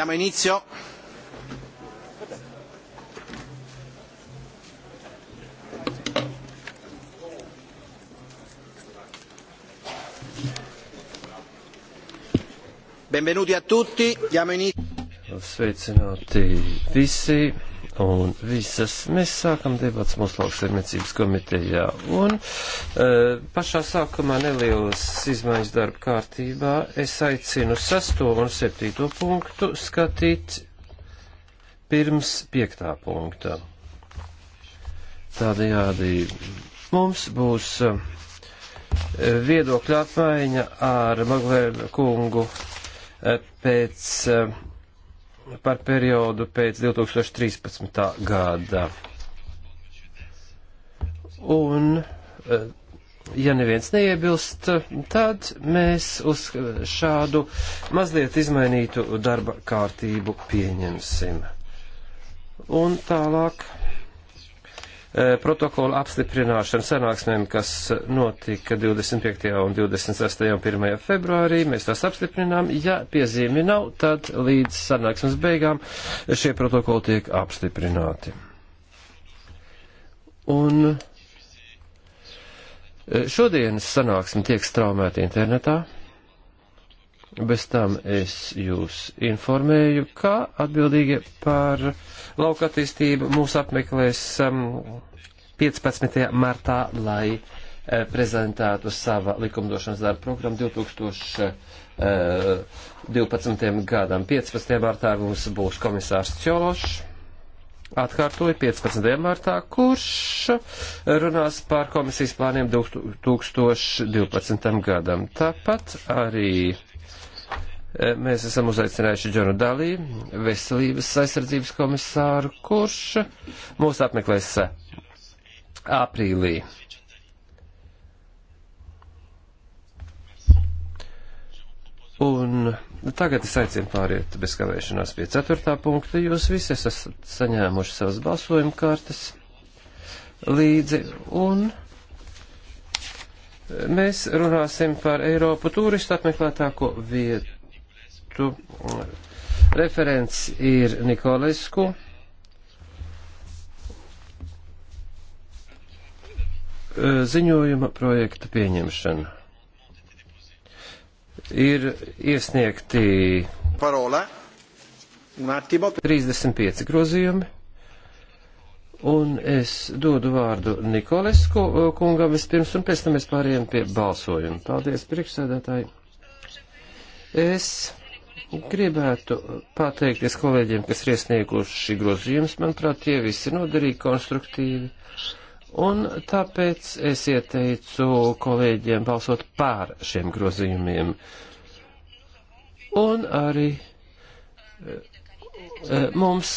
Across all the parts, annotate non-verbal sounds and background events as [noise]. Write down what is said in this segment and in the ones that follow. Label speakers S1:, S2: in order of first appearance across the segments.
S1: Diamo inizio. Benvenuti a tutti, diamo inizio.
S2: Sveicināti visi un visas. Mēs sākam debats mūsu lauksaimniecības komitejā. Un e, pašā sākumā nelielas izmaiņas darba kārtībā es aicinu 6. un 7. punktu skatīt pirms 5. punkta. Tādējādi mums būs e, viedokļa apmaiņa ar Maglēnu kungu e, pēc e, par periodu pēc 2013. gada. Un, eh, ja neviens neiebilst, tad mēs uz šādu mazliet izmainītu darba kārtību pieņemsim. Un tālāk. Eh, protokola apstiprināšana sanāksmēm, kas notika 25. un 26. un 1. februārī. Mēs tās apstiprinām. Ja piezīmi nav, tad līdz sanāksmes beigām šie protokoli tiek apstiprināti. Un eh, šodienas sanāksme tiek straumēta internetā. Bez tam es jūs informēju, ka atbildīgie par lauka attīstību mūs apmeklēs 15. Um, martā, lai eh, prezentētu sava likumdošanas darba programmu 2012. Eh, gadam. 15. martā mums būs komisārs Čološs. Atkārtoju 15. martā, kurš runās par komisijas plāniem 2012. gadam. Tāpat arī Eh, mēs esam uzaicinājuši Džonu Dalī, veselības aizsardzības komisāru, kurš mūs apmeklēs eh, aprīlī. Un tagad es aicinu pāriet bez kavēšanās pie ceturtā punkta. Jūs visi esat saņēmuši savas balsojuma kārtas līdzi, un mēs runāsim par Eiropu turistu apmeklētāko vietu punktu. Referents ir Nikolesku. Ziņojuma projekta pieņemšana. Ir iesniegti
S1: Parola. 35
S2: grozījumi. Un es dodu vārdu Nikolesku kungam vispirms, un pēc tam mēs pārējām pie balsojuma. Paldies, priekšsēdētāji. Es Gribētu pateikties kolēģiem, kas ir iesnieguši grozījumus. Manuprāt, tie visi ir noderīgi, konstruktīvi. Un tāpēc es ieteicu kolēģiem balsot pār šiem grozījumiem. Un arī eh, mums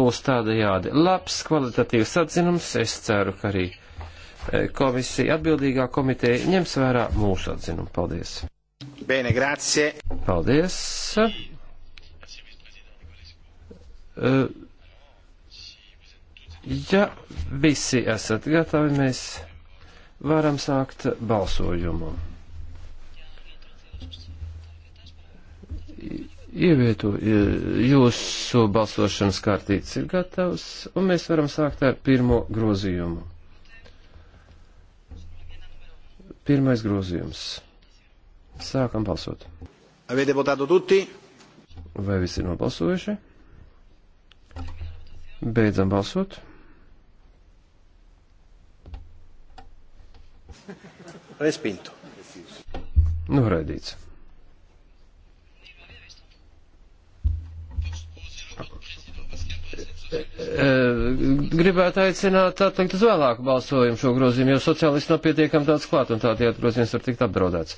S2: būs tādajādi labs kvalitatīvs atzinums. Es ceru, ka arī eh, komisija, atbildīgā komiteja ņems vērā mūsu atzinumu. Paldies!
S1: Bene, grazie.
S2: Paldies. Eh, ja visi esat gatavi, mēs varam sākt balsojumu. Ievieto, eh, jūsu balsošanas kārtītes ir gatavs, un mēs varam sākt ar pirmo grozījumu. Pirmais grozījums. Sākam balsot.
S1: Avete votato tutti?
S2: Vai visi ir nobalsojuši? Beidzam balsot. Respinto. Noraidīts. E, e, gribētu aicināt atlikt uz vēlāku balsojumu šo grozījumu, jo sociālisti nav pietiekami daudz klāt un tādējādi grozījums var tikt apdraudēts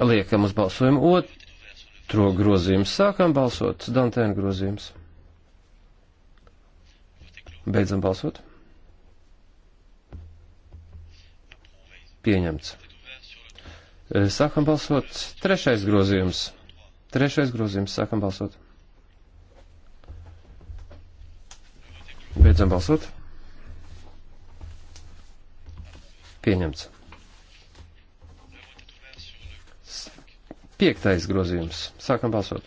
S2: liekam uz balsojumu otro grozījumu. Sākam balsot. Dantēna grozījums. Beidzam balsot. Pieņemts. E, sākam balsot. Trešais grozījums. Trešais grozījums. Sākam balsot. Beidzam balsot. Pieņemts. Piektais grozījums. Sākam balsot.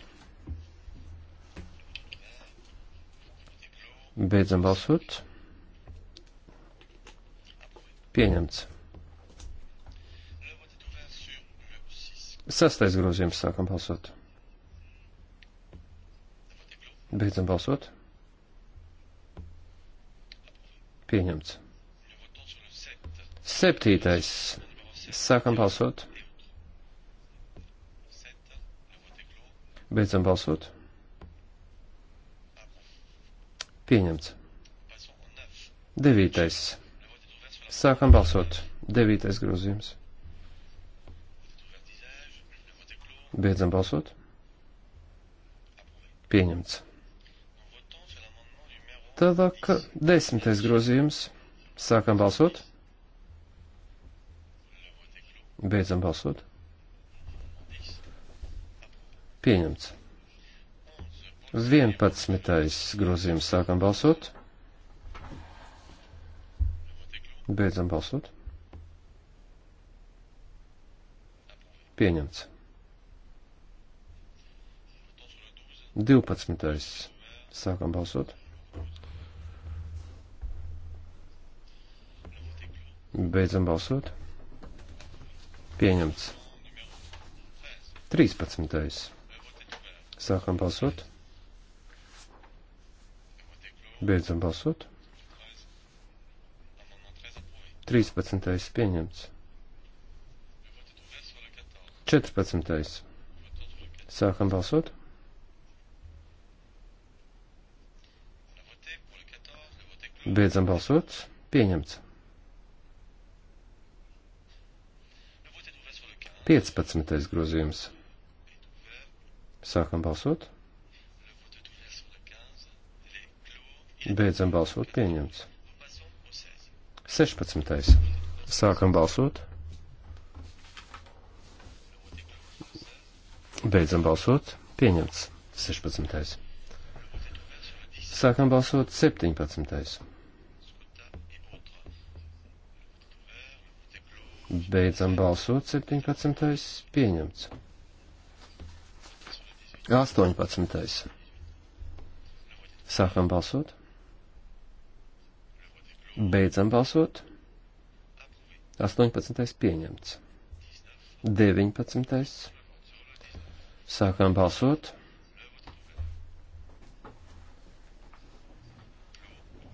S2: Beidzam balsot. Pieņemts. Sastais grozījums sākam balsot. Beidzam balsot. Pieņemts. Septītais. Sākam balsot. Beidzam balsot. Pieņemts. Devītais. Sākam balsot. Devītais grozījums. Beidzam balsot. Pieņemts. Tālāk desmitais grozījums. Sākam balsot. Beidzam balsot. Pieņemts. 11. grozījums sākam balsot. Beidzam balsot. Pieņemts. 12. sākam balsot. Beidzam balsot. Pieņemts. 13. Sākam balsot. Beidzam balsot. 13. pieņemts. 14. Sākam balsot. Beidzam balsot. Pieņemts. 15. grozījums. Sākam balsot. Beidzam balsot. Pieņemts. 16. Sākam balsot. Beidzam balsot. Pieņemts. 16. Sākam balsot 17. Beidzam balsot 17. Pieņemts. 18. Sākam balsot. Beidzam balsot. 18. pieņemts. 19. Sākam balsot.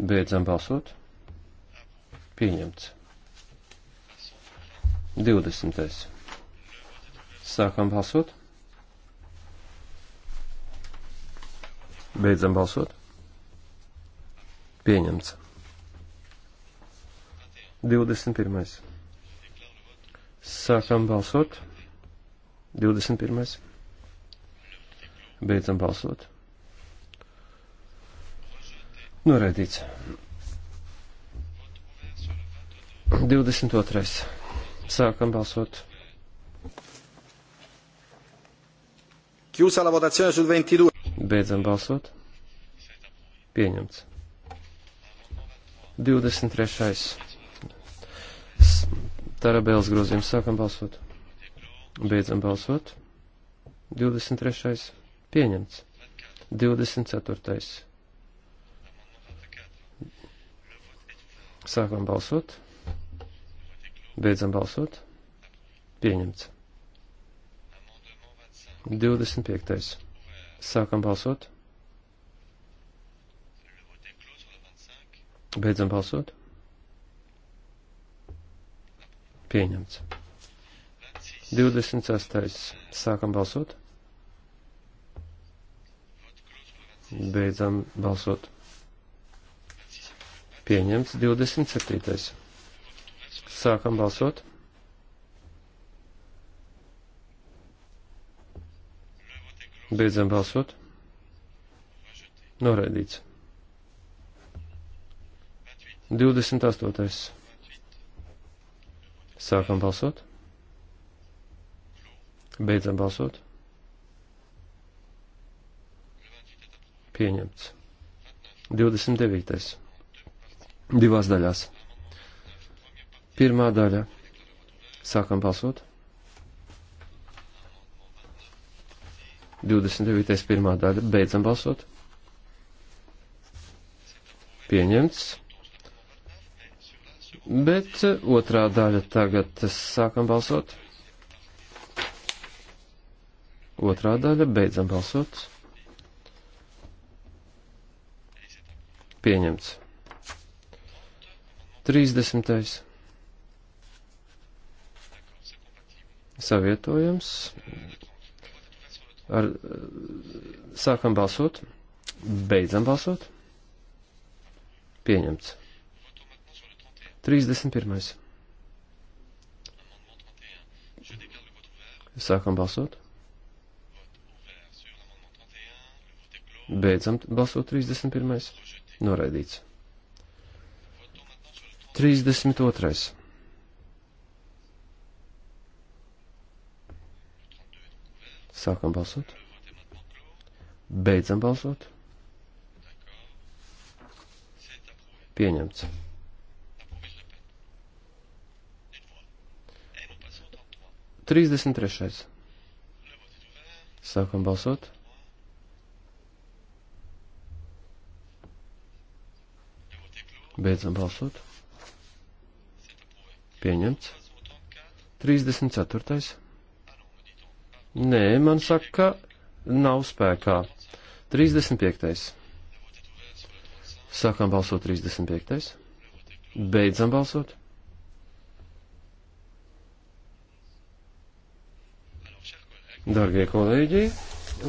S2: Beidzam balsot. Pieņemts. 20. Sākam balsot. Beidzam balsot. Pieņemts. 21. Sākam balsot. 21. Beidzam balsot. Noraidīts. 22. Sākam balsot.
S1: Chiusa la votazione sul 22.
S2: Beidzam balsot. Pieņemts. 23. Tarabēlas grozījums. Sākam balsot. Beidzam balsot. 23. Pieņemts. 24. Sākam balsot. Beidzam balsot. Pieņemts. 25. Sākam balsot. Beidzam balsot. Pieņemts. 26. Sākam balsot. Beidzam balsot. Pieņemts 27. Sākam balsot. Beidzam balsot. Noraidīts. 28. Sākam balsot. Beidzam balsot. Pieņemts. 29. Divās daļās. Pirmā daļa. Sākam balsot. 29. pirmā daļa. Beidzam balsot. Pieņemts. Bet uh, otrā daļa tagad sākam balsot. Otrā daļa beidzam balsot. Pieņemts. 30. Savietojams Ar, sākam balsot, beidzam balsot. Pieņemts. 31. Sākam balsot. Beidzam balsot 31. Noraidīts. 32. Sākam balsot. Beidzam balsot. Pieņemts. Trīsdesmit trešais. Sākam balsot. Beidzam balsot. Pieņemts. 34. Nē, man saka, ka nav spēkā. 35. Sākam balsot 35. Beidzam balsot. Darbie kolēģi,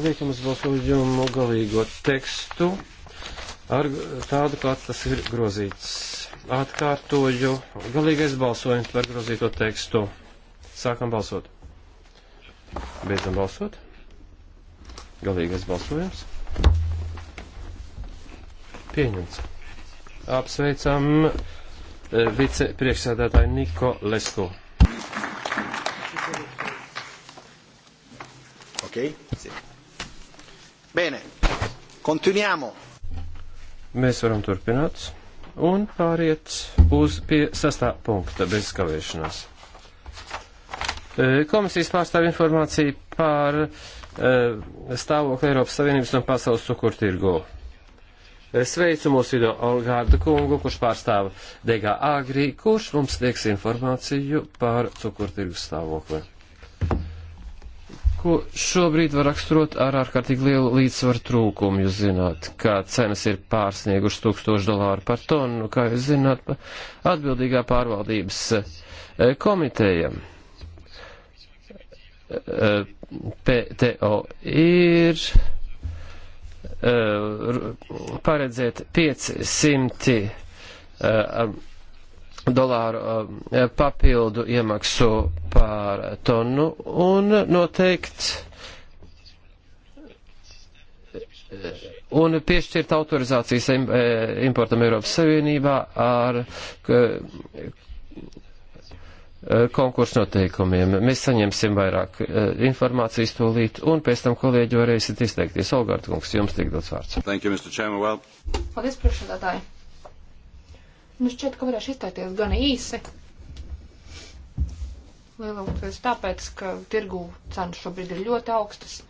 S2: liekam uz balsojumu galīgo tekstu ar tādu, kā tas ir grozīts. Atkārtoju, galīgais balsojums par grozīto tekstu. Sākam balsot. Beidzam balsot. Galīgais balsojums. Pieņemts. Apsveicam eh, vicepriekšsēdētāju Niko Lesko.
S1: Ok? Sì. Bene. Continuiamo.
S2: Mēs varam turpināt un pāriet uz pie sastā punkta bez kavēšanās. E, komisijas pārstāv informāciju par e, stāvokli Eiropas Savienības un pasaules cukurtirgu. E, sveicu mūsu video Olgārdu kungu, kurš pārstāv Degā Agri, kurš mums sniegs informāciju par cukurtirgu stāvokli. Ko šobrīd var raksturot ar ārkārtīgi lielu līdzsvaru trūkumu, jūs zināt, ka cenas ir pārsniegušas tūkstošu dolāru par tonu, kā jūs zināt, atbildīgā pārvaldības komitējam PTO ir eh, paredzēt 500 eh, dolāru eh, papildu iemaksu pār tonu un noteikt un piešķirt autorizācijas importam Eiropas Savienībā ar Eh, konkursu noteikumiem. Mēs saņemsim vairāk eh, informācijas tūlīt, un pēc tam kolēģi varēsiet izteikties. Olgārd kungs, jums tiek dots vārds.
S3: Thank you, Mr. Chairman. Well.
S4: Paldies, priekšsēdētāji. Nu, šķiet, ka varēšu izteikties gan īsi. Lielākoties tāpēc, ka tirgu cenas šobrīd ir ļoti augstas,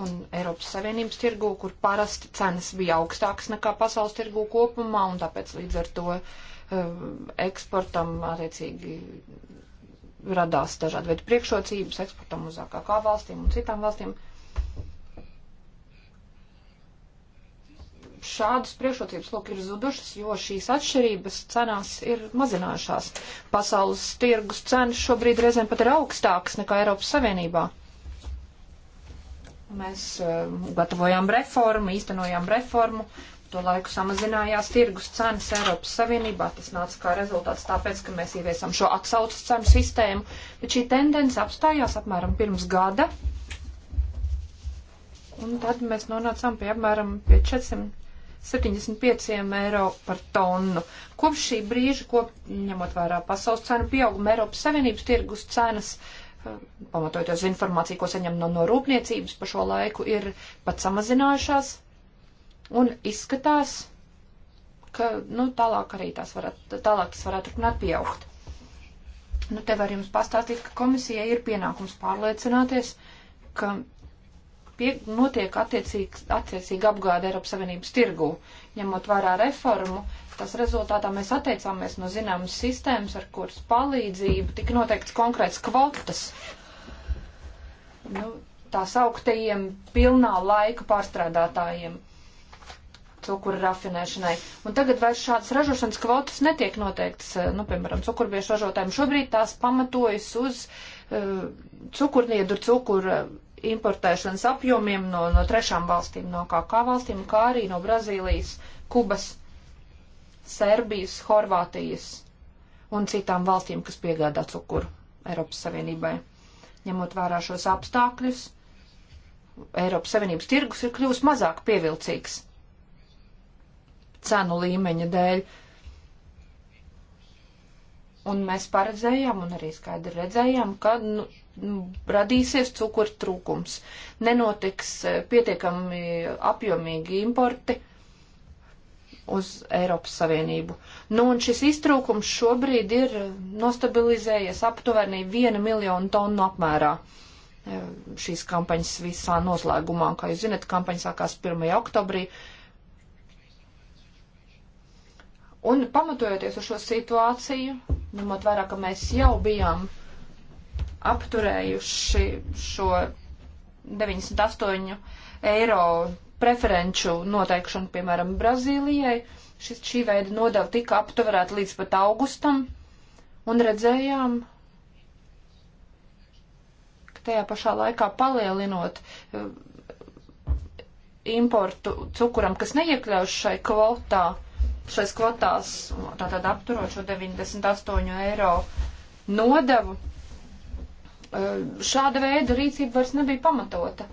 S4: un Eiropas Savienības tirgu, kur parasti cenas bija augstākas nekā pasaules tirgu kopumā, un tāpēc līdz ar to uh, Eh, eksportam attiecīgi radās dažādi veidi priekšrocības eksportam uz AKK valstīm un citām valstīm. Šādas priekšrocības lūk ir zudušas, jo šīs atšķirības cenās ir mazinājušās. Pasaules tirgus cenas šobrīd reizēm pat ir augstākas nekā Eiropas Savienībā. Mēs uh, gatavojām reformu, īstenojām reformu, To laiku samazinājās tirgus cenas Eiropas Savienībā. Tas nāca kā rezultāts tāpēc, ka mēs ieviesam šo atsaucas cenu sistēmu, bet šī tendence apstājās apmēram pirms gada. Un tad mēs nonācām pie apmēram pie 475 eiro par tonu. Kopš šī brīža, kop, ņemot vērā pasaules cenu pieauguma, Eiropas Savienības tirgus cenas uh, pamatojoties informāciju, ko saņem no, no rūpniecības, pa šo laiku ir pat samazinājušās. Un izskatās, ka, nu, tālāk arī tās varētu, tālāk tas varētu turpināt pieaugt. Nu, te var jums pastāstīt, ka komisijai ir pienākums pārliecināties, ka pie, notiek attiecīga apgāde Eiropas Savienības tirgū. Ņemot vērā reformu, tas rezultātā mēs atteicāmies no zināmas sistēmas, ar kuras palīdzību tika noteikts konkrēts kvotas. Nu, tā sauktajiem pilnā laika pārstrādātājiem cukura rafinēšanai. Un tagad vairs šādas ražošanas kvotas netiek noteiktas, eh, nu, piemēram, cukurbiešu ražotājiem. Šobrīd tās pamatojas uz uh, eh, cukurniedu cukura importēšanas apjomiem no, no trešām valstīm, no kā, kā valstīm, kā arī no Brazīlijas, Kubas, Serbijas, Horvātijas un citām valstīm, kas piegādā cukuru Eiropas Savienībai. Ņemot vērā šos apstākļus, Eiropas Savienības tirgus ir kļuvis mazāk pievilcīgs cenu līmeņa dēļ. Un mēs paredzējām un arī skaidri redzējām, ka nu, nu radīsies cukura trūkums. Nenotiks e, pietiekami apjomīgi importi uz Eiropas Savienību. Nu, un šis iztrūkums šobrīd ir nostabilizējies aptuveni 1 miljonu tonu apmērā e, šīs kampaņas visā noslēgumā. Kā jūs zinat, kampaņa sākās 1. oktobrī, Un pamatojoties uz šo situāciju, ņemot vērā, ka mēs jau bijām apturējuši šo 98 eiro preferenču noteikšanu, piemēram, Brazīlijai, šis, šī veida nodeva tika aptuverēta līdz pat augustam, un redzējām, ka tajā pašā laikā palielinot eh, importu cukuram, kas neiekļaujas šai kvotā, šais kvotās, tātad apturot šo 98 eiro nodevu, e, šāda veida rīcība vairs nebija pamatota,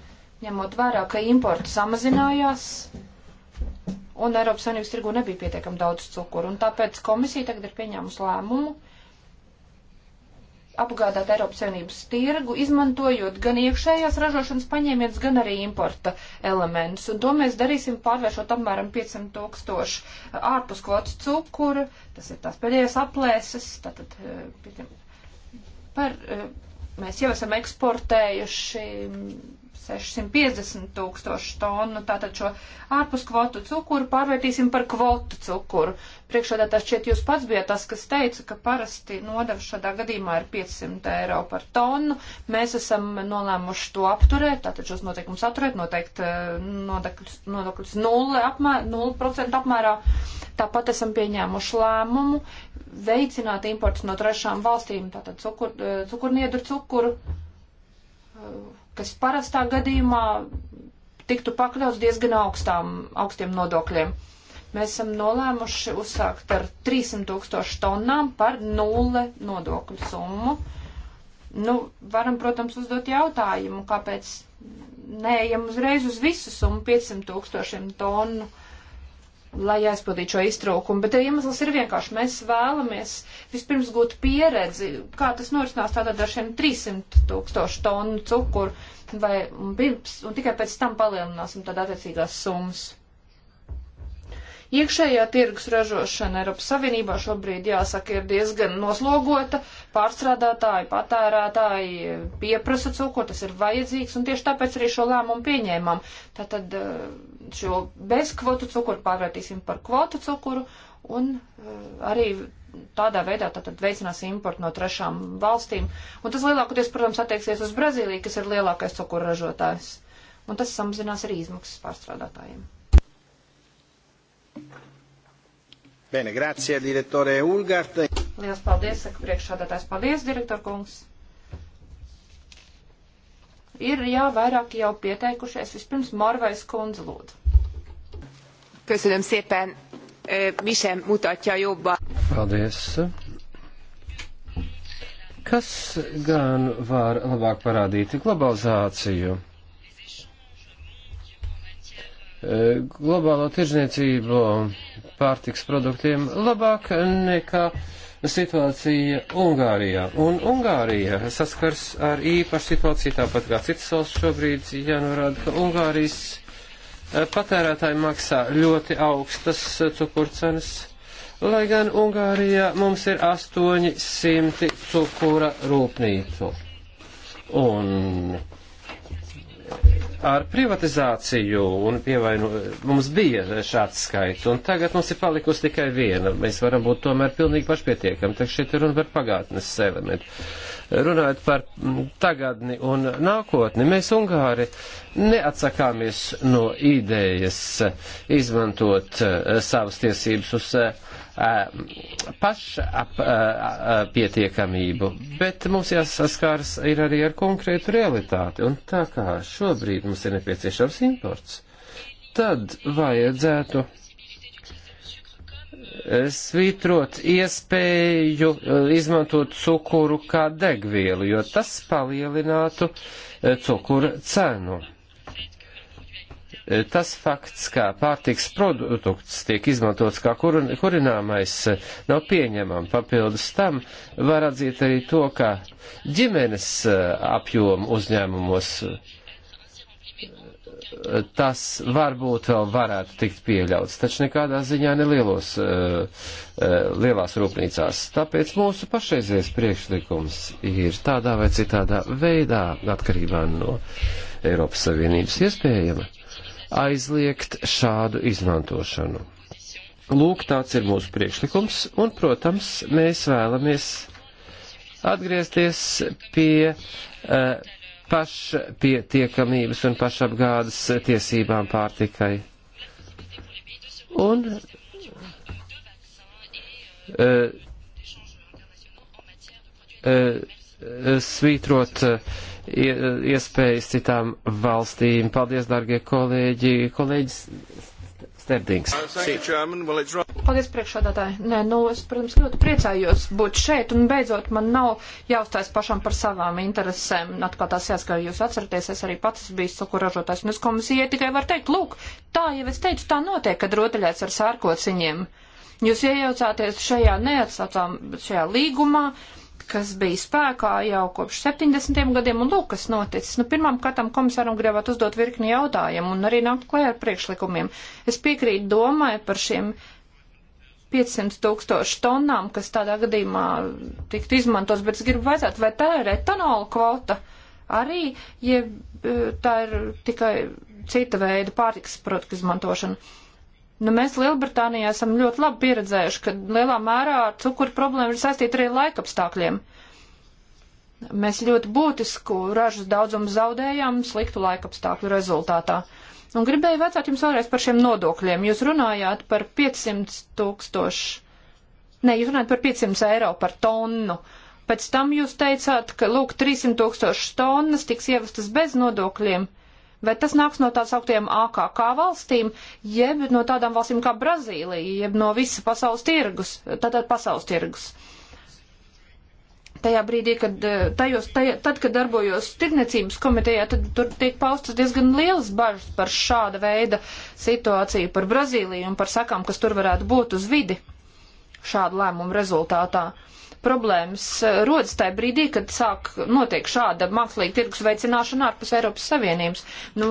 S4: ņemot vērā, ka imports samazinājās un Eiropas Savienības tirgu nebija pietiekami daudz cukuru. Un tāpēc komisija tagad ir pieņēmusi lēmumu apgādāt Eiropas Savienības tirgu, izmantojot gan iekšējās ražošanas paņēmienas, gan arī importa elementus. Un to mēs darīsim pārvēršot apmēram 500 tūkstošu ārpus kvotas cukuru, tas ir tās pēdējās aplēses, tātad eh, par, eh, mēs jau esam eksportējuši 650 tūkstošu tonu. Tātad šo ārpus kvotu cukuru pārvērtīsim par kvotu cukuru. Priekšādātās šķiet jūs pats bijat tas, kas teica, ka parasti nodeva šādā gadījumā ir 500 eiro par tonu. Mēs esam nolēmuši to apturēt, tātad šos noteikumus atturēt, noteikti eh, nodokļus 0%, apmēr, 0 apmērā. Tāpat esam pieņēmuši lēmumu veicināt importus no trešām valstīm, tātad cukur, eh, cukurniedru cukuru. Uh, kas parastā gadījumā tiktu pakļauts diezgan augstām, augstiem nodokļiem. Mēs esam nolēmuši uzsākt ar 300 tūkstošu tonnām par nulle nodokļu summu. Nu, varam, protams, uzdot jautājumu, kāpēc neejam uzreiz uz visu summu 500 tūkstošiem tonu. Uh, lai aizpildītu šo iztrūkumu, bet iemesls ir vienkārši. Mēs vēlamies vispirms gūt pieredzi, kā tas norisinās tātad ar šiem 300 tūkstošu tonu cukuru, vai, un, pirms, un tikai pēc tam palielināsim tad attiecīgās summas. Iekšējā tirgus ražošana Eiropas Savienībā šobrīd, jāsaka, ir diezgan noslogota. Pārstrādātāji, patērētāji pieprasa cukuru, tas ir vajadzīgs, un tieši tāpēc arī šo lēmumu pieņēmām. Tātad eh, šo bezkvotu cukuru pārvērtīsim par kvotu cukuru, un eh, arī tādā veidā tātad veicinās importu no trešām valstīm. Un tas lielākoties, protams, attieksies uz Brazīliju, kas ir lielākais cukuru ražotājs. Un tas samazinās arī izmaksas pārstrādātājiem.
S1: Bene, grazie, direktore Ulgarte.
S4: Lielas paldies, saka priekšādātājs. Paldies, direktor kungs. Ir jā, vairāk jau pieteikušies. Vispirms Marvais kundze lūdzu. Köszönöm szépen,
S5: mi sem mutatja jobban.
S2: Paldies. Kas gan var labāk parādīt globalizāciju? globālo tirzniecību pārtiks produktiem labāk nekā situācija Ungārijā. Un Ungārija saskars ar īpašu situāciju, tāpat kā citas valsts šobrīd, jānorāda, ka Ungārijas eh, patērētāji maksā ļoti augstas cukurcenas, lai gan Ungārijā mums ir 800 cukura rūpnīcu. Un ar privatizāciju un pievainu mums bija šāds skaits, un tagad mums ir palikusi tikai viena. Mēs varam būt tomēr pilnīgi pašpietiekami, tad šeit ir runa par pagātnes elementu. Runājot par mm, tagadni un nākotni, mēs Ungāri neatsakāmies no idejas izmantot eh, savas tiesības uz eh, Eh, pašapietiekamību, eh, eh, bet mums jāsaskars ir arī ar konkrētu realitāti. Un tā kā šobrīd mums ir nepieciešams imports, tad vajadzētu svītrot iespēju izmantot cukuru kā degvielu, jo tas palielinātu cukura cenu. Eh, tas fakts, kā pārtiks produkts tiek izmantots kā kurināmais, eh, nav pieņemam. Papildus tam var atzīt arī to, ka ģimenes eh, apjomu uzņēmumos tas varbūt vēl varētu tikt pieļauts, taču nekādā ziņā nelielos, lielās rūpnīcās. Tāpēc mūsu pašreizies priekšlikums ir tādā vai citādā veidā atkarībā no Eiropas Savienības iespējama aizliegt šādu izmantošanu. Lūk, tāds ir mūsu priekšlikums, un, protams, mēs vēlamies atgriezties pie uh, pašpietiekamības un pašapgādes tiesībām pārtikai. Un uh, uh, svītrot uh, iespējas citām valstīm. Paldies, dargie kolēģi. Kolēģis Sterdings.
S4: Paldies, priekšādātāji. Nē, nu, es, protams, ļoti priecājos būt šeit, un beidzot man nav jāuztais pašam par savām interesēm. Atkal tās jāskatās, jūs atceraties, es arī pats biju cukuražotājs, un es komisijai tikai varu teikt, lūk, tā jau es teicu, tā notiek, kad rotaļēts ar sārkociņiem. Jūs iejaucāties šajā neatsacām, šajā līgumā, kas bija spēkā jau kopš 70. gadiem, un lūk, kas noticis. Nu, pirmām kārtām komisāram gribētu uzdot virkni jautājumu un arī nākt klajā ar priekšlikumiem. Es piekrītu domai par šiem 500 tūkstošu tonnām, kas tādā gadījumā tiktu izmantos, bet es gribu vajadzētu, vai tā ir etanola kvota arī, ja eh, tā ir tikai cita veida pārtikas produktu izmantošana. Nu, mēs Lielbritānijā esam ļoti labi pieredzējuši, ka lielā mērā cukuru problēma ir saistīta arī laikapstākļiem. Mēs ļoti būtisku ražas daudzumu zaudējām sliktu laikapstākļu rezultātā. Un gribēju vecāt jums vēlreiz par šiem nodokļiem. Jūs runājāt par 500 tūkstošu, ne, jūs runājāt par 500 eiro par tonu. Pēc tam jūs teicāt, ka, lūk, 300 tūkstošu tonnas tiks ievestas bez nodokļiem. Uh, Vai tas nāks no tās augtiem AKK valstīm, jeb no tādām valstīm kā Brazīlija, jeb no visa pasaules tirgus, tātad pasaules tirgus? Tajā brīdī, kad, eh, tajos, tajā, tad, kad darbojos tirniecības komitejā, tad tur tiek paustas diezgan liels bažas par šāda veida situāciju, par Brazīliju un par sakām, kas tur varētu būt uz vidi šādu lēmumu rezultātā. Uh, problēmas eh, rodas tajā brīdī, kad sāk notiek šāda mākslīga tirgus veicināšana ārpus Eiropas Savienības. Nu,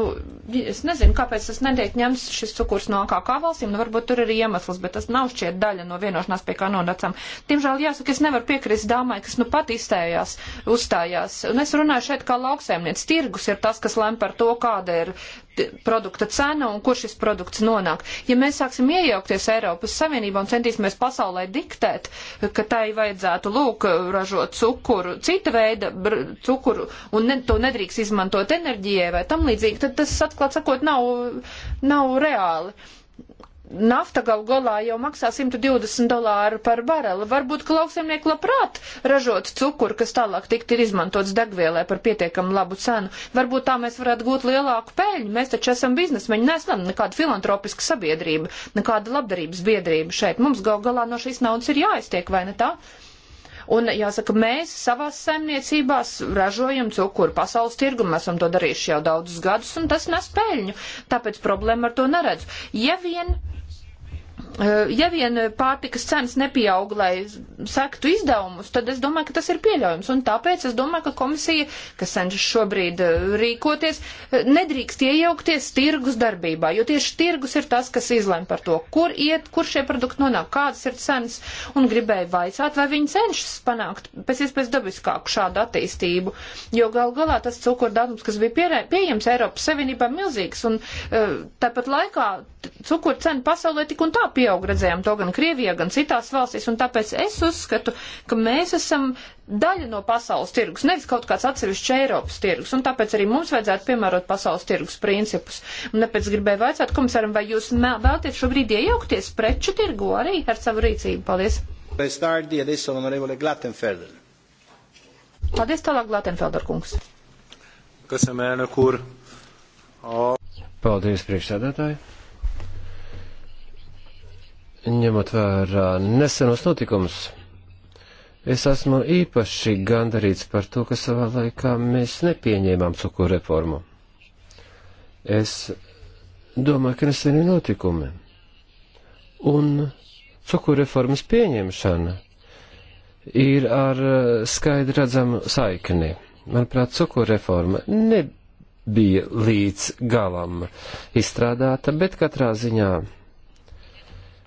S4: es nezinu, kāpēc tas netiek ņemts šis cukurs no AKK valstīm, nu varbūt tur ir iemesls, bet tas nav šķiet daļa no vienošanās, pie kā nonācām. Tiemžēl jāsaka, es nevaru piekrist dāmai, kas nu pat izstājās, uzstājās. Un es runāju šeit kā lauksēmniec. Tirgus ir tas, kas lem par to, kāda ir produkta cena un kur šis produkts nonāk. Ja mēs sāksim iejaukties Eiropas Savienībā un centīsimies pasaulē diktēt, ka tai vajadzētu lūk ražot cukuru, cita veida cukuru un ne, to nedrīkst izmantot enerģijai vai tam līdzīgi, tad tas atklāt sakot nav, nav reāli nafta gal galā jau maksā 120 dolāru par bareli. Varbūt klausimnieki labprāt ražot cukuru, kas tālāk tikt ir izmantots degvielē par pietiekam labu cenu. Varbūt tā mēs varētu gūt lielāku peļņu. Mēs taču esam biznesmeņi, neesam nekāda filantropiska sabiedrība, nekāda labdarības biedrība šeit. Mums gal galā no šīs naudas ir jāiztiek, vai ne tā? Un jāsaka, mēs savās saimniecībās ražojam cukuru pasaules tirgu, mēs esam to darījuši jau daudzus gadus, un tas nes peļņu. Tāpēc problēma ar to neredzu. Ja vien Eh, ja vien pārtikas cenas nepieaug, lai sektu izdevumus, tad es domāju, ka tas ir pieļaujams. Un tāpēc es domāju, ka komisija, kas cenšas šobrīd eh, rīkoties, eh, nedrīkst iejaukties tirgus darbībā, jo tieši tirgus ir tas, kas izlem par to, kur iet, kur šie produkti nonāk, kādas ir cenas. Un gribēju vaicāt, vai viņi cenšas panākt pēc iespējas dabiskāku šādu attīstību, jo gal galā tas cukurdarbs, kas bija pie, pieejams Eiropas Savienībā, milzīgs. Un tāpat laikā cukurcena pasaulē tik un tā pieejams pieaug, redzējām to gan Krievijā, gan citās valstīs, un tāpēc es uzskatu, ka mēs esam daļa no pasaules tirgus, nevis kaut kāds atsevišķs Eiropas tirgus, un tāpēc arī mums vajadzētu piemērot pasaules tirgus principus. Un tāpēc gribēju vaicāt komisaram, vai jūs vēlties šobrīd iejaukties preču tirgu arī ar savu rīcību? Paldies! Paldies tālāk, Glatenfelder kungs.
S1: Köszönöm,
S5: elnök úr. A...
S2: Paldies, priekšsēdētāji ņemot vērā nesenos notikumus, es esmu īpaši gandarīts par to, ka savā laikā mēs nepieņēmām cukuru reformu. Es domāju, ka neseni notikumi un cukuru reformas pieņemšana ir ar eh, skaidri redzamu saikni. Manuprāt, cukuru reforma nebija līdz galam izstrādāta, bet katrā ziņā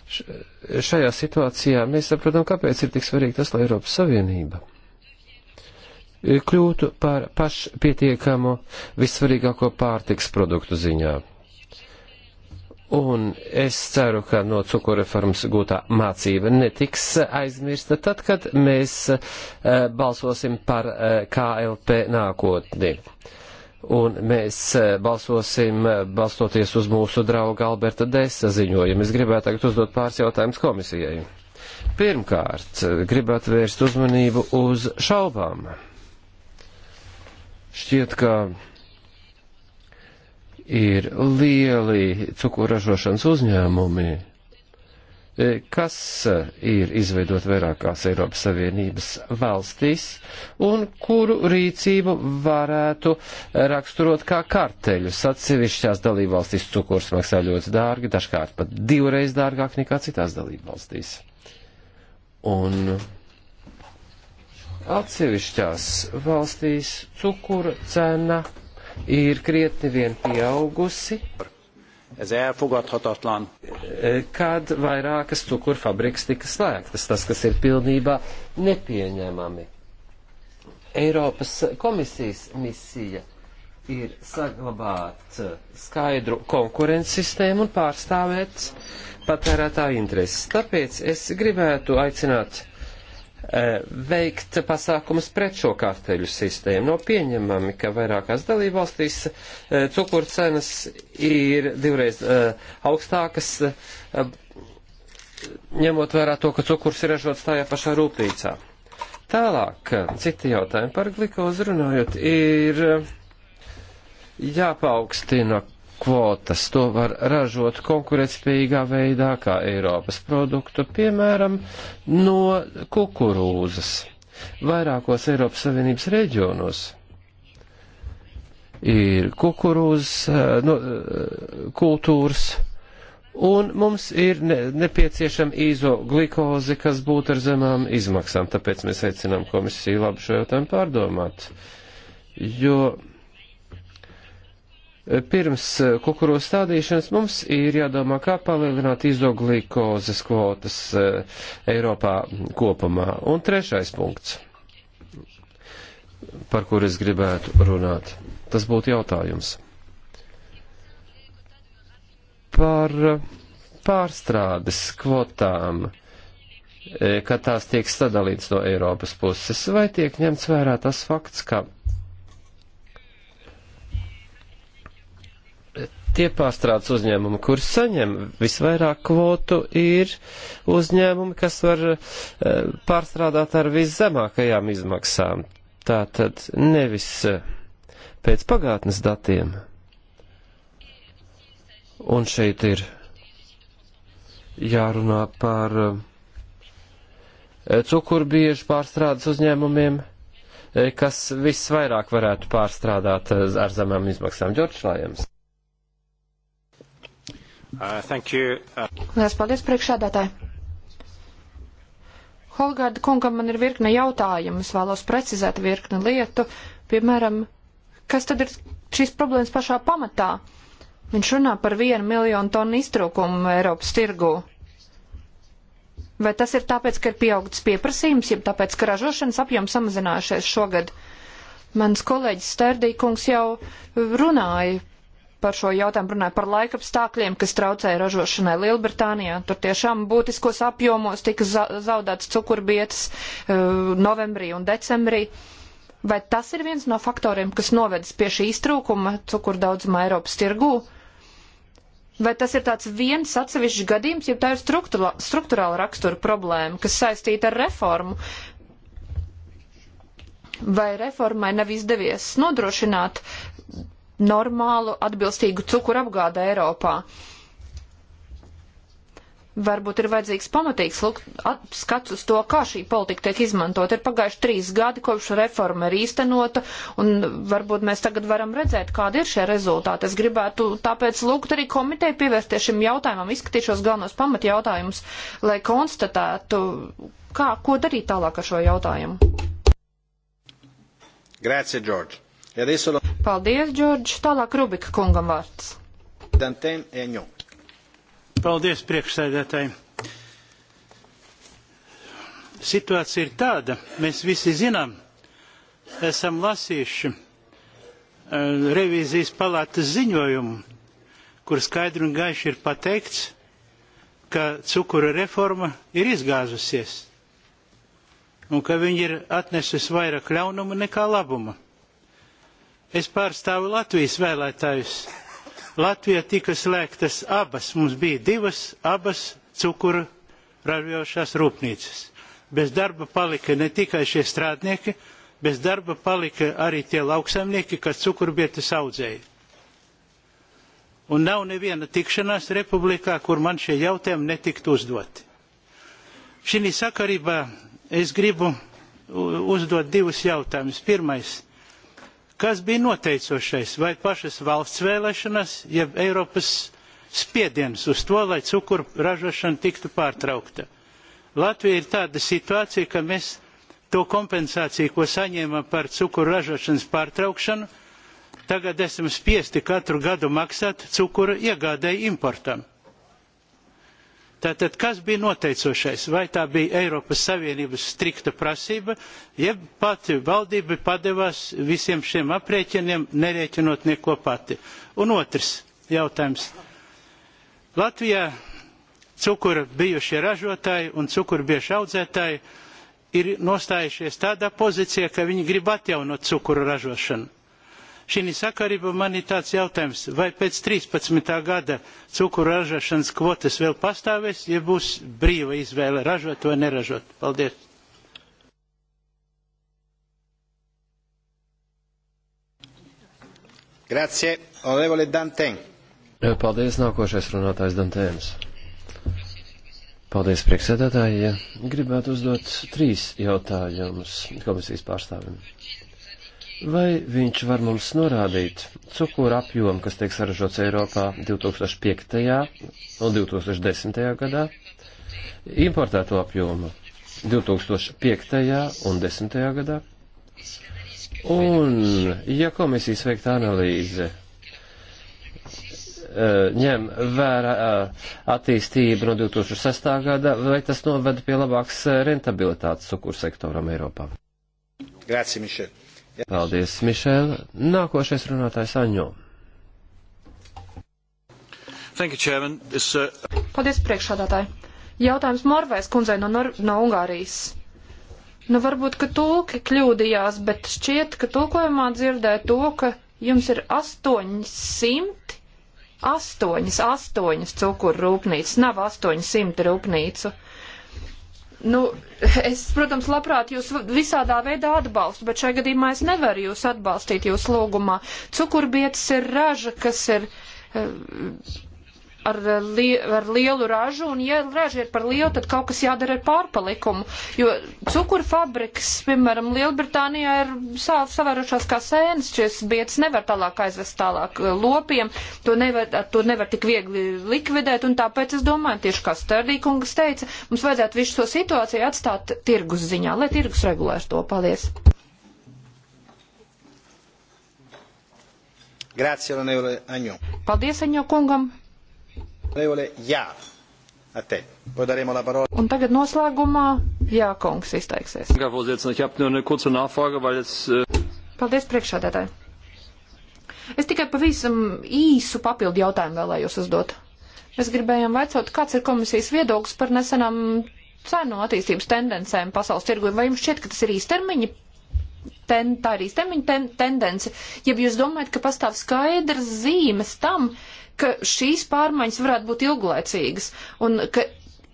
S2: šajā situācijā mēs saprotam, kāpēc ir tik svarīgi tas, lai Eiropas Savienība kļūtu par pašpietiekamu vissvarīgāko pārtiks produktu ziņā. Un es ceru, ka no cukurreformas gūtā mācība netiks aizmirsta tad, kad mēs eh, balsosim par eh, KLP nākotni. Uh, un mēs eh, balsosim eh, balstoties uz mūsu drauga Alberta Desa ziņojumu. Es gribētu tagad uzdot pāris jautājumus komisijai. Pirmkārt, gribētu vērst uzmanību uz šaubām. Šķiet, ka ir lieli cukuražošanas uzņēmumi, kas ir izveidot vairākās Eiropas Savienības valstīs un kuru rīcību varētu raksturot kā karteļus. Atsevišķās dalībvalstīs cukurs maksā ļoti dārgi, dažkārt pat divreiz dārgāk nekā citās dalībvalstīs. Un atsevišķās valstīs cukura cena ir krietni vien pieaugusi. Par Ez elfogadhatatlan. E, kad vairākas cukurfabrikas tika slēgtas, tas, kas ir pilnībā nepieņemami. Eiropas komisijas misija ir saglabāt skaidru konkurences sistēmu un pārstāvēt patērētāju intereses. Tāpēc es gribētu aicināt Eh, veikt pasākumus pret šo kārteļu sistēmu. Nav no pieņemami, ka vairākās dalībvalstīs eh, cukurcenas ir divreiz eh, augstākas, ņemot vērā to, ka cukurs ir ražots tajā pašā rūpnīcā. Tālāk, citi jautājumi par glikozi runājot, ir jāpaukstina kvotas. To var ražot konkurētspējīgā veidā, kā Eiropas produktu, piemēram, no kukurūzas. Vairākos Eiropas Savienības reģionos ir kukurūzas eh, no, eh, kultūras. Un mums ir ne, nepieciešama izoglikoze, kas būtu ar zemām izmaksām, tāpēc mēs aicinām komisiju labu šo jautājumu pārdomāt, jo pirms eh, kukurūzu stādīšanas mums ir jādomā, kā palielināt izoglikozes kvotas eh, Eiropā kopumā. Un trešais punkts, par kur es gribētu runāt, tas būtu jautājums par pārstrādes kvotām, eh, ka tās tiek sadalīts no Eiropas puses, vai tiek ņemts vērā tas fakts, ka tie pārstrādes uzņēmumi, kur saņem visvairāk kvotu, ir uzņēmumi, kas var eh, pārstrādāt ar viszemākajām izmaksām. Tātad nevis eh, pēc pagātnes datiem. Un šeit ir jārunā par eh, cukurbiežu pārstrādes uzņēmumiem kas visvairāk varētu pārstrādāt ar zemām izmaksām. Džordžs Lājams.
S1: Uh, thank you. Uh...
S4: Lielas paldies priekšādātāji. Holgārda kungam man ir virkne jautājumu, es vēlos precizēt virkne lietu, piemēram, kas tad ir šīs problēmas pašā pamatā? Viņš runā par vienu miljonu tonu iztrūkumu Eiropas tirgū. Vai tas ir tāpēc, ka ir pieaugts pieprasījums, jeb tāpēc, ka ražošanas apjoms samazinājušies šogad? Mans kolēģis Stērdīkungs jau runāja par šo jautājumu runāja par laikapstākļiem, kas traucēja ražošanai Lielbritānijā. Tur tiešām būtiskos apjomos tika zaudēts cukurbietas uh, novembrī un decembrī. Vai tas ir viens no faktoriem, kas novedis pie šī iztrūkuma cukurdaudzuma Eiropas tirgū? Vai tas ir tāds viens atsevišķs gadījums, ja tā ir struktūrāla rakstura problēma, kas saistīta ar reformu, vai reformai nav izdevies nodrošināt normālu, atbilstīgu cukuru apgādi Eiropā. Varbūt ir vajadzīgs pamatīgs luk, at, skats uz to, kā šī politika tiek izmantot. Ir pagājuši trīs gadi, kopš reforma ir īstenota, un varbūt mēs tagad varam redzēt, kādi ir šie rezultāti. Es gribētu tāpēc lūgt arī komiteju pievērsties šim jautājumam, izskatīšos galvenos pamatjautājumus, lai konstatētu, kā, ko darīt tālāk ar šo jautājumu.
S1: Grazie, George. E
S4: Paldies, Džordž. Tālāk Rubika kungam vārds.
S1: E Paldies, priekšsēdētāji. Situācija ir tāda, mēs visi zinām, esam lasījuši e, revīzijas palātas ziņojumu, kur skaidri un gaiši ir pateikts, ka cukura reforma ir izgāzusies un ka viņa ir atnesusi vairāk ļaunuma nekā labuma. Es pārstāvu Latvijas vēlētājus. Latvijā tika slēgtas abas, mums bija divas, abas cukuru ražojošās rūpnīcas. Bez darba palika ne tikai šie strādnieki, bez darba palika arī tie lauksaimnieki, kas cukurbietes audzēja. Un nav neviena tikšanās republikā, kur man šie jautājumi netiktu uzdoti. Šī sakarībā es gribu uzdot divus jautājumus. Pirmais Kas bija noteicošais? Vai pašas valsts vēlēšanas, jeb Eiropas spiediens uz to, lai cukuru ražošana tiktu pārtraukta? Latvija ir tāda situācija, ka mēs to kompensāciju, ko saņēmām par cukuru ražošanas pārtraukšanu, tagad esam spiesti katru gadu maksāt cukuru iegādēju importam Tātad, kas bija noteicošais? Vai tā bija Eiropas Savienības strikta prasība, jeb pati valdība padevās visiem šiem aprēķiniem, nerēķinot neko pati? Un otrs jautājums. Latvijā cukura bijušie ražotāji un cukurbiešu audzētāji ir nostājušies tādā pozīcijā, ka viņi grib atjaunot cukuru ražošanu Šī sakarībā man ir tāds jautājums, vai pēc 13. gada cukuru ražošanas kvotas vēl pastāvēs, ja būs brīva izvēle ražot vai neražot? Paldies! Grazie, onorevole Dantēn.
S2: Paldies, nākošais runātājs Dantēns. Paldies, priekšsēdētāji. Gribētu uzdot trīs jautājumus komisijas pārstāvim. Vai viņš var mums norādīt cukura apjomu, kas tiek saražots Eiropā 2005. un 2010. gadā, importēto apjomu 2005. un 2010. gadā? Un, ja komisijas veikta analīze eh, ņem vērā eh, attīstību no 2006. gada, vai tas noveda pie labākas eh, rentabilitātes cukuru sektoram Eiropā?
S1: Grazie, Mišel.
S2: Paldies, Mišēla. Nākošais runātājs Aņo.
S1: Thank you, Chairman. It's, uh...
S4: Paldies, priekšādātāji. Jautājums Morvēs kundzei no, Nor no Ungārijas. Nu, varbūt, ka tulki kļūdījās, bet šķiet, ka tulkojumā dzirdēja to, ka jums ir 800, 8, 8 cukuru rūpnīcas, nav 800 rūpnīcu. Nu, es, protams, labprāt jūs visādā veidā atbalstu, bet šajā gadījumā es nevaru jūs atbalstīt jūs lūgumā. Cukurbietis ir raža, kas ir eh, ar, li, ar lielu ražu, un ja raža ir par lielu, tad kaut kas jādara ar pārpalikumu, jo cukurfabrikas, piemēram, Lielbritānijā ir savērušās kā sēnes, šīs bietas nevar tālāk aizvest tālāk eh, lopiem, to nevar, to nevar tik viegli likvidēt, un tāpēc es domāju, tieši kā Sterdīkungs teica, mums vajadzētu visu šo situāciju atstāt tirgus ziņā, lai tirgus regulēs to. Paldies! Grazie, Paldies, Aņo kungam!
S1: Un
S4: tagad noslēgumā Jākungs izteiksies.
S2: Äh,
S4: Paldies priekšādētāji. Es tikai pavisam īsu papildu jautājumu vēlējos uzdot. Mēs gribējām veicot, kāds ir komisijas viedoklis par nesenām cenu attīstības tendencēm pasaules tirgu, vai jums šķiet, ka tas ir īstermiņa ten, tā arī stemiņa ten, tendence. Ja jūs domājat, ka pastāv skaidrs zīmes tam, ka šīs pārmaiņas varētu būt ilglaicīgas un ka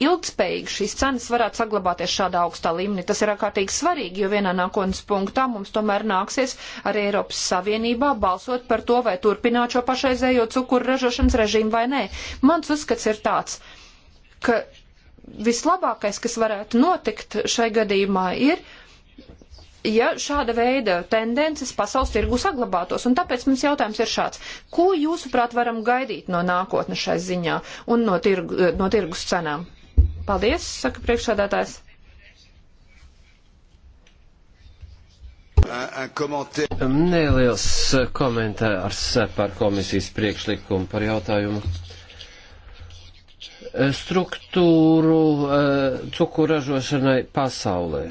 S4: ilgspējīgi šīs cenas varētu saglabāties šādā augstā līmenī. Tas ir ārkārtīgi svarīgi, jo vienā nākotnes punktā mums tomēr nāksies arī Eiropas Savienībā balsot par to, vai turpināt šo pašreizējo cukuru ražošanas režīmu vai nē. Mans uzskats ir tāds, ka vislabākais, kas varētu notikt šai gadījumā, ir ja šāda veida tendences pasaules tirgu saglabātos. Un tāpēc mums jautājums ir šāds. Ko jūsuprāt varam gaidīt no nākotnes šai ziņā un no, tirgu, eh, no tirgus cenām? Paldies, saka priekšsādātājs.
S2: Um, neliels uh, komentārs uh, par komisijas priekšlikumu par jautājumu uh, struktūru cukuražošanai pasaulē.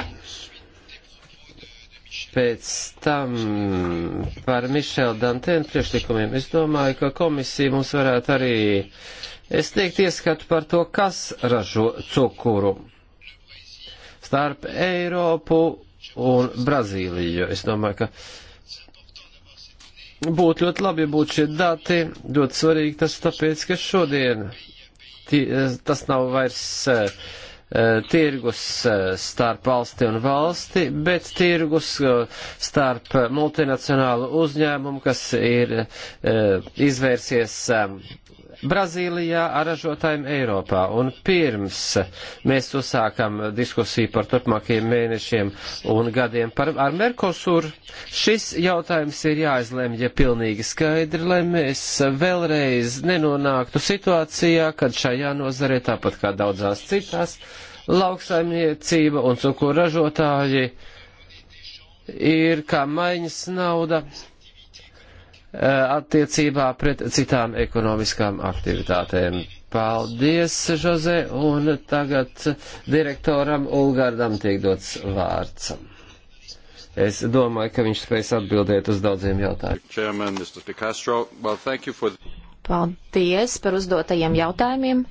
S2: Pēc tam par Mišela Dantēna priekšlikumiem. Es domāju, ka komisija mums varētu arī sniegt ieskatu par to, kas ražo cukuru starp Eiropu un Brazīliju. Es domāju, ka būtu ļoti labi, ja būtu šie dati, ļoti svarīgi tas tāpēc, ka šodien tie, tas nav vairs uh, Eh, tirgus eh, starp valsti un valsti, bet tirgus eh, starp multinacionālu uzņēmumu, kas ir izvērsies Brazīlijā ar ražotājiem Eiropā. Un pirms mēs uzsākam diskusiju par turpmākajiem mēnešiem un gadiem par, ar Merkosuru, šis jautājums ir jāizlemj pilnīgi skaidri, lai mēs vēlreiz nenonāktu situācijā, kad šajā nozarē, tāpat kā daudzās citās, lauksaimniecība un cukuražotāji ir kā maiņas nauda Eh, attiecībā pret citām ekonomiskām aktivitātēm. Paldies, Žoze, un tagad direktoram Ulgardam tiek dots vārds. Es domāju, ka viņš spēs atbildēt uz daudziem
S4: jautājumiem.
S5: Paldies par uzdotajiem jautājumiem.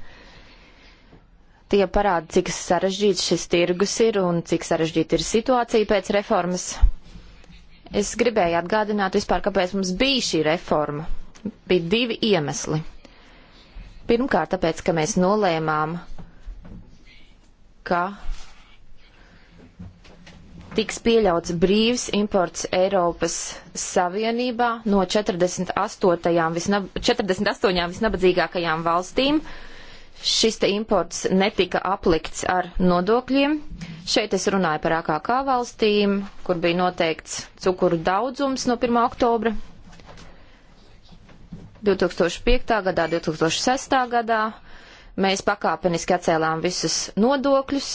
S5: Tie parāda, cik sarežģīts šis tirgus ir un cik sarežģīta ir situācija pēc reformas. Es gribēju atgādināt vispār, kāpēc mums bija šī reforma. Bija divi iemesli. Pirmkārt, tāpēc, ka mēs nolēmām, ka tiks pieļauts brīvs imports Eiropas Savienībā no 48, visnab 48 visnabadzīgākajām valstīm, šis te imports netika aplikts ar nodokļiem. Šeit es runāju par AKK valstīm, kur bija noteikts cukuru daudzums no 1. oktobra 2005. gadā, 2006. gadā. Mēs pakāpeniski atcēlām visus nodokļus,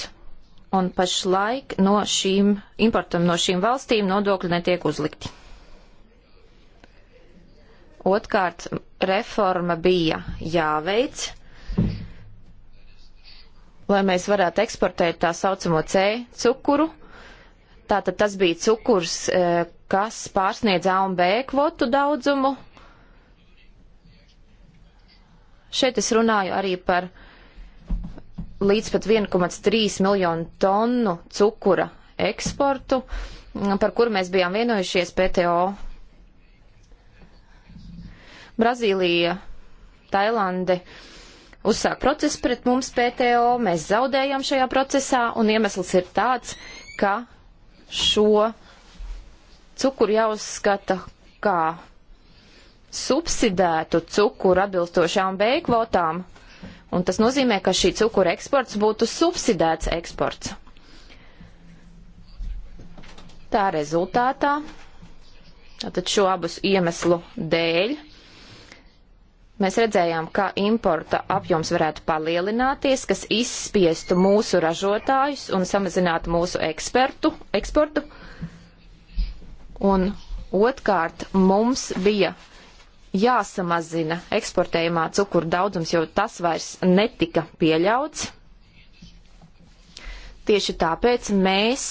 S5: un pašlaik no šīm importam no šīm valstīm nodokļi netiek uzlikti. Otkārt, reforma bija jāveic lai mēs varētu eksportēt tā saucamo C cukuru. Tātad tas bija cukurs, e, kas pārsniedz A un B kvotu daudzumu. Šeit es runāju arī par līdz pat 1,3 miljonu tonu cukura eksportu, par kur mēs bijām vienojušies PTO. Brazīlija, Tailande. Uh, uzsāk procesu pret mums PTO, mēs zaudējam šajā procesā, un iemesls ir tāds, ka šo cukuru jāuzskata kā subsidētu cukuru atbilstošām beigvotām, un tas nozīmē, ka šī cukura eksports būtu subsidēts eksports. Tā rezultātā, tātad šo abus iemeslu dēļ, Mēs redzējām, ka importa apjoms varētu palielināties, kas izspiestu mūsu ražotājus un samazinātu mūsu ekspertu, eksportu. Un otrkārt, mums bija jāsamazina eksportējumā cukuru daudzums, jo tas vairs netika pieļauts. Tieši tāpēc mēs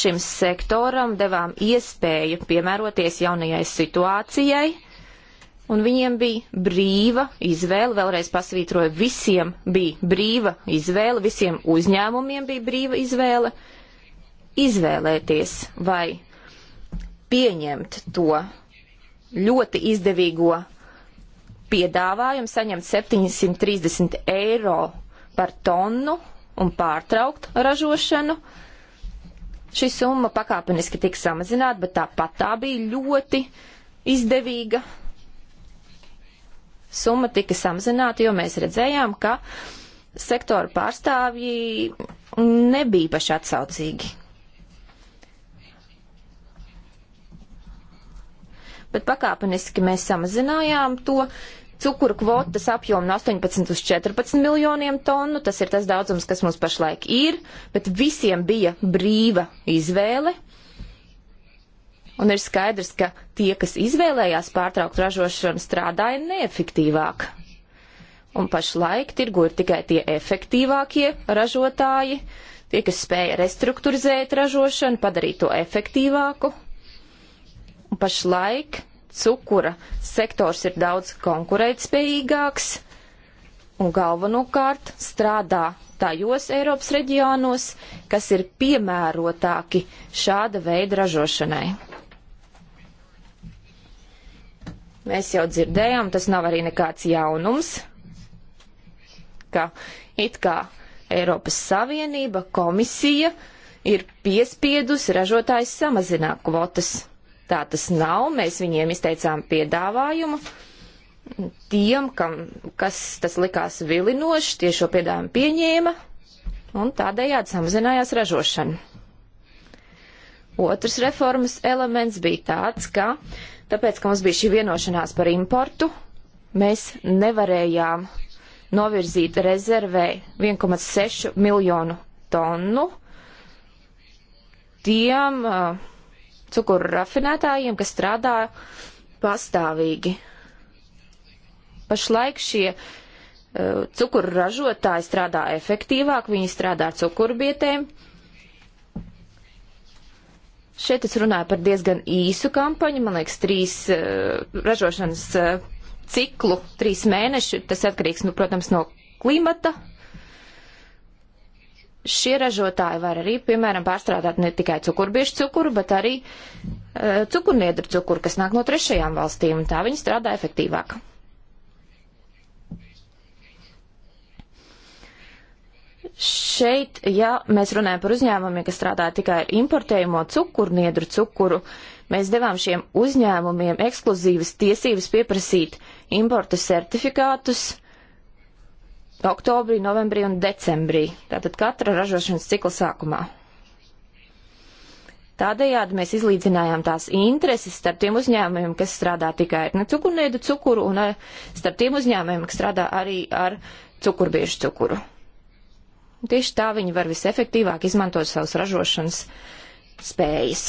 S5: šim sektoram devām iespēju piemēroties jaunajai situācijai un viņiem bija brīva izvēle, vēlreiz pasvītroju, visiem bija brīva izvēle, visiem uzņēmumiem bija brīva izvēle izvēlēties vai pieņemt to ļoti izdevīgo piedāvājumu, saņemt 730 eiro par tonu un pārtraukt ražošanu. Šī summa pakāpeniski tika samazināta, bet tāpat tā bija ļoti izdevīga summa tika samazināta, jo mēs redzējām, ka sektora pārstāvji nebija paši atsaucīgi. Bet pakāpeniski mēs samazinājām to cukuru kvotas apjomu no 18 uz 14 miljoniem tonu. Tas ir tas daudzums, kas mums pašlaik ir, bet visiem bija brīva izvēle Un ir skaidrs, ka tie, kas izvēlējās pārtraukt ražošanu, strādāja neefektīvāk. Un pašlaik tirgu ir tikai tie efektīvākie ražotāji, tie, kas spēja restruktūrizēt ražošanu, padarīt to efektīvāku. Un pašlaik cukura sektors ir daudz konkurētspējīgāks un galvenokārt strādā tajos Eiropas reģionos, kas ir piemērotāki šāda veida ražošanai. Mēs jau dzirdējām, tas nav arī nekāds jaunums, ka it kā Eiropas Savienība, komisija ir piespiedusi ražotājs samazināt kvotas. Tā tas nav, mēs viņiem izteicām piedāvājumu. Tiem, kam, kas tas likās vilinoši, tie šo piedāvājumu pieņēma un tādējādi samazinājās ražošana. Otrs reformas elements bija tāds, ka uh, Tāpēc, ka mums bija šī vienošanās par importu, mēs nevarējām novirzīt rezervē 1,6 miljonu tonu tiem uh, cukuru rafinētājiem, kas strādā pastāvīgi. Pašlaik šie uh, cukuru ražotāji strādā efektīvāk, viņi strādā ar cukurbietēm, Šeit es runāju par diezgan īsu kampaņu, man liekas, trīs uh, ražošanas uh, ciklu, trīs mēneši. Tas atkarīgs, nu, protams, no klimata. Šie ražotāji var arī, piemēram, pārstrādāt ne tikai cukurbiešu cukuru, bet arī uh, cukurniedru cukuru, kas nāk no trešajām valstīm, un tā viņi strādā efektīvāk. šeit, ja mēs runājam par uzņēmumiem, kas strādā tikai importējumu cukuru, niedru cukuru, mēs devām šiem uzņēmumiem ekskluzīvas tiesības pieprasīt importa certifikātus oktobrī, novembrī un decembrī, tātad katra ražošanas cikla sākumā. Tādējādi mēs izlīdzinājām tās intereses starp tiem uzņēmumiem, kas strādā tikai ar necukurnēdu cukuru, un ar, eh, starp tiem uzņēmumiem, kas strādā arī ar cukurbiešu cukuru. Tieši tā viņi var visefektīvāk izmantot savas ražošanas spējas.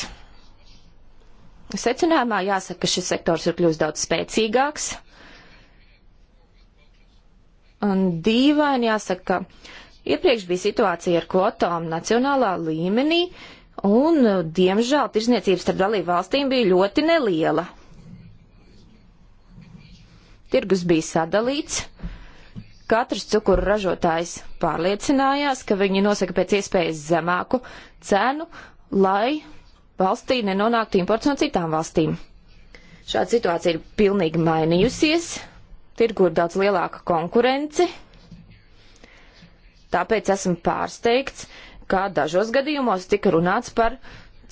S5: Secinājumā jāsaka, ka šis sektors ir kļūst daudz spēcīgāks. Un dīvaini jāsaka, ka iepriekš bija situācija ar kvotām nacionālā līmenī, un, diemžēl, tirzniecības starp dalību valstīm bija ļoti neliela. Tirgus bija sadalīts, Katrs cukuru ražotājs pārliecinājās, ka viņi nosaka pēc iespējas zemāku cenu, lai valstī nenonāktu imports no citām valstīm. Šāda situācija ir pilnīgi mainījusies, tirgu ir daudz lielāka konkurence, tāpēc esmu pārsteigts, ka dažos gadījumos tika runāts par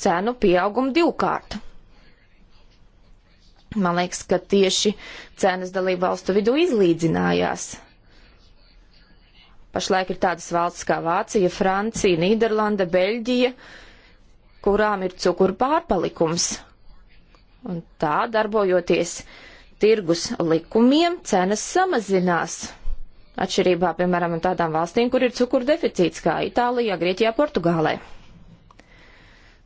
S5: cenu pieaugumu divkārtu. Man liekas, ka tieši cenas dalību valstu vidū izlīdzinājās. Pašlaik ir tādas valsts kā Vācija, Francija, Nīderlanda, Beļģija, kurām ir cukuru pārpalikums. Un tā darbojoties tirgus likumiem, cenas samazinās. Atšķirībā, piemēram, no tādām valstīm, kur ir cukuru deficīts, kā Itālijā, Grieķijā, Portugālē.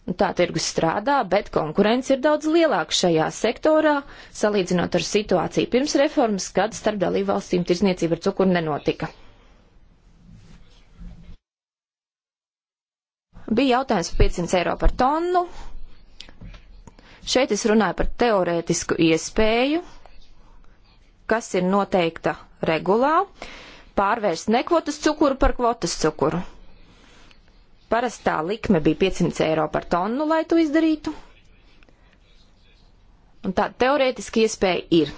S5: Un tā tirgus strādā, bet konkurence ir daudz lielāka šajā sektorā, salīdzinot ar situāciju pirms reformas, kad starp dalībvalstīm tirzniecība ar cukuru nenotika. Bija jautājums par 500 eiro par tonu. Šeit es runāju par teorētisku iespēju, kas ir noteikta regulā, pārvērst nekvotas cukuru par kvotas cukuru. Parastā likme bija 500 eiro par tonu, lai to izdarītu. Un tā teorētiski iespēja ir.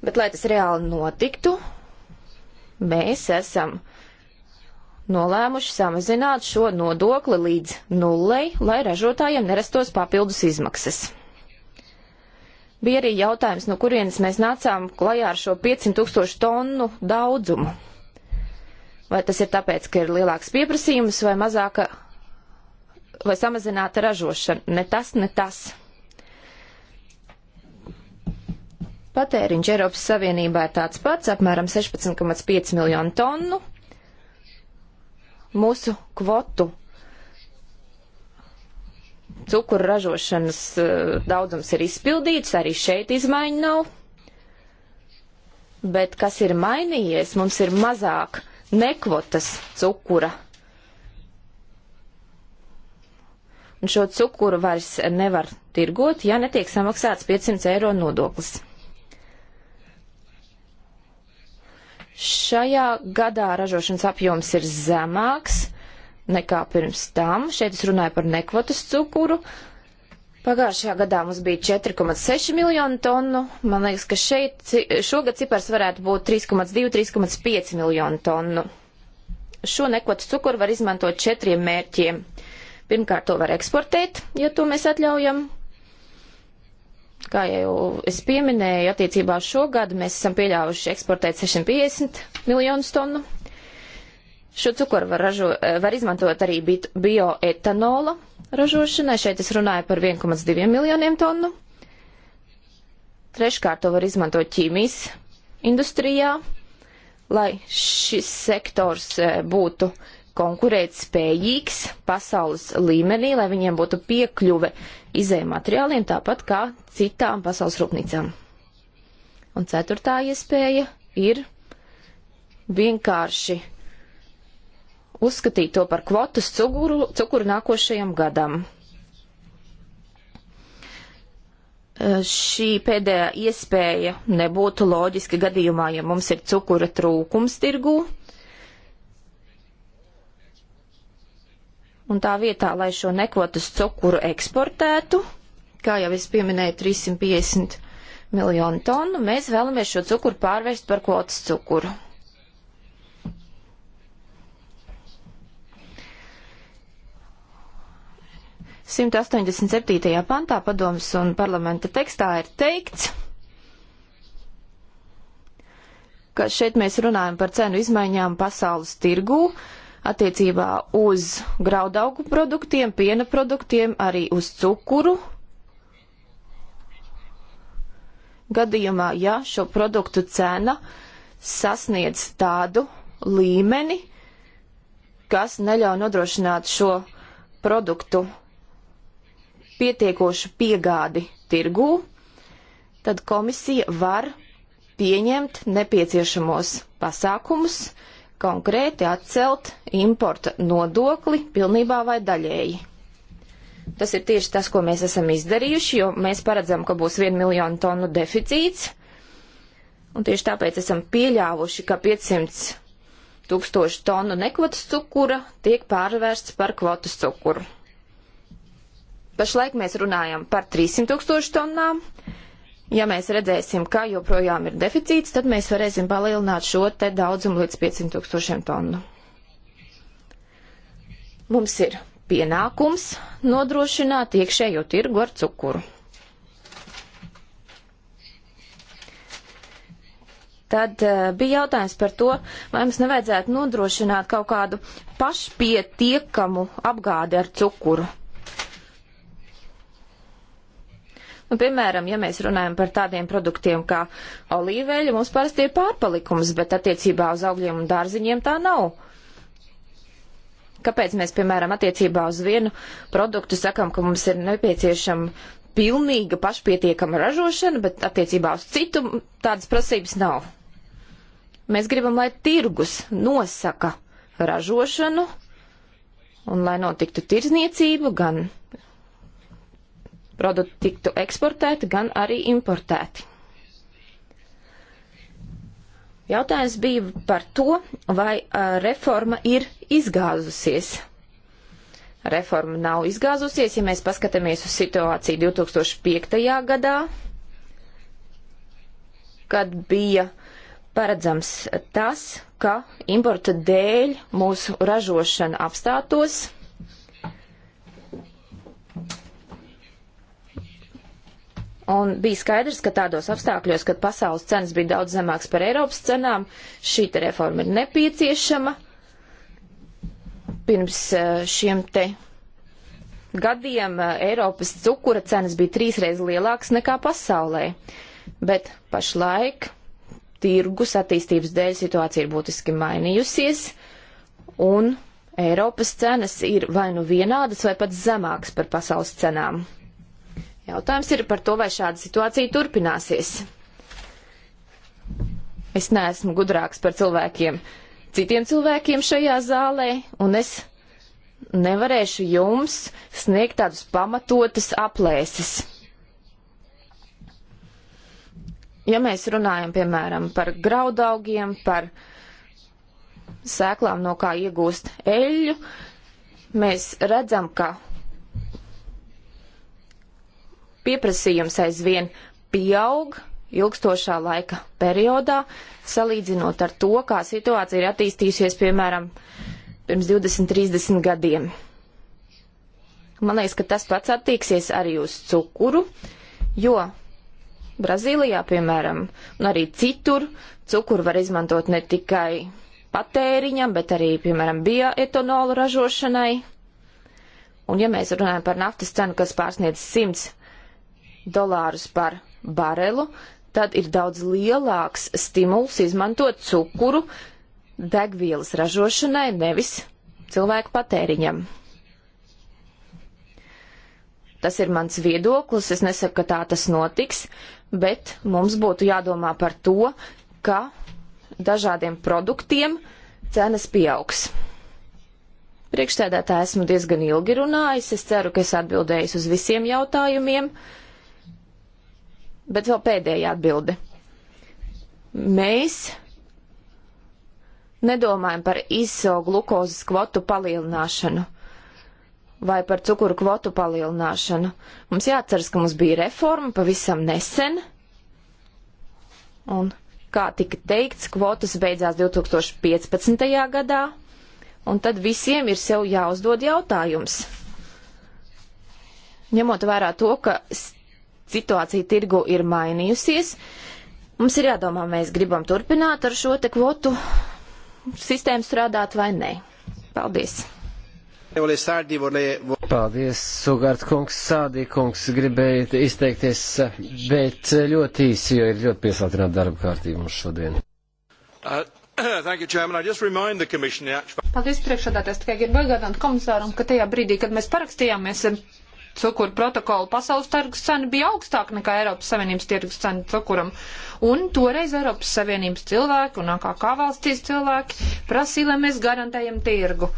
S5: Bet, lai tas reāli notiktu, mēs esam nolēmuši samazināt šo nodokli līdz nullei, lai ražotājiem nerastos papildus izmaksas. Bija arī jautājums, no kurienes mēs nācām klajā ar šo 500 tūkstošu tonnu daudzumu. Vai tas ir tāpēc, ka ir lielāks pieprasījums vai mazāka vai samazināta ražošana? Ne tas, ne tas. Patēriņš Eiropas Savienībā ir tāds pats, apmēram 16,5 miljonu tonnu, mūsu kvotu cukuru ražošanas eh, daudzums ir izpildīts, arī šeit izmaiņu nav. Bet kas ir mainījies, mums ir mazāk nekvotas cukura. Un šo cukuru vairs nevar tirgot, ja netiek samaksāts 500 eiro nodoklis. Šajā gadā ražošanas apjoms ir zemāks nekā pirms tam. Šeit es runāju par nekvotas cukuru. Pagājušajā gadā mums bija 4,6 miljonu tonu. Man liekas, ka šeit šogad cipars varētu būt 3,2-3,5 miljonu tonu. Šo nekvotas cukuru var izmantot četriem mērķiem. Pirmkārt, to var eksportēt, ja to mēs atļaujam kā jau es pieminēju, attiecībā uz šo gadu mēs esam pieļāvuši eksportēt 650 miljonus tonu. Šo cukuru var, ražo, var izmantot arī bioetanola ražošanai. Šeit es runāju par 1,2 miljoniem tonu. Treškārt to var izmantot ķīmijas industrijā, lai šis sektors e, būtu konkurētspējīgs pasaules līmenī, lai viņiem būtu piekļuve uh, izējuma materiāliem, tāpat kā citām pasaules rūpnīcām. Un ceturtā iespēja ir vienkārši uzskatīt to par kvotas cukuru, cukuru nākošajam gadam. Eh, šī pēdējā iespēja nebūtu loģiska gadījumā, ja mums ir cukura trūkums tirgū, Un tā vietā, lai šo nekvotas cukuru eksportētu, kā jau es pieminēju, 350 miljonu tonu, mēs vēlamies šo cukuru pārvērst par kvotas cukuru. Simt astoņdesmit septītajā pantā padomas un parlamenta tekstā ir teikts, ka šeit mēs runājam par cenu izmaiņām pasaules tirgū, attiecībā uz graudaugu produktiem, piena produktiem, arī uz cukuru. Gadījumā, ja šo produktu cena sasniedz tādu līmeni, kas neļauj nodrošināt šo produktu pietiekošu piegādi tirgū, tad komisija var pieņemt nepieciešamos pasākumus, uh, konkrēti atcelt importa nodokli pilnībā vai daļēji. Tas ir tieši tas, ko mēs esam izdarījuši, jo mēs paredzam, ka būs 1 miljonu tonu deficīts. Un tieši tāpēc esam pieļāvuši, ka 500 tūkstoši tonu nekvotas cukura tiek pārvērsts par kvotas cukuru. Pašlaik mēs runājam par 300 tūkstošu tonnām, Ja mēs redzēsim, ka joprojām ir deficīts, tad mēs varēsim palielināt šo te daudzumu līdz 500 tūkstošiem tonu. Mums ir pienākums nodrošināt iekšējo tirgu ar cukuru. Tad uh, bija jautājums par to, vai mums nevajadzētu nodrošināt kaut kādu pašpietiekamu apgādi ar cukuru. Nu, piemēram, ja mēs runājam par tādiem produktiem kā olīveļa, mums parasti ir pārpalikums, bet attiecībā uz augļiem un dārziņiem tā nav. Kāpēc mēs, piemēram, attiecībā uz vienu produktu sakam, ka mums ir nepieciešama pilnīga pašpietiekama ražošana, bet attiecībā uz citu tādas prasības nav? Mēs gribam, lai tirgus nosaka ražošanu un lai notiktu tirzniecība gan produkti tiktu eksportēti, gan arī importēti. Jautājums bija par to, vai reforma ir izgāzusies. Reforma nav izgāzusies, ja mēs paskatāmies uz situāciju 2005. gadā, kad bija paredzams tas, ka importa dēļ mūsu ražošana apstātos Un bija skaidrs, ka tādos apstākļos, kad pasaules cenas bija daudz zemāks par Eiropas cenām, šī reforma ir nepieciešama. Pirms eh, šiem te gadiem eh, Eiropas cukura cenas bija trīsreiz lielākas nekā pasaulē. Bet pašlaik tirgus attīstības dēļ situācija ir būtiski mainījusies, un Eiropas cenas ir vai nu vienādas, vai pat zemākas par pasaules cenām. Jautājums ir par to, vai šāda situācija turpināsies. Es neesmu gudrāks par cilvēkiem, citiem cilvēkiem šajā zālē, un es nevarēšu jums sniegt tādus pamatotas aplēses. Ja mēs runājam, piemēram, par graudaugiem, par sēklām, no kā iegūst eļļu, mēs redzam, ka Pieprasījums aizvien pieaug ilgstošā laika periodā, salīdzinot ar to, kā situācija ir attīstījusies, piemēram, pirms 20-30 gadiem. Man liekas, ka tas pats attieksies arī uz cukuru, jo Brazīlijā, piemēram, un arī citur cukuru var izmantot ne tikai patēriņam, bet arī, piemēram, bioetanolu ražošanai. Un ja mēs runājam par naftas cenu, kas pārsniedz 100 dolārus par barelu, tad ir daudz lielāks stimuls izmantot cukuru degvielas ražošanai, nevis cilvēku patēriņam. Tas ir mans viedoklis, es nesaku, ka tā tas notiks, bet mums būtu jādomā par to, ka dažādiem produktiem cenas pieaugs. Priekšstādātā esmu diezgan ilgi runājis, es ceru, ka es atbildēju uz visiem jautājumiem. Uh, Bet vēl pēdējā atbilde. Mēs nedomājam par ISO glukozes kvotu palielināšanu vai par cukuru kvotu palielināšanu. Mums jāatceras, ka mums bija reforma pavisam nesen. Un, kā tika teikts, kvotas beidzās 2015. gadā. Un tad visiem ir sev jāuzdod jautājums. Ņemot vērā to, ka situācija tirgu ir mainījusies. Mums ir jādomā, mēs gribam turpināt ar šo te kvotu sistēmu strādāt vai nē. Paldies!
S2: Paldies, Sugārt kungs, Sādī kungs, gribēju izteikties, bet ļoti īsi, jo ir ļoti piesātināta darba kārtība mums šodien.
S3: Uh, [clears throat] you,
S1: actually...
S4: Paldies, priekšādātājs, tikai gribu atgādināt komisāram, ka tajā brīdī, kad mēs parakstījāmies cukuru protokolu pasaules tirgus cena bija augstāka nekā Eiropas Savienības tirgus cena cukuram. Un toreiz Eiropas Savienības cilvēki un AKK valstīs cilvēki prasīja, lai mēs garantējam tirgu.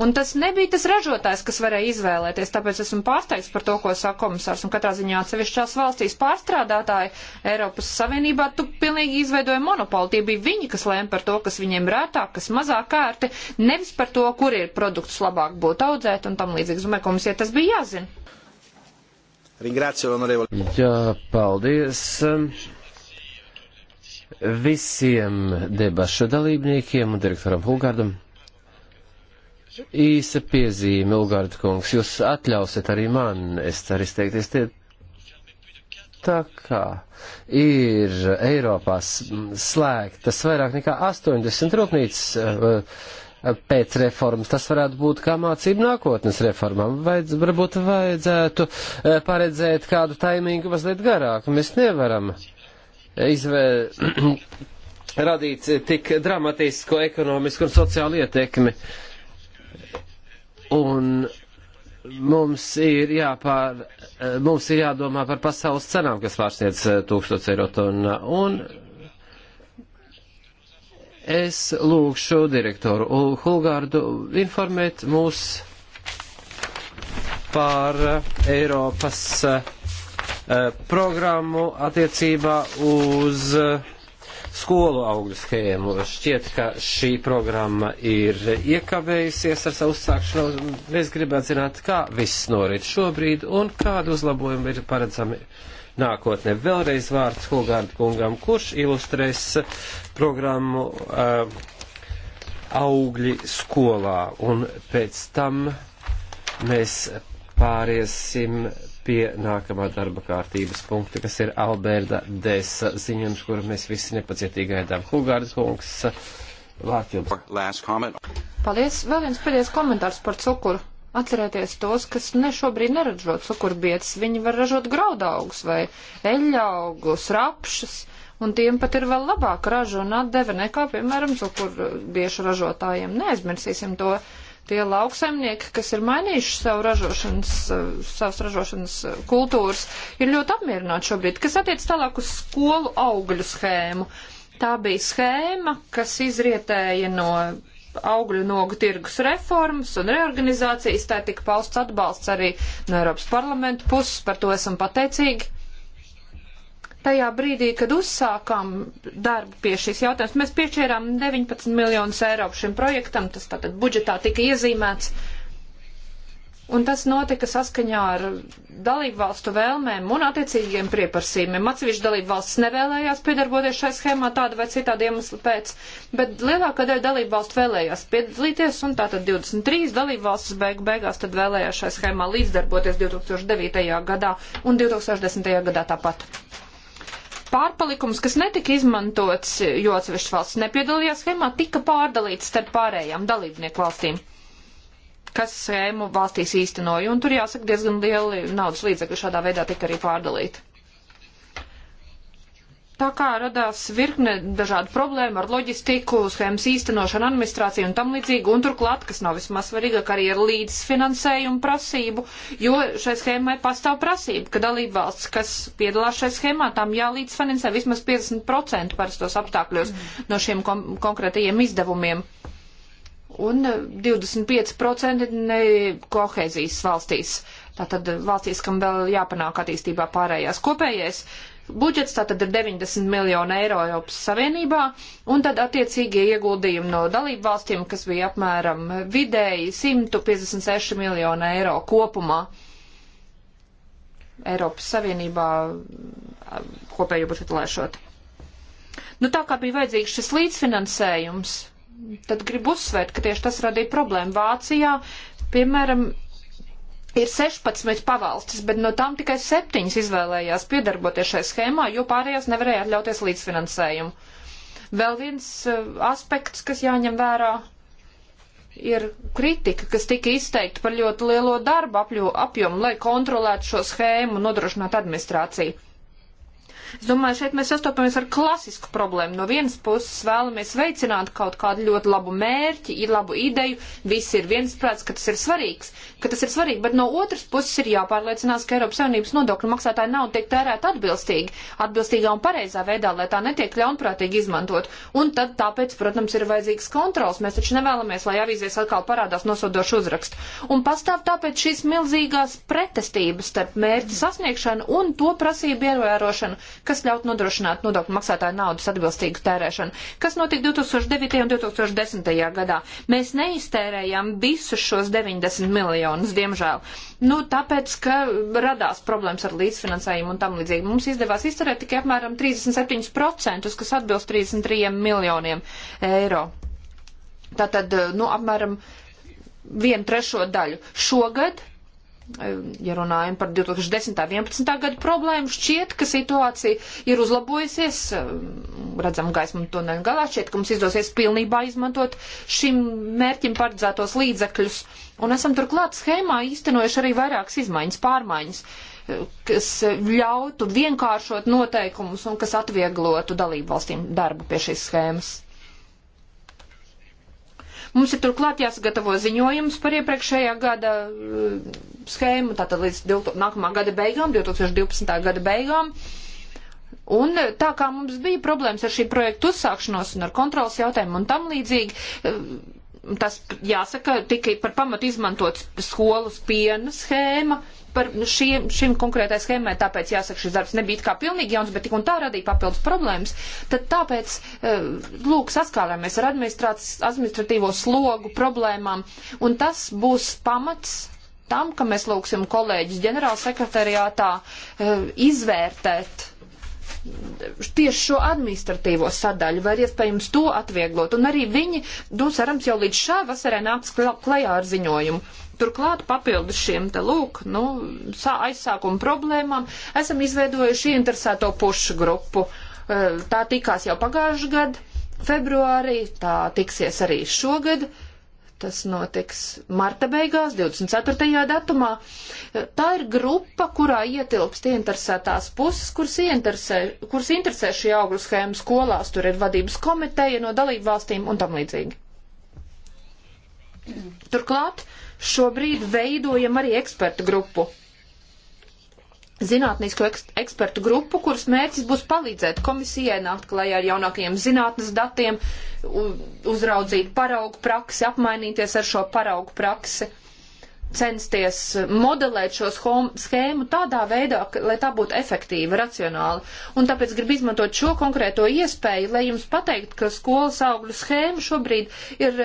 S4: Un tas nebija tas ražotājs, kas varēja izvēlēties, tāpēc esmu pārsteigts par to, ko saka komisārs. Un katrā ziņā atsevišķās valstīs pārstrādātāji Eiropas Savienībā tu pilnīgi izveidoja monopolu. Tie bija viņi, kas lēma par to, kas viņiem rētāk, kas mazāk ērti, nevis par to, kur ir produkts labāk būtu audzēt un tam līdzīgi. Zumē komisija tas bija jāzina.
S2: Jā, paldies visiem debašu dalībniekiem un direktoram Hulgārdam īsa piezīme, Ulgārda kungs, jūs atļausiet arī man, es ceru izteikties tie. Tā kā ir Eiropā slēgtas vairāk nekā 80 rūpnīcas eh, eh, pēc reformas, tas varētu būt kā mācība nākotnes reformām. Vajadz, varbūt vajadzētu eh, paredzēt kādu taimingu mazliet garāku. Mēs nevaram izvē... [clears throat] radīt tik dramatisku ekonomisku un sociālu ietekmi. Uh, Un mums ir, jāpār, eh, mums ir jādomā par pasaules cenām, kas pārsniec 1000 eh, eiro tonna. Un es lūgšu direktoru Hulgārdu informēt mūs par eh, Eiropas programmu attiecībā uz uh, skolu augļu schēmu. Šķiet, ka šī programma ir iekavējusies ar savu uzsākšanu. Mēs gribētu zināt, kā viss norit šobrīd un kādu uzlabojumu ir paredzami nākotnē. Vēlreiz vārds Hogārda kungam, kurš ilustrēs programmu uh, augļi skolā, un pēc tam mēs pāriesim pie nākamā darba kārtības punkta, kas ir Alberta Desa ziņojums, kuru mēs visi nepacietīgi gaidām. Hugārds kungs, vārds
S3: jums.
S4: Paldies. Vēl viens pēdējais komentārs par cukuru. Atcerieties tos, kas ne šobrīd neražo cukurbietas. Viņi var ražot graudaugus vai eļļaugus, rapšas, un tiem pat ir vēl labāka raža un atdeve nekā, piemēram, cukurbiešu ražotājiem. Neaizmirsīsim to. Uh, Tie lauksaimnieki, kas ir mainījuši savu ražošanas, eh, savas ražošanas eh, kultūras, ir ļoti apmierināti šobrīd. Kas attiec tālāk uz skolu augļu schēmu? Tā bija schēma, kas izrietēja no augļu nogu tirgus reformas un reorganizācijas. Tā tika pausts atbalsts arī no Eiropas parlamenta puses. Par to esam pateicīgi tajā brīdī, kad uzsākām darbu pie šīs jautājums, mēs piešķērām 19 miljonus eiro šim projektam, tas tātad budžetā tika iezīmēts. Un tas notika saskaņā ar dalību valstu vēlmēm un attiecīgiem prieprasījumiem. Atsevišķi dalību valsts nevēlējās piedarboties šai schēmā tāda vai citāda iemesla pēc, bet lielākā daļa dalību valstu vēlējās piedalīties, un tātad 23 dalību valstis beigu beigās tad vēlējās šai schēmā līdzdarboties 2009. gadā un 2010. gadā tāpat pārpalikums, kas netika izmantots, jo atsevišķas valsts nepiedalījās schēmā, tika pārdalīts starp pārējām dalībnieku valstīm, kas schēmu valstīs īstenoja, un tur jāsaka diezgan lieli naudas līdzekļi šādā veidā tika arī pārdalīti. Tā kā radās virkne dažādu problēmu ar loģistiku, schēmas īstenošanu, administrāciju un tam līdzīgi, un turklāt, kas nav vismaz svarīgāk, arī ar līdzfinansējumu prasību, jo šai schēmai pastāv prasība, ka dalībvalsts, kas piedalās šai schēmā, tām jālīdzfinansē vismaz 50% parastos apstākļos no šiem kom konkrētajiem izdevumiem. Un 25% e, ne kohēzijas valstīs. Tātad valstīs, kam vēl jāpanāk attīstībā pārējās. Kopējais budžets tātad ir 90 miljoni eiro Eiropas Savienībā, un tad attiecīgie ieguldījumi no dalību valstīm, kas bija apmēram vidēji 156 miljoni eiro kopumā. Eiropas Savienībā kopējo budžetu lēšot. Nu, tā kā bija vajadzīgs šis līdzfinansējums, tad gribu uzsvērt, ka tieši tas radīja problēmu Vācijā. Piemēram, ir 16 pavalstis, bet no tām tikai 7 izvēlējās piedarboties šai schēmā, jo pārējās nevarēja atļauties līdzfinansējumu. Vēl viens eh, aspekts, kas jāņem vērā, ir kritika, kas tika izteikta par ļoti lielo darbu apjomu, lai kontrolētu šo schēmu un nodrošinātu administrāciju. Es domāju, šeit mēs sastopamies ar klasisku problēmu. No vienas puses vēlamies veicināt kaut kādu ļoti labu mērķi, ir labu ideju, visi ir viensprāts, ka tas ir svarīgs, ka tas ir svarīgi, bet no otras puses ir jāpārliecinās, ka Eiropas Savienības nodokļu maksātāja nauda tiek tērēta atbilstīgi, atbilstīgā un pareizā veidā, lai tā netiek ļaunprātīgi izmantot. Un tad tāpēc, protams, ir vajadzīgs kontrols. Mēs taču nevēlamies, lai avīzēs atkal parādās nosodošu uzrakstu. Un pastāv tāpēc šīs milzīgās pretestības starp mērķa sasniegšanu un to prasību ievērošanu, kas ļaut nodrošināt nodokļu maksātāju naudas atbilstīgu tērēšanu. Kas notika 2009. un 2010. gadā? Mēs neiztērējām visus šos 90 miljonus, diemžēl. Nu, tāpēc, ka radās problēmas ar līdzfinansējumu un tam līdzīgi. Mums izdevās izturēt tikai apmēram 37%, kas atbilst 33 miljoniem eiro. Tātad, nu, apmēram vienu trešo daļu. Šogad ja runājam par 2010. 11. gadu problēmu, šķiet, ka situācija ir uzlabojusies, redzam gaismu tuneli galā, šķiet, ka mums izdosies pilnībā izmantot šim mērķim paredzētos līdzekļus, un esam turklāt schēmā īstenojuši arī vairākas izmaiņas, pārmaiņas, eh, kas ļautu vienkāršot noteikumus un kas atvieglotu dalību valstīm darbu pie šīs schēmas. Mums ir turklāt jāsagatavo ziņojums par iepriekšējā gada eh, schēmu, tātad līdz nākamā gada beigām, 2012. gada beigām. Un eh, tā kā mums bija problēmas ar šī projekta uzsākšanos un ar kontrolas jautājumu un tam līdzīgi, eh, tas, jāsaka, tikai par pamatu izmantot skolas piena schēma. Par šiem, šim konkrētai schēmai, tāpēc jāsaka, šis darbs nebija kā pilnīgi jauns, bet tik un tā radīja papildus problēmas. Tad tāpēc, eh, lūk, saskārāmies ar administratīvo slogu problēmām, un tas būs pamats tam, ka mēs lūksim kolēģis ģenerālsekretariātā eh, izvērtēt tieši šo administratīvo sadaļu, vai iespējams to atvieglot. Un arī viņi, nu, cerams, jau līdz šā vasarē nāks klajā ar ziņojumu. Turklāt papildus šiem te lūk, nu, aizsākuma problēmām esam izveidojuši interesēto pušu grupu. E, tā tikās jau pagājušajā gadā, februārī, tā tiksies arī šogad. Uh, Tas notiks marta beigās, 24. datumā. Tā ir grupa, kurā ietilpst interesētās puses, kuras, ieinteresē, kuras interesē šī augļu schēma skolās. Tur ir vadības komiteja no dalību valstīm un tam līdzīgi. Turklāt šobrīd veidojam arī ekspertu grupu zinātnīsku ekspertu grupu, kuras mērķis būs palīdzēt komisijai nākt klajā ar jaunākajiem zinātnes datiem, uzraudzīt paraugu praksi, apmainīties ar šo paraugu praksi, censties modelēt šo schēmu tādā veidā, ka, lai tā būtu efektīva, racionāla. Un tāpēc gribu izmantot šo konkrēto iespēju, lai jums pateikt, ka skolas augļu schēma šobrīd ir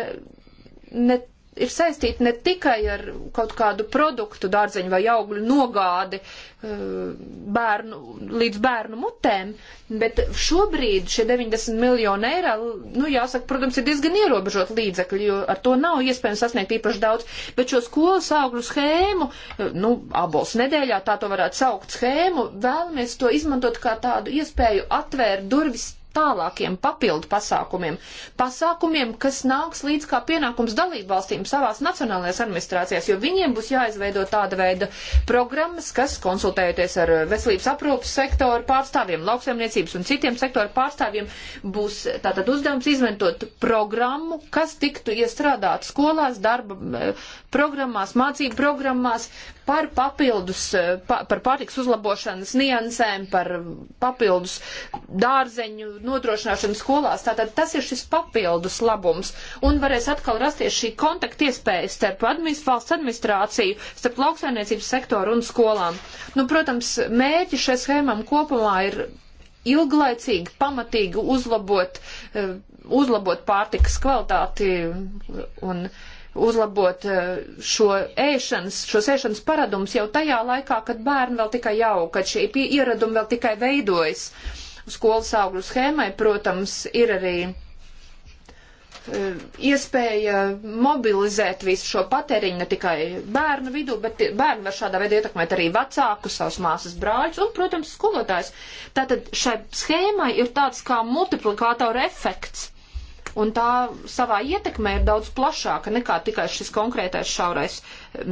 S4: ne ir saistīti ne tikai ar kaut kādu produktu, dārzeņu vai augļu nogādi eh, bērnu, līdz bērnu mutēm, bet šobrīd šie 90 miljoni eiro, nu jāsaka, protams, ir diezgan ierobežot līdzekļi, jo ar to nav iespējams sasniegt īpaši daudz, bet šo skolas augļu schēmu, eh, nu, abols nedēļā tā to varētu saukt schēmu, vēlamies to izmantot kā tādu iespēju atvērt durvis tālākiem papildu pasākumiem. Pasākumiem, kas nāks līdz kā pienākums dalībvalstīm savās nacionālajās administrācijās, jo viņiem būs jāizveido tāda veida programmas, kas konsultējoties ar veselības aprūpas sektoru pārstāvjiem, lauksaimniecības un citiem sektoru pārstāvjiem, būs tātad uzdevums izmantot programmu, kas tiktu iestrādāt skolās, darba eh, programmās, mācību programmās, par papildus, eh, pa, par pārtiks uzlabošanas niansēm, par papildus dārzeņu nodrošināšanu skolās. Tātad tas ir šis papildus labums. Un varēs atkal rasties šī kontakta iespēja starp administ, valsts administrāciju, starp lauksainiecības sektoru un skolām. Nu, protams, mērķi šai schēmām kopumā ir ilglaicīgi, pamatīgi uzlabot, eh, uzlabot pārtikas kvalitāti un uh, uzlabot eh, šo ēšanas, šos ēšanas paradumus jau tajā laikā, kad bērni vēl tikai jau, kad šī ieradumi vēl tikai veidojas. Skolas augļu schēmai, protams, ir arī eh, iespēja mobilizēt visu šo patēriņu ne tikai bērnu vidū, bet bērni var šādā veidā ietekmēt arī vecākus, savus māsas brāļus un, protams, skolotājus. Tātad šai schēmai ir tāds kā multiplikātora efekts un tā savā ietekmē ir daudz plašāka nekā tikai šis konkrētais šaurais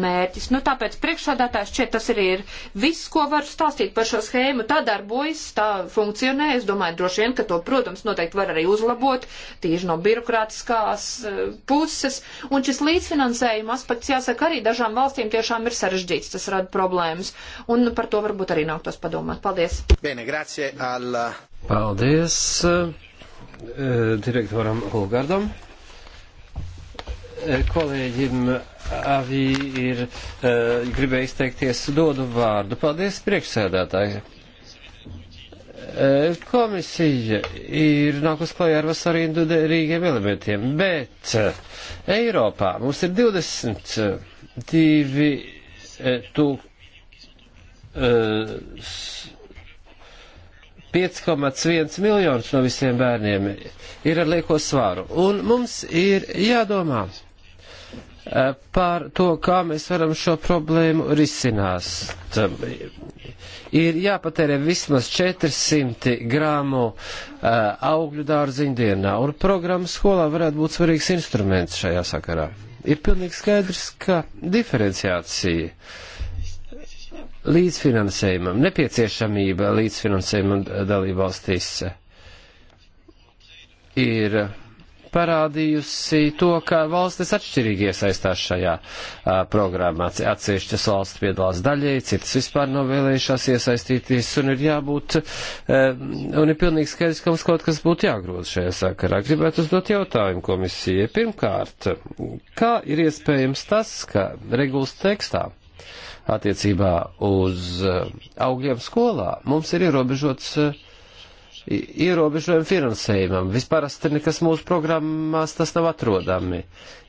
S4: mērķis. Nu, tāpēc priekšsādātājs šķiet tas arī ir viss, ko var stāstīt par šo schēmu. Tā darbojas, tā funkcionē. Es domāju, droši vien, ka to, protams, noteikti var arī uzlabot tieši no birokrātiskās e, puses. Un šis līdzfinansējuma aspekts, jāsaka, arī dažām valstīm tiešām ir sarežģīts. Tas rada problēmas. Un par to varbūt arī nāk tos padomāt. Paldies!
S1: Bene, grazie, al...
S2: Paldies! Eh, direktoram Hulgardam. Eh, kolēģim Avī ir eh, gribēja izteikties dodu vārdu. Paldies priekšsēdētāji. Komisija ir nākus klajā ar vasarīnu derīgiem elementiem, bet Eiropā mums ir 22 tūk, 5,1 miljonus no visiem bērniem ir ar lieko svāru. Un mums ir jādomā eh, par to, kā mēs varam šo problēmu risināt. Ir jāpatērē vismaz 400 grāmu eh, augļu dārziņu dienā, un programma skolā varētu būt svarīgs instruments šajā sakarā. Ir pilnīgi skaidrs, ka diferenciācija uh, līdzfinansējumam, nepieciešamība līdzfinansējumam dalībvalstīs ir parādījusi to, ka valstis atšķirīgi iesaistās šajā a, programmā. Atsevišķas valsts piedalās daļai, citas vispār nav vēlējušās iesaistīties, un ir jābūt, a, un ir pilnīgi skaidrs, ka mums kaut kas būtu jāgroza šajā sakarā. Gribētu uzdot jautājumu komisijai. Pirmkārt, kā ir iespējams tas, ka regulas tekstā attiecībā uz eh, augļiem skolā. Mums ir ierobežots eh, ierobežojumu finansējumam. Visparasti nekas mūsu programmās tas nav atrodami.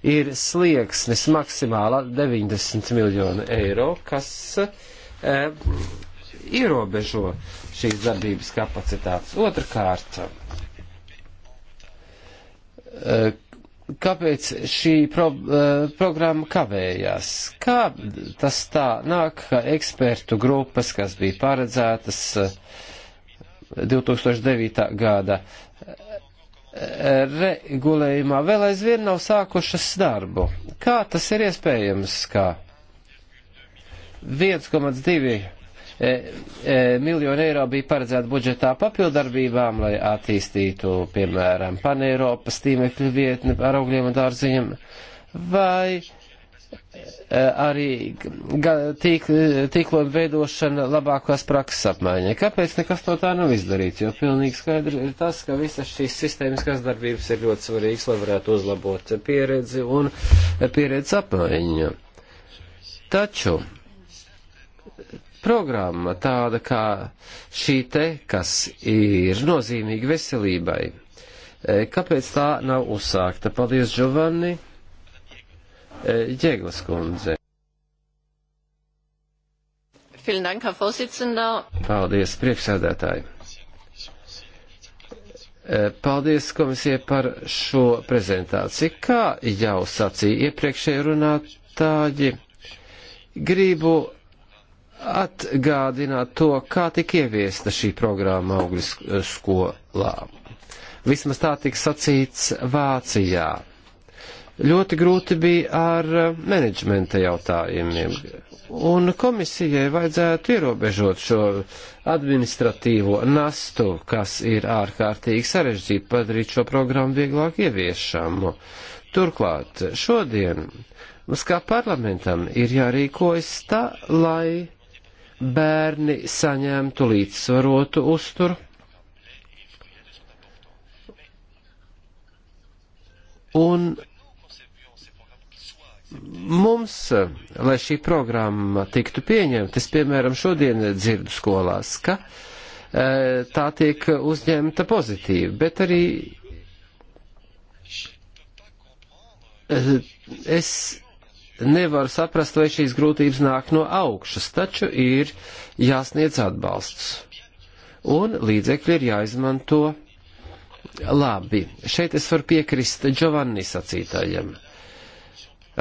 S2: Ir slieksnis maksimāla 90 miljonu eiro, kas e, ierobežo šīs darbības kapacitātes. Otrakārt, e, kāpēc šī pro, uh, programma kavējās? Kā tas tā nāk, ka ekspertu grupas, kas bija paredzētas uh, eh, 2009. gada uh, regulējumā, vēl aizvien nav sākušas darbu? Kā tas ir iespējams, kā 1,2 E, e, miljoni eiro bija paredzēti budžetā papildarbībām, lai attīstītu, piemēram, Paneiropas tīmekļu vietni ar augļiem un dārziņiem, vai e, arī tīk, tīklojumu veidošana labākās prakses apmaiņai. Kāpēc nekas no tā nav izdarīts? Jo pilnīgi skaidri ir tas, ka visas šīs sistēmiskās darbības ir ļoti svarīgas, lai varētu uzlabot pieredzi un pieredzes apmaiņu. Taču programma tāda kā šī te, kas ir nozīmīga veselībai. E, kāpēc tā nav uzsākta? Paldies, Giovanni. E, Jēglas kundze. Paldies, priekšsēdētāji. E, paldies komisijai par šo prezentāciju. Kā jau sacīja iepriekšēji runātāji, gribu atgādināt to, kā tika ieviesta šī programma augļas eh, skolā. Vismaz tā tika sacīts Vācijā. Ļoti grūti bija ar eh, menedžmenta jautājumiem, un komisijai vajadzētu ierobežot šo administratīvo nastu, kas ir ārkārtīgi sarežģīti padarīt šo programmu vieglāk ieviešamu. Turklāt šodien mums kā parlamentam ir jārīkojas tā, lai bērni saņemtu līdzsvarotu uzturu. Un mums, lai šī programma tiktu pieņemta, es piemēram šodien dzirdu skolās, ka e, tā tiek uzņemta pozitīvi, bet arī e, es nevar saprast, vai šīs grūtības nāk no augšas, taču ir jāsniedz atbalsts. Un līdzekļi ir jāizmanto labi. Šeit es varu piekrist Giovanni sacītājiem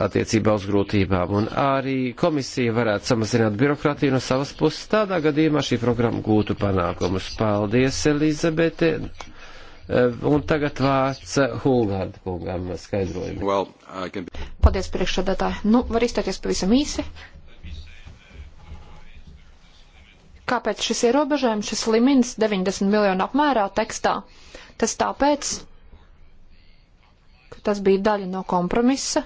S2: attiecībā uz grūtībām, un arī komisija varētu samazināt birokrātiju no savas puses. Tādā gadījumā šī programma gūtu panākumus. Paldies, Elizabete! Eh, un tagad vārds Hulgārda kungam skaidrojumu. Well, can...
S4: Paldies priekšsādātāji. Nu, var izteikties pavisam īsi. Kāpēc šis ierobežojums, šis limits 90 miljonu apmērā tekstā? Tas tāpēc, ka tas bija daļa no kompromisa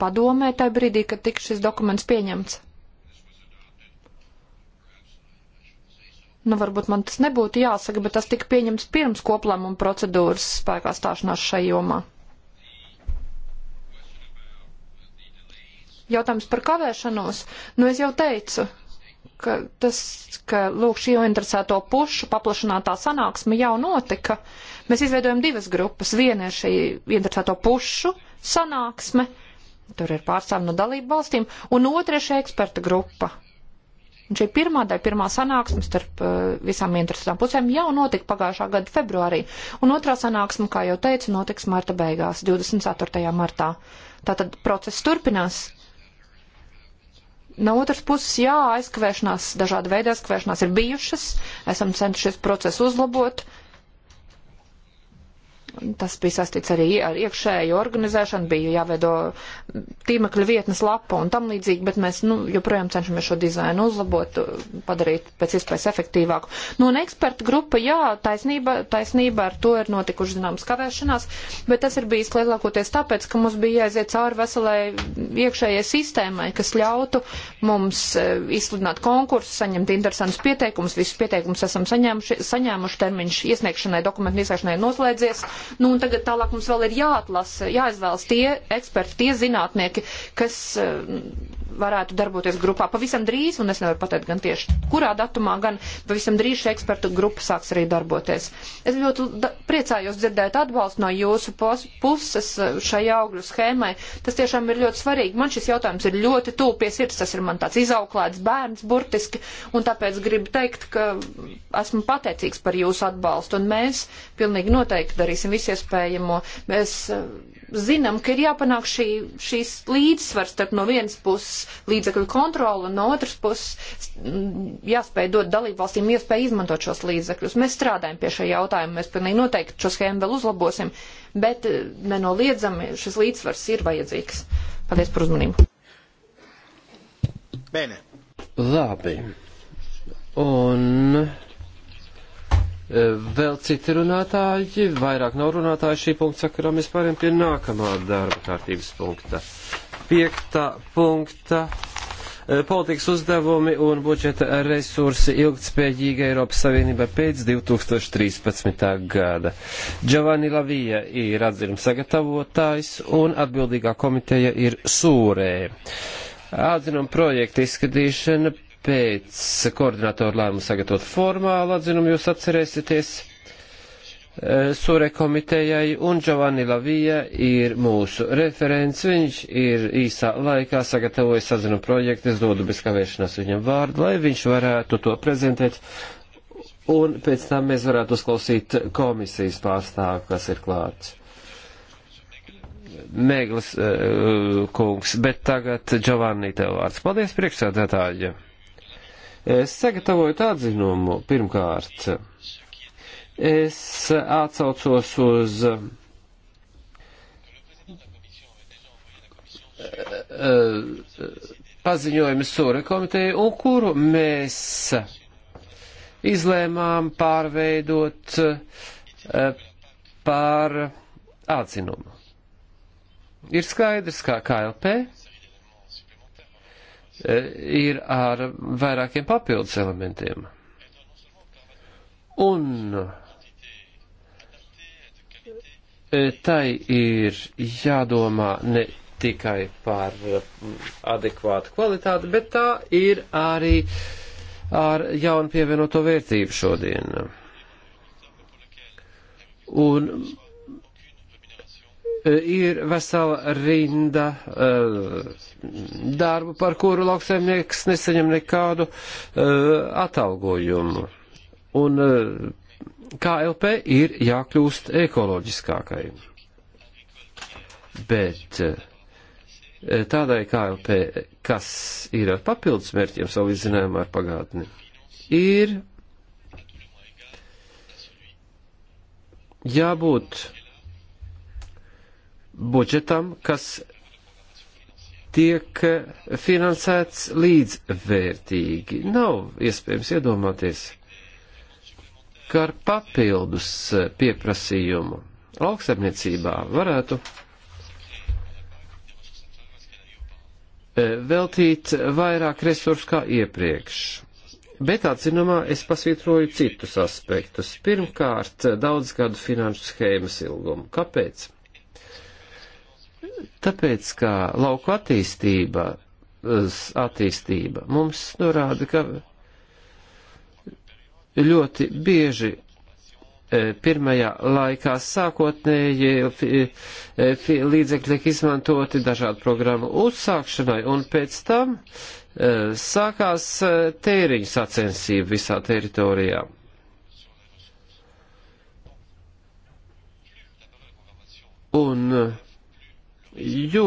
S4: padomē tajā brīdī, kad tika šis dokuments pieņemts. Nu, varbūt man tas nebūtu jāsaka, bet tas tika pieņemts pirms koplēmuma procedūras spēkā stāšanās šai jomā. Jautājums par kavēšanos. Nu, es jau teicu, ka tas, ka, lūk, šī jau interesēto pušu paplašinātā sanāksme jau notika. Mēs izveidojam divas grupas. Viena ir šī interesēto pušu sanāksme, tur ir pārstāvi no dalību valstīm, un otra ir šī eksperta grupa. Un šī pirmā daļa, pirmā sanāksme starp eh, visām interesantām pusēm jau notika pagājušā gada februārī, un otrā sanāksme, kā jau teicu, notiks marta beigās, 24. martā. Tātad process turpinās. No otras puses, jā, aizkavēšanās, dažāda veida aizkavēšanās ir bijušas, esam centušies procesu uzlabot, uh, Tas bija sastīts arī ar iekšēju organizēšanu, bija jāveido tīmekļa vietnes lapa un tam līdzīgi, bet mēs nu, joprojām cenšamies šo dizainu uzlabot, padarīt pēc iespējas efektīvāku. Nu, un eksperta grupa, jā, taisnība, taisnība ar to ir notikuši zināmas kavēšanās, bet tas ir bijis lielākoties tāpēc, ka mums bija jāiziet cauri veselai iekšējai sistēmai, kas ļautu mums e, izsludināt konkursu, saņemt interesantus pieteikumus, visus pieteikumus esam saņēmuši, saņēmuši termiņš iesniegšanai, dokumentu iesniegšanai noslēdzies. Nu, un tagad tālāk mums vēl ir jāatlasa, jāizvēlas tie eksperti, tie zinātnieki, kas eh, varētu darboties grupā pavisam drīz, un es nevaru pateikt gan tieši kurā datumā, gan pavisam drīz šī ekspertu grupa sāks arī darboties. Es ļoti priecājos dzirdēt atbalstu no jūsu puses eh, šai augļu schēmai. Tas tiešām ir ļoti svarīgi. Man šis jautājums ir ļoti tūp pie sirds. Tas ir man tāds izauklēts bērns burtiski, un tāpēc gribu teikt, ka esmu pateicīgs par jūsu atbalstu, un mēs pilnīgi noteikti darīsim visu iespējamo. Mēs, eh, zinām, ka ir jāpanāk šī, šīs līdzsvars starp no vienas puses līdzekļu kontroli un no otras puses mm, jāspēj dot dalībvalstīm iespēju izmantot šos līdzekļus. Mēs strādājam pie šī jautājuma, mēs pilnīgi noteikti šo schēmu vēl uzlabosim, bet eh, nenoliedzami šis līdzsvars ir vajadzīgs. Paldies par uzmanību. Bene. Labi. Un
S2: vēl citi runātāji, vairāk nav runātāji šī punkta sakarā, mēs pāriem pie nākamā darba kārtības punkta. Piektā punkta e, politikas uzdevumi un budžeta resursi ilgtspējīga Eiropas Savienība pēc 2013. gada. Giovanni Lavija ir atzinums sagatavotājs un atbildīgā komiteja ir Sūrē. Atzinuma projekta izskatīšana pēc koordinatoru lēmumu sagatavot formālu atzinumu, jūs atcerēsieties. Eh, sure komitejai un Giovanni Lavija ir mūsu referents. Viņš ir īsā laikā sagatavojis sazinu projektu. Es dodu bez kavēšanās viņam vārdu, lai viņš varētu to prezentēt. Un pēc tam mēs varētu uzklausīt komisijas pārstāvu, kas ir klāts. Mēglis uh, eh, kungs, bet tagad Giovanni tev vārds. Paldies priekšsēdētāji! Es sagatavoju atzinumu pirmkārt. Es atsaucos uz eh, eh, paziņojumu Sūra komiteju, un kuru mēs izlēmām pārveidot eh, par atzinumu. Ir skaidrs, kā KLP E, ir ar vairākiem papildus elementiem. Un e, tai ir jādomā ne tikai par adekvātu kvalitāti, bet tā ir arī ar jaunu pievienoto vērtību šodien. Un E, ir vesela rinda uh, darbu, par kuru lauksaimnieks nesaņem nekādu uh, atalgojumu. Un uh, KLP ir jākļūst ekoloģiskākai. Bet tādai KLP, kas ir ar papildus mērķiem salīdzinājumā ar pagātni, ir jābūt budžetam, kas tiek finansēts līdzvērtīgi. Nav iespējams iedomāties, ka ar papildus pieprasījumu lauksaimniecībā varētu e, veltīt vairāk resursu kā iepriekš. Bet atzinumā es pasvītroju citus aspektus. Pirmkārt, daudzgadu finanšu schēmas ilgumu. Kāpēc? Tāpēc, kā lauku attīstība, attīstība mums norāda, ka ļoti bieži e, pirmajā laikā sākotnēji e, līdzekļi tiek izmantoti dažādu programmu uzsākšanai, un pēc tam e, sākās tēriņu sacensība visā teritorijā. Un uh, jo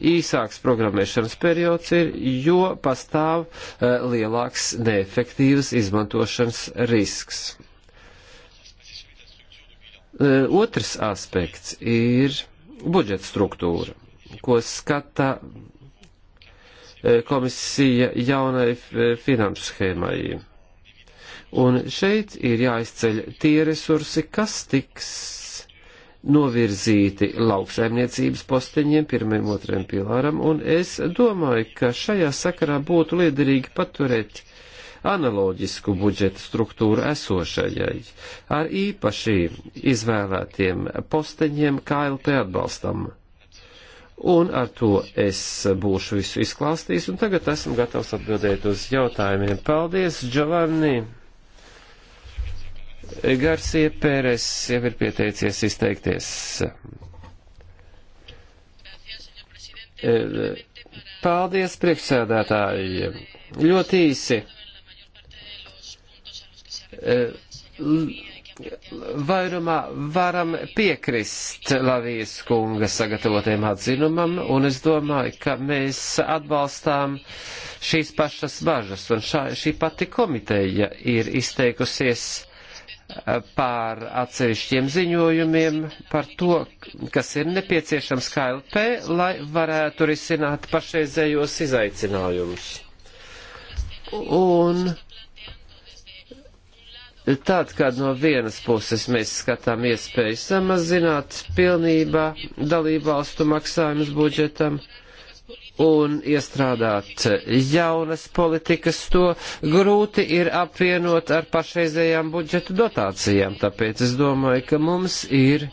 S2: īsāks programmēšanas periods ir, jo pastāv uh, lielāks neefektīvas izmantošanas risks. Uh, otrs aspekts ir budžeta struktūra, ko skata uh, komisija jaunai finanšu schēmai. Un šeit ir jāizceļ tie resursi, kas tiks novirzīti lauksaimniecības posteņiem, pirmajam, otrajam pilāram, un es domāju, ka šajā sakarā būtu liederīgi paturēt analoģisku budžeta struktūru esošajai, ar īpaši izvēlētiem posteņiem KLP atbalstam. Un ar to es būšu visu izklāstījis, un tagad esmu gatavs atbildēt uz jautājumiem. Paldies, Giovanni! Garsie Pēres jau ir pieteicies izteikties. E, paldies, priekšsēdētāji. Ļoti īsi. E, vairumā varam piekrist Lavijas kunga sagatavotiem atzinumam, un es domāju, ka mēs atbalstām šīs pašas bažas, un šā, šī pati komiteja ir izteikusies pār atsevišķiem ziņojumiem par to, kas ir nepieciešams KLP, lai varētu risināt pašreizējos izaicinājumus. Un tad, kad no vienas puses mēs skatām iespēju samazināt pilnībā dalībvalstu maksājumus budžetam, un iestrādāt jaunas politikas, to grūti ir apvienot ar pašreizējām budžeta dotācijām. Tāpēc es domāju, ka mums ir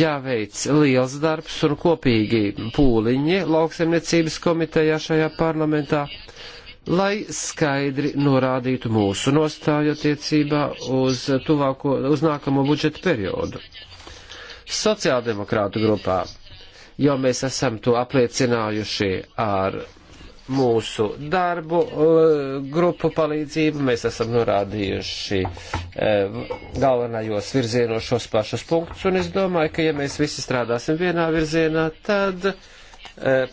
S2: jāveic liels darbs un kopīgi pūliņi lauksemniecības komitejā šajā parlamentā, lai skaidri norādītu mūsu nostāju attiecībā uz, tuvāko, uz nākamo budžeta periodu. Sociāldemokrātu grupā jo mēs esam to apliecinājuši ar mūsu darbu e, grupu palīdzību. Mēs esam norādījuši e, galvenajos virzienos šos pašus punktus, un es domāju, ka ja mēs visi strādāsim vienā virzienā, tad e,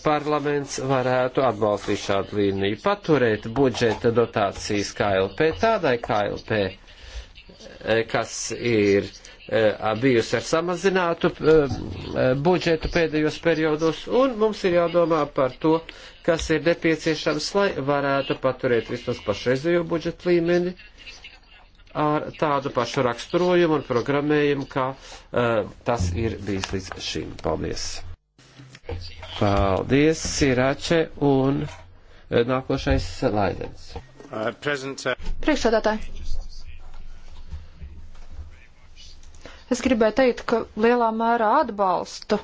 S2: parlaments varētu atbalstīt šādu līniju, paturēt budžeta dotācijas KLP tādai KLP, kas ir Eh, bijusi ar samazinātu eh, eh, budžetu pēdējos periodos, un mums ir jādomā par to, kas ir nepieciešams, lai varētu paturēt vismaz pašreizējo budžetu līmeni ar tādu pašu raksturojumu un programmējumu, kā uh, tas ir bijis līdz šim. Paldies! Paldies, Sirače, un nākošais Laidens.
S1: Uh, uh...
S4: Priekšsādātāji! Es gribēju teikt, ka lielā mērā atbalstu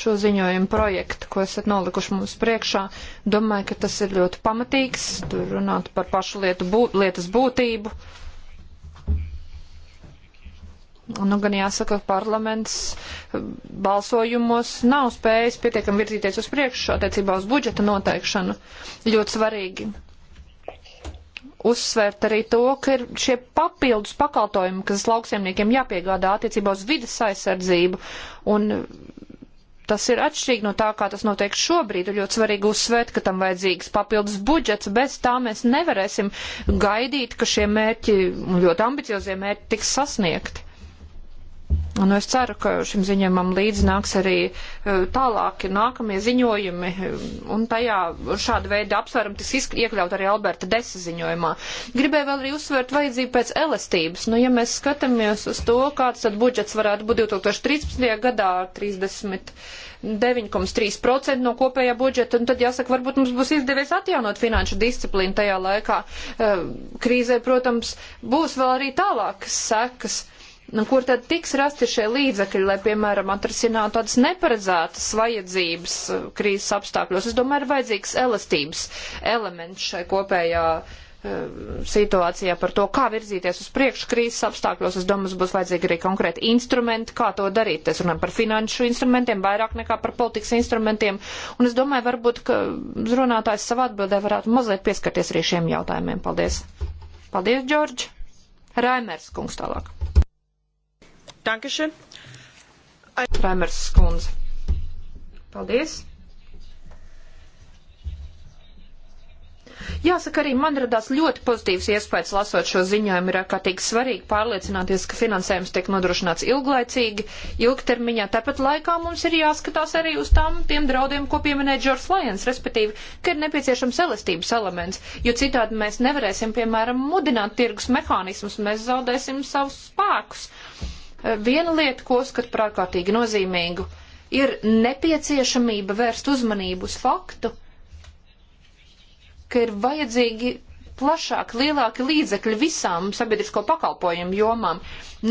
S4: šo ziņojumu projektu, ko esat nolikuši mums priekšā. Domāju, ka tas ir ļoti pamatīgs, tur runāt par pašu lietu būt, lietas būtību. Un, nu, gan jāsaka, parlaments um, balsojumos nav spējis pietiekami virzīties uz priekšu attiecībā uz budžeta noteikšanu. Ļoti svarīgi, uzsvērt arī to, ka ir šie papildus pakalpojumi, kas lauksiemniekiem jāpiegādā attiecībā uz vidas aizsardzību, un tas ir atšķirīgi no tā, kā tas notiek šobrīd. Ir ļoti svarīgi uzsvērt, ka tam vajadzīgs papildus budžets, bez tā mēs nevarēsim gaidīt, ka šie mērķi, ļoti ambiciozie mērķi, tiks sasniegti. Un es ceru, ka šim ziņojumam līdz nāks arī e, tālāki nākamie ziņojumi, e, un tajā šāda veida apsvērumi tiks iekļaut arī Alberta Desa ziņojumā. Gribēju vēl arī uzsvērt vajadzību pēc elastības. Nu, ja mēs skatāmies uz to, kāds tad budžets varētu būt 2013. gadā ar 30. 9,3% no kopējā budžeta, un tad jāsaka, varbūt mums būs izdevies atjaunot finanšu disciplīnu tajā laikā. E, krīzē, protams, būs vēl arī tālākas sekas. Nu, kur tad tiks rasti šie līdzekļi, lai, piemēram, atrasinātu tādas neparedzētas vajadzības uh, krīzes apstākļos? Es domāju, ir vajadzīgs elastības elements šai kopējā uh, situācijā par to, kā virzīties uz priekšu krīzes apstākļos. Es domāju, būs vajadzīgi arī konkrēti instrumenti, kā to darīt. Es runāju par finanšu instrumentiem vairāk nekā par politikas instrumentiem. Un es domāju, varbūt, ka runātājs savā atbildē varētu mazliet pieskarties arī šiem jautājumiem. Paldies. Paldies, Džordž. Raimers kungs tālāk. Dankeschön. Premers skundze. Paldies. Jāsaka, arī man radās ļoti pozitīvs iespējas lasot šo ziņojumu. Ir ārkārtīgi svarīgi pārliecināties, ka finansējums tiek nodrošināts ilglaicīgi, ilgtermiņā. Tāpat laikā mums ir jāskatās arī uz tām tiem draudiem, ko pieminēja Džors Lajens, respektīvi, ka ir nepieciešams elastības elements, jo citādi mēs nevarēsim, piemēram, mudināt tirgus mehānismus, mēs zaudēsim savus spēkus. Viena lieta, ko uzskatu par ārkārtīgi nozīmīgu, ir nepieciešamība vērst uzmanību uz faktu, ka ir vajadzīgi plašāk, lielāki līdzekļi visām sabiedrisko pakalpojumu jomām.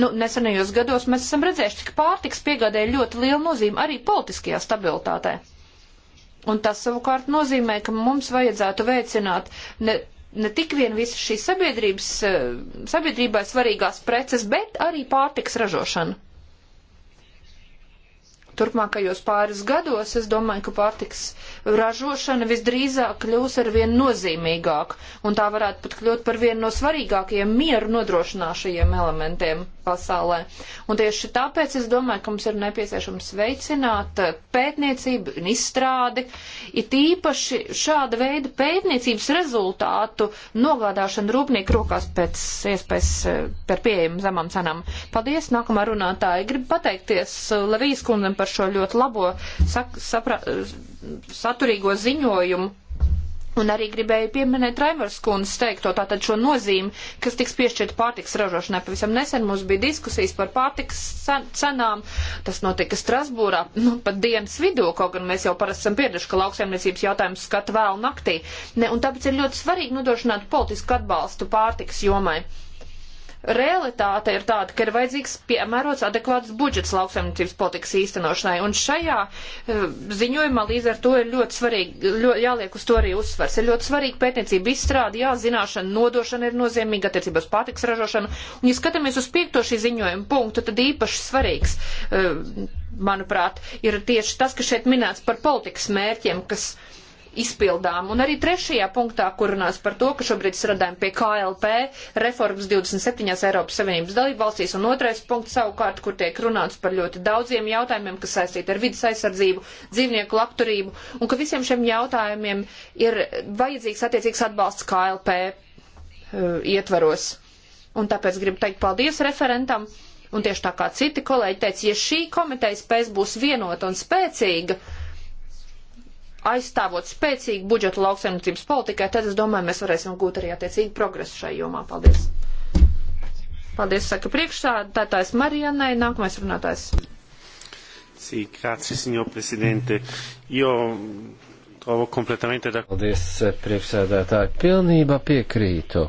S4: Nu, nesenajos gados mēs esam redzējuši, ka pārtiks piegādēja ļoti lielu nozīmi arī politiskajā stabilitātē. Un tas savukārt nozīmē, ka mums vajadzētu veicināt ne ne tik vien visas šīs sabiedrības, eh, sabiedrībai svarīgās preces, bet arī pārtiks ražošana. Turpmākajos pāris gados es domāju, ka pārtiks ražošana visdrīzāk kļūs ar vien nozīmīgāk, un tā varētu pat kļūt par vienu no svarīgākajiem mieru nodrošināšajiem elementiem pasaulē. Un tieši tāpēc es domāju, ka mums ir nepieciešams veicināt pētniecību un izstrādi, it īpaši šāda veida pētniecības rezultātu nogādāšanu rūpnieku rokās pēc iespējas eh, par pieejamu zemām cenām. Paldies, nākamā runātāja. Gribu pateikties eh, Levijas kundzam par par šo ļoti labo sak, sapra, saturīgo ziņojumu. Un arī gribēju pieminēt Raimers kundzes teikto tātad šo nozīmi, kas tiks piešķirta pārtiks ražošanai. Pavisam nesen mums bija diskusijas par pārtiks cenām. Tas notika Strasbūrā, nu, pat dienas vidū, kaut gan mēs jau parasti esam pieraduši, ka lauksaimniecības jautājums skata vēl naktī. Ne, un tāpēc ir ļoti svarīgi nodrošināt politisku atbalstu pārtiks jomai realitāte ir tāda, ka ir vajadzīgs piemērots adekvāts budžets lauksaimniecības politikas īstenošanai. Un šajā eh, ziņojumā līdz ar to ir ļoti svarīgi, ļoti, jāliek uz to arī uzsvers. Ir ļoti svarīgi pētniecība izstrāde, jā, zināšana, nodošana ir nozīmīga attiecībā uz pārtiks ražošanu. Un, ja skatāmies uz piekto šī ziņojuma punktu, tad īpaši svarīgs, eh, manuprāt, ir tieši tas, kas šeit minēts par politikas mērķiem, kas. Uh, izpildām. Un arī trešajā punktā, kur runās par to, ka šobrīd strādājam pie KLP reformas 27. Eiropas Savienības dalībvalstīs, un otrais punkts savukārt, kur tiek runāts par ļoti daudziem jautājumiem, kas saistīti ar vidas aizsardzību, dzīvnieku labturību, un ka visiem šiem jautājumiem ir vajadzīgs attiecīgs atbalsts KLP uh, eh, ietvaros. Un tāpēc gribu teikt paldies referentam. Un tieši tā kā citi kolēģi teica, ja šī komiteja spēs būs vienota un spēcīga, uh, aizstāvot spēcīgu budžetu lauksaimniecības politikai, tad es domāju, mēs varēsim gūt arī attiecīgi progresu šai jomā. Paldies! Paldies, saka priekšsādātājs Marijanai, nākamais runātājs.
S1: Sī, grazie, signor presidente. Jo trovo completamente da... Paldies,
S2: priekšsēdētāji, pilnībā piekrītu.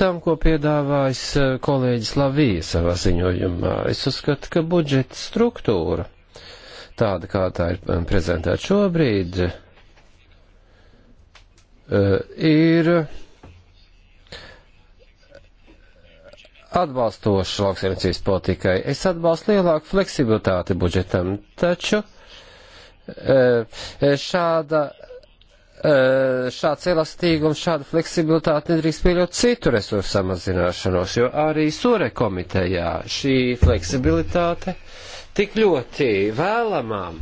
S2: Tam, ko piedāvājis kolēģis Lavija savā ziņojumā, es uzskatu, ka budžeta struktūra tāda, kā tā ir um, prezentēta šobrīd, uh, ir atbalstoša lauksaimniecības politikai. Es atbalstu lielāku fleksibilitāti budžetam, taču uh, šāda, uh, šāds elastīgums, šāda fleksibilitāte nedrīkst pieļaut citu resursu samazināšanos, jo arī Sure komitejā šī fleksibilitāte uh, tik ļoti vēlamām,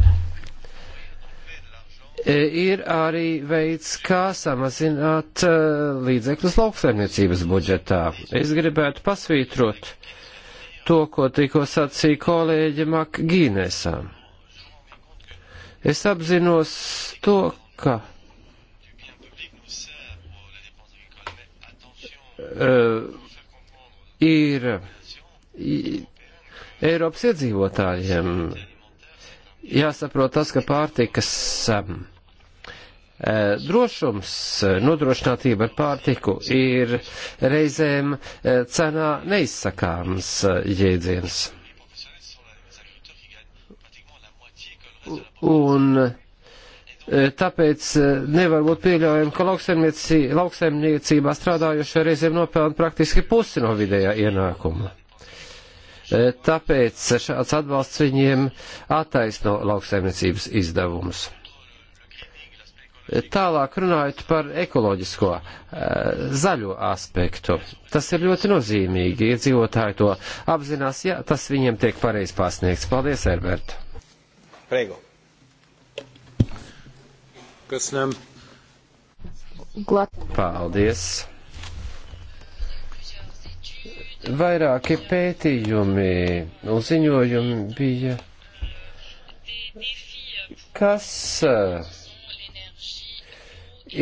S2: e, ir arī veids, kā samazināt e, līdzekļus lauksaimniecības budžetā. Es gribētu pasvītrot to, ko tikko sacīja kolēģi Makgīnēsā. Es apzinos to, ka uh, ir Eiropas iedzīvotājiem. Jāsaprot tas, ka pārtikas um, e, drošums, nodrošinātība ar pārtiku ir reizēm e, cenā neizsakāms e, jēdziens. Un tāpēc nevar būt pieļaujami, ka lauksaimniecībā strādājošie reizēm nopelna praktiski pusi no vidējā ienākuma. E, tāpēc šāds atbalsts viņiem attaisno lauksaimniecības izdevumus. E, tālāk runājot par ekoloģisko e, zaļo aspektu. Tas ir ļoti nozīmīgi. Iedzīvotāji to apzinās, ja tas viņiem tiek pareizi pasniegts. Paldies, Herbert!
S1: Prego. Kas nem?
S2: Paldies! Vairāki pētījumi un ziņojumi bija, kas eh,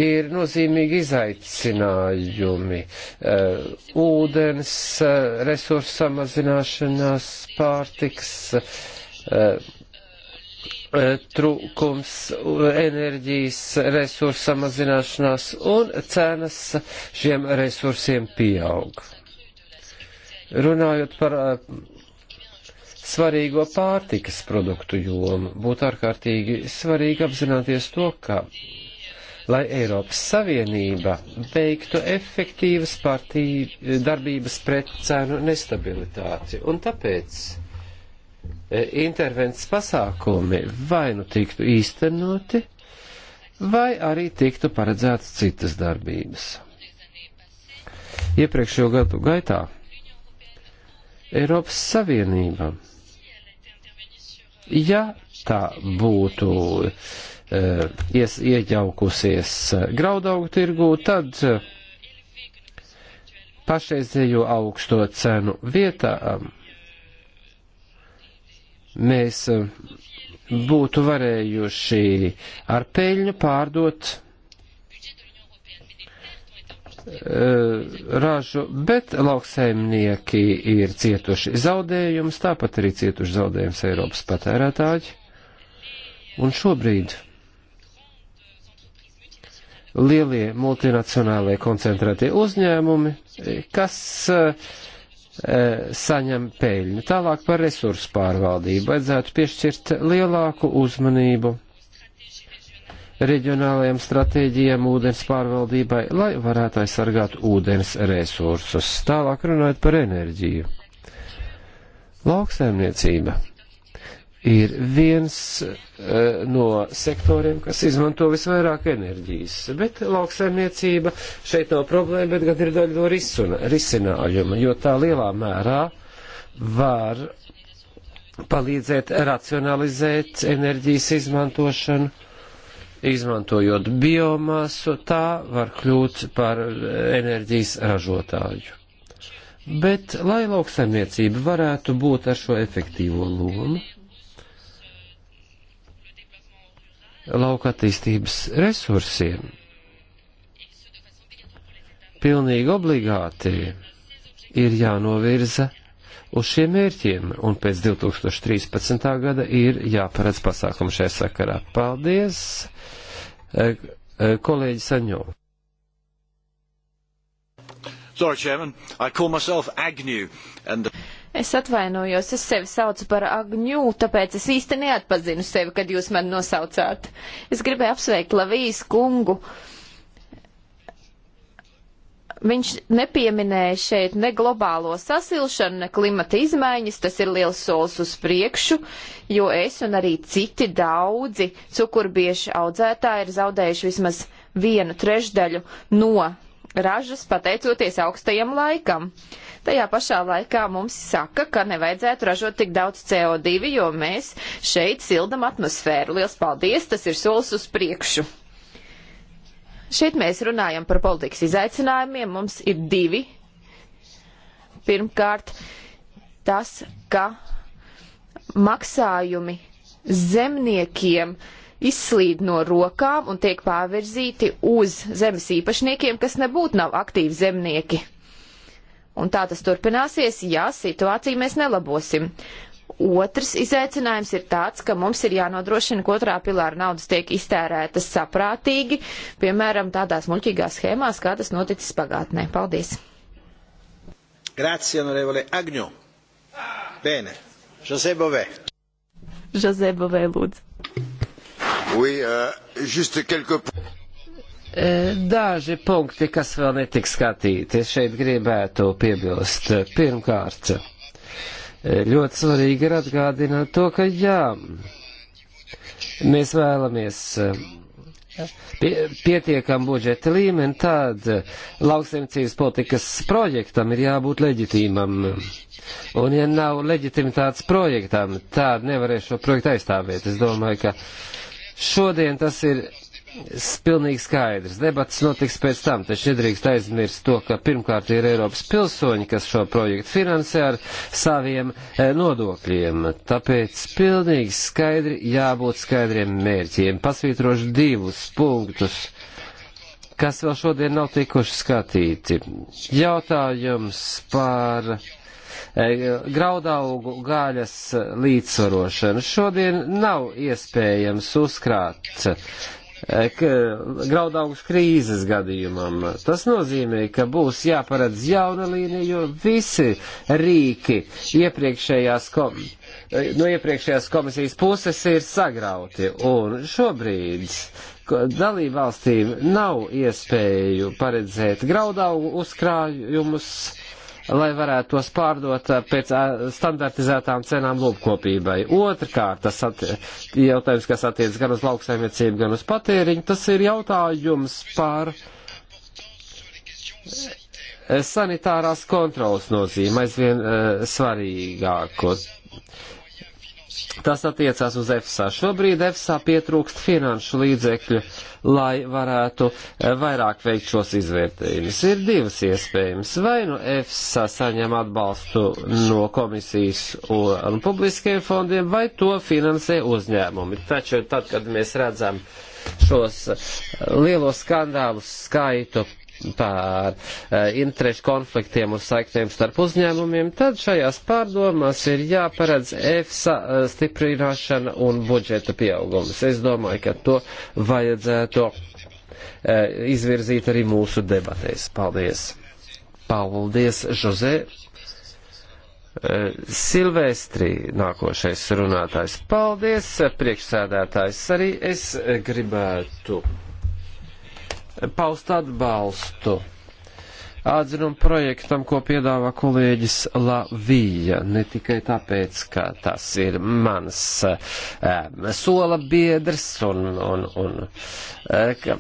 S2: ir nozīmīgi izaicinājumi. Eh, ūdens eh, resursu samazināšanās, pārtiks trūkums, enerģijas resursu samazināšanās un cenas šiem resursiem pieaug. Runājot par eh, svarīgo pārtikas produktu jomu, būtu ārkārtīgi svarīgi apzināties to, ka, lai Eiropas Savienība veiktu efektīvas partiju darbības pret cenu nestabilitāti, un tāpēc eh, intervences pasākumi vai nu tiktu īstenoti, vai arī tiktu paredzētas citas darbības. Iepriekšējo gadu gaitā Eiropas Savienība. Ja tā būtu uh, ies, iejaukusies e, graudaugu tirgū, tad e, pašreizējo augsto cenu vietā mēs būtu varējuši ar peļņu pārdot Eh, ražu, bet lauksaimnieki ir cietuši zaudējumus, tāpat arī cietuši zaudējumus Eiropas patērētāji. Un šobrīd lielie multinacionālie koncentrētie uzņēmumi, eh, kas uh, saņem peļņu. Tālāk par resursu pārvaldību vajadzētu piešķirt lielāku uzmanību reģionālajām stratēģijām ūdens pārvaldībai, lai varētu aizsargāt ūdens resursus. Tālāk runājot par enerģiju. Lauksaimniecība ir viens uh, no sektoriem, kas izmanto visvairāk enerģijas, bet lauksaimniecība šeit nav problēma, bet gan ir daļa no risuna, risinājuma, jo tā lielā mērā var palīdzēt racionalizēt enerģijas izmantošanu izmantojot biomasu, tā var kļūt par enerģijas ražotāju. Bet, lai lauksaimniecība varētu būt ar šo efektīvo lomu, lauka attīstības resursiem, pilnīgi obligāti ir jānovirza uz šiem mērķiem, un pēc 2013. gada ir jāparedz pasākumu šajā sakarā. Paldies, eh, eh, kolēģi Saņo.
S1: Sorry, Chairman. I call myself Agnew. And the...
S5: Es atvainojos, es sevi saucu par Agņū, tāpēc es īsti neatpazinu sevi, kad jūs mani nosaucāt. Es gribēju apsveikt Lavijas kungu. Uh, Viņš nepieminēja šeit ne globālo sasilšanu, ne klimata izmaiņas, tas ir liels solis uz priekšu, jo es un arī citi daudzi cukurbiešu audzētāji ir zaudējuši vismaz vienu trešdaļu no ražas pateicoties augstajam laikam. Tajā pašā laikā mums saka, ka nevajadzētu ražot tik daudz CO2, jo mēs šeit sildam atmosfēru. Liels paldies, tas ir solis uz priekšu. Šeit mēs runājam par politikas izaicinājumiem. Mums ir divi. Pirmkārt, tas, ka maksājumi zemniekiem izslīd no rokām un tiek pārvirzīti uz zemes īpašniekiem, kas nebūtu nav aktīvi zemnieki. Un tā tas turpināsies, ja situāciju mēs nelabosim. Otrs izaicinājums ir tāds, ka mums ir jānodrošina, ka otrā pilāra naudas tiek iztērētas saprātīgi, piemēram, tādās muļķīgās schēmās, kā tas noticis pagātnē. Paldies!
S1: Grazie, onorevole Agņo. Bene. José Bové.
S5: José Bové, lūdzu.
S1: Oui, uh, juste quelques...
S2: E, daži punkti, kas vēl netika skatīti, es šeit gribētu piebilst. Pirmkārt, Ļoti svarīgi ir atgādināt to, ka jā, mēs vēlamies eh, pie, pietiekam budžeta līmeni, tad lauksemcības politikas projektam ir jābūt leģitīmam. Un ja nav leģitimitātes projektam, tad nevarēs šo projektu aizstāvēt. Es domāju, ka šodien tas ir pilnīgi skaidrs. Debats notiks pēc tam, taču nedrīkst aizmirst to, ka pirmkārt ir Eiropas pilsoņi, kas šo projektu finansē ar saviem eh, nodokļiem. Tāpēc pilnīgi skaidri jābūt skaidriem mērķiem. Pasvītrošu divus punktus kas vēl šodien nav tikuši skatīti. Jautājums par eh, graudaugu gaļas eh, līdzsvarošana. Šodien nav iespējams uzkrāt Eh, graudaugus krīzes gadījumam. Tas nozīmē, ka būs jāparedz jauna līnija, jo visi rīki iepriekšējās kom eh, no iepriekšējās komisijas puses ir sagrauti. Un šobrīd dalībvalstīm nav iespēju paredzēt graudaugu uzkrājumus lai varētu tos pārdot uh, pēc uh, standartizētām cenām lopkopībai. Otrkārt, tas atie, jautājums, kas attiec gan uz lauksaimniecību, gan uz patēriņu, tas ir jautājums par eh, sanitārās kontrolas nozīme aizvien uh, svarīgāko. Tas attiecās uz EFSA. Šobrīd EFSA pietrūkst finanšu līdzekļu, lai varētu eh, vairāk veikt šos izvērtējumus. Ir divas iespējas. Vai nu EFSA saņem atbalstu no komisijas un publiskiem fondiem, vai to finansē uzņēmumi. Taču tad, kad mēs redzam šos eh, lielos skandālus skaitu par eh, interešu konfliktiem uz saiknēm starp uzņēmumiem, tad šajās pārdomās ir jāparedz EFSA eh, stiprināšana un budžeta pieaugums. Es domāju, ka to vajadzētu eh, izvirzīt arī mūsu debatēs. Paldies! Paldies, Žozē! Silvestrī nākošais runātājs. Paldies, priekšsēdētājs. Arī es gribētu paust atbalstu atzinumu projektam, ko piedāvā kolēģis Lavija, ne tikai tāpēc, ka tas ir mans e, sola biedrs un, un, un e, ka,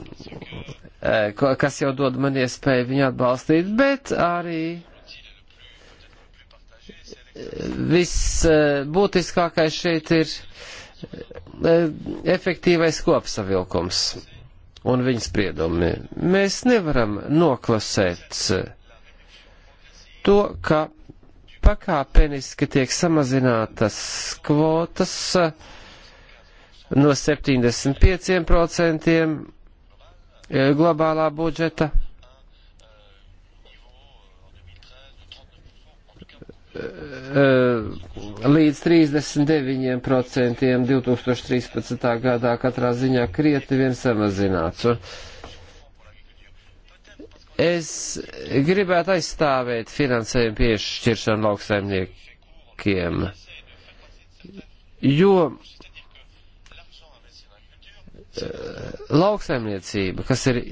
S2: e, kas jau dod man iespēju viņu atbalstīt, bet arī visbūtiskākais šeit ir e, efektīvais kopsavilkums un viņa spriedumi. Mēs nevaram noklasēt eh, to, ka pakāpeniski tiek samazinātas kvotas eh, no 75% eh, globālā budžeta Eh, līdz 39% 2013. gadā katrā ziņā krieti vien samazināts. Un es gribētu aizstāvēt finansējumu piešķiršanu lauksaimniekiem, jo eh, lauksaimniecība, kas ir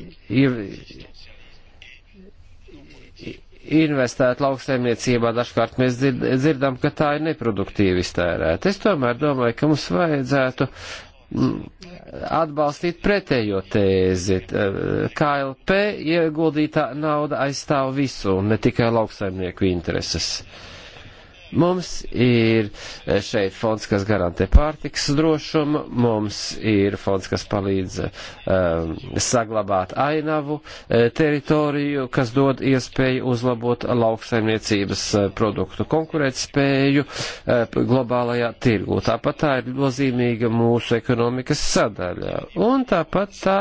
S2: investēt lauksaimniecībā, dažkārt mēs dzirdam, ka tā ir neproduktīvi iztērēta. Es tomēr domāju, ka mums vajadzētu mm, atbalstīt pretējo tēzi. Eh, KLP ieguldītā nauda aizstāv visu, ne tikai lauksaimnieku intereses. Uh, Mums ir eh, šeit fonds, kas garantē pārtiks drošumu, mums ir fonds, kas palīdz um, saglabāt ainavu eh, teritoriju, kas dod iespēju uzlabot lauksaimniecības produktu konkurētspēju globālajā tirgū. Tāpat tā ir nozīmīga mūsu ekonomikas sadaļa. Un tāpat tā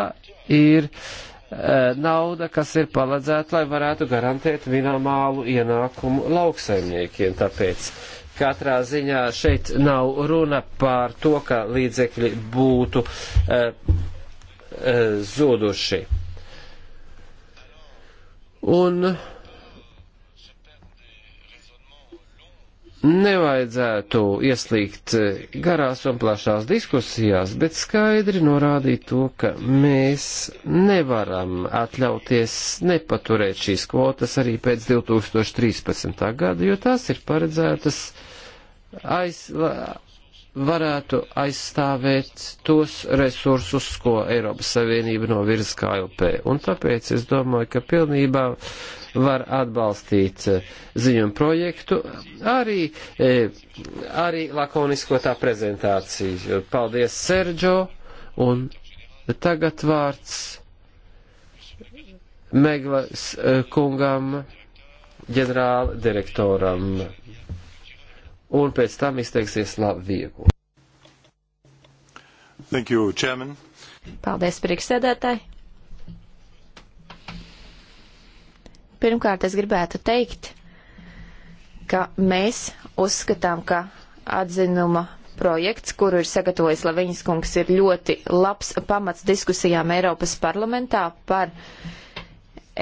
S2: ir. Uh, Eh, nauda, kas ir paredzēta, lai varētu garantēt minimālu ienākumu lauksaimniekiem. Tāpēc katrā ziņā šeit nav runa par to, ka līdzekļi būtu e, e, zuduši. Un nevajadzētu ieslīgt eh, garās un plašās diskusijās, bet skaidri norādīt to, ka mēs nevaram atļauties nepaturēt šīs kvotas arī pēc 2013. gada, jo tās ir paredzētas aiz, varētu aizstāvēt tos resursus, ko Eiropas Savienība novirz KLP. Un tāpēc es domāju, ka pilnībā var atbalstīt eh, ziņojumu projektu, arī, eh, arī lakonisko tā prezentāciju. Paldies, Sergio, un tagad vārds Meglas eh, kungam, ģenerāla direktoram, un pēc tam izteiksies Latviju.
S3: Thank you, Chairman.
S5: Paldies, priekšsēdētāji. Pirmkārt, es gribētu teikt, ka mēs uzskatām, ka atzinuma projekts, kuru ir sagatavojis Laviņas kungs, ir ļoti labs pamats diskusijām Eiropas parlamentā par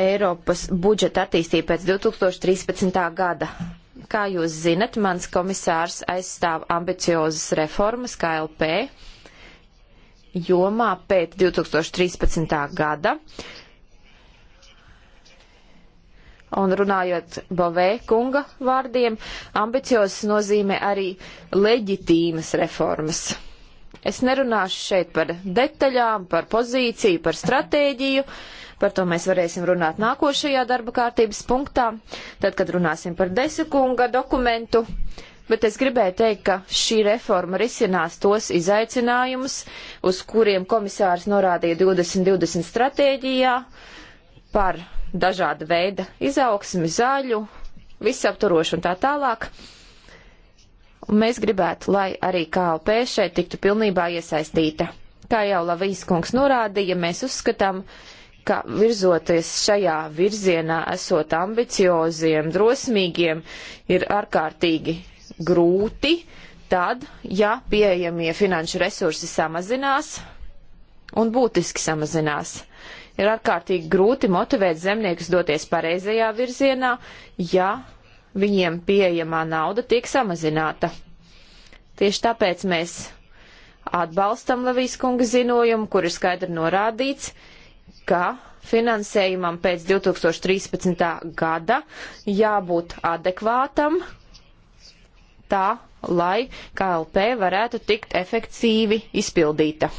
S5: Eiropas budžeta attīstību pēc 2013. gada. Kā jūs zinat, mans komisārs aizstāv ambiciozas reformas KLP jomā pēc 2013. gada. Un runājot Bavē kunga vārdiem, ambiciozas nozīmē arī leģitīmas reformas. Es nerunāšu šeit par detaļām, par pozīciju, par stratēģiju, par to mēs varēsim runāt nākošajā darba kārtības punktā, tad, kad runāsim par desekunga dokumentu. Bet es gribēju teikt, ka šī reforma risinās tos izaicinājumus, uz kuriem komisārs norādīja 2020 stratēģijā par dažāda veida izaugsmi, zaļu, visapturošu un tā tālāk. Un mēs gribētu, lai arī KLP šeit tiktu pilnībā iesaistīta. Kā jau Lavijas kungs norādīja, mēs uzskatām, ka virzoties šajā virzienā, esot ambicioziem, drosmīgiem, ir ārkārtīgi grūti, tad, ja pieejamie finanšu resursi samazinās un būtiski samazinās ir ārkārtīgi grūti motivēt zemniekus doties pareizajā virzienā, ja viņiem pieejamā nauda tiek samazināta. Tieši tāpēc mēs atbalstam Levijas kunga ziņojumu, kur ir skaidri norādīts, ka finansējumam pēc 2013. gada jābūt adekvātam tā, lai KLP varētu tikt efektīvi izpildīta.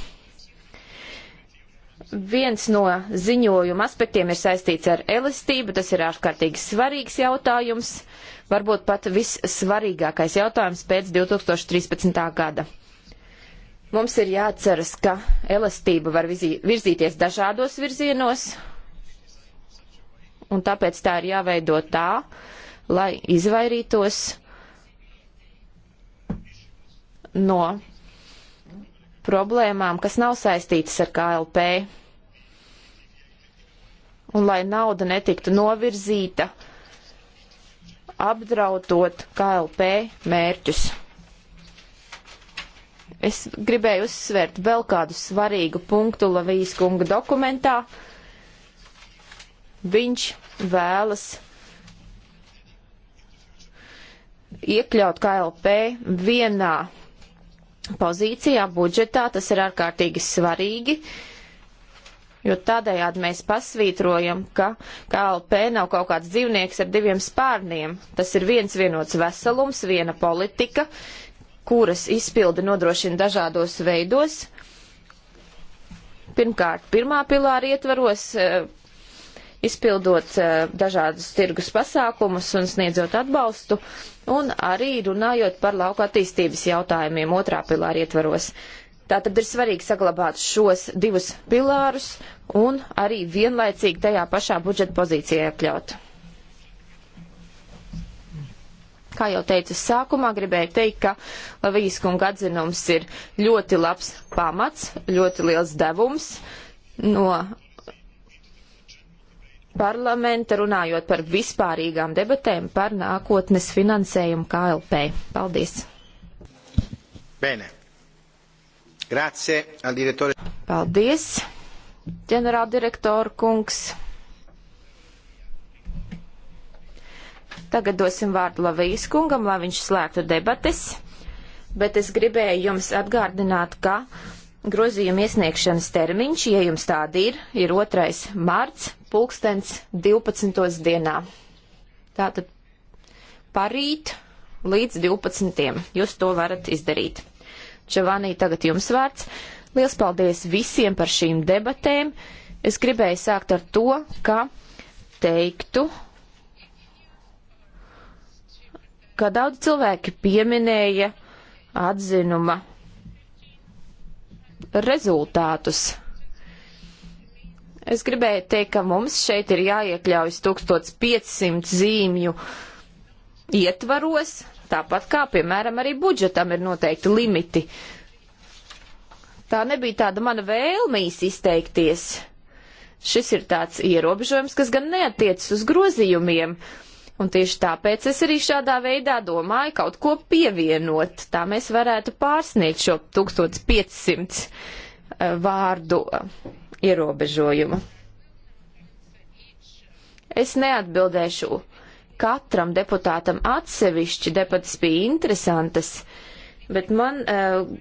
S5: Viens no ziņojuma aspektiem ir saistīts ar elastību, tas ir ārkārtīgi svarīgs jautājums, varbūt pat vissvarīgākais jautājums pēc 2013. gada. Mums ir jāatceras, ka elastība var virzīties dažādos virzienos, un tāpēc tā ir jāveido tā, lai izvairītos no problēmām, kas nav saistītas ar KLP. Un lai nauda netiktu novirzīta, apdraudot KLP mērķus. Es gribēju uzsvērt vēl kādu svarīgu punktu Lavijas kunga dokumentā. Viņš vēlas iekļaut KLP vienā pozīcijā budžetā. Tas ir ārkārtīgi svarīgi, jo tādējādi mēs pasvītrojam, ka KLP nav kaut kāds dzīvnieks ar diviem spārniem. Tas ir viens vienots veselums, viena politika, kuras izpildi nodrošina dažādos veidos. Pirmkārt, pirmā pilāra ietvaros eh, izpildot eh, dažādus tirgus pasākumus un sniedzot atbalstu, un arī runājot par lauka attīstības jautājumiem otrā pilāra ietvaros. Tātad ir svarīgi saglabāt šos divus pilārus un arī vienlaicīgi tajā pašā budžeta pozīcijā iekļaut. Kā jau teicu sākumā, gribēju teikt, ka Lavijas kunga atzinums ir ļoti labs pamats, ļoti liels devums no parlamenta runājot par vispārīgām debatēm par nākotnes finansējumu KLP. Paldies!
S1: Bene. Grazie al direttore.
S5: Paldies, ģenerāldirektora kungs. Tagad dosim vārdu Lavijas kungam, lai viņš slēgtu debates, bet es gribēju jums atgādināt, ka grozījuma iesniegšanas termiņš, ja jums tāda ir, ir 2. marts pulkstens 12. dienā. Tātad parīt līdz 12. Jūs to varat izdarīt. Čavanī, tagad jums vārds. Liels paldies visiem par šīm debatēm. Es gribēju sākt ar to, ka teiktu, ka daudz cilvēki pieminēja atzinuma rezultātus. Es gribēju teikt, ka mums šeit ir jāiekļaujas 1500 zīmju ietvaros, tāpat kā, piemēram, arī budžetam ir noteikti limiti. Tā nebija tāda mana vēlmīs izteikties. Šis ir tāds ierobežojums, kas gan neatiecas uz grozījumiem. Un tieši tāpēc es arī šādā veidā domāju kaut ko pievienot. Tā mēs varētu pārsniegt šo 1500 eh, vārdu ierobežojumu. Es neatbildēšu katram deputātam atsevišķi, debatas bija interesantas, bet man uh,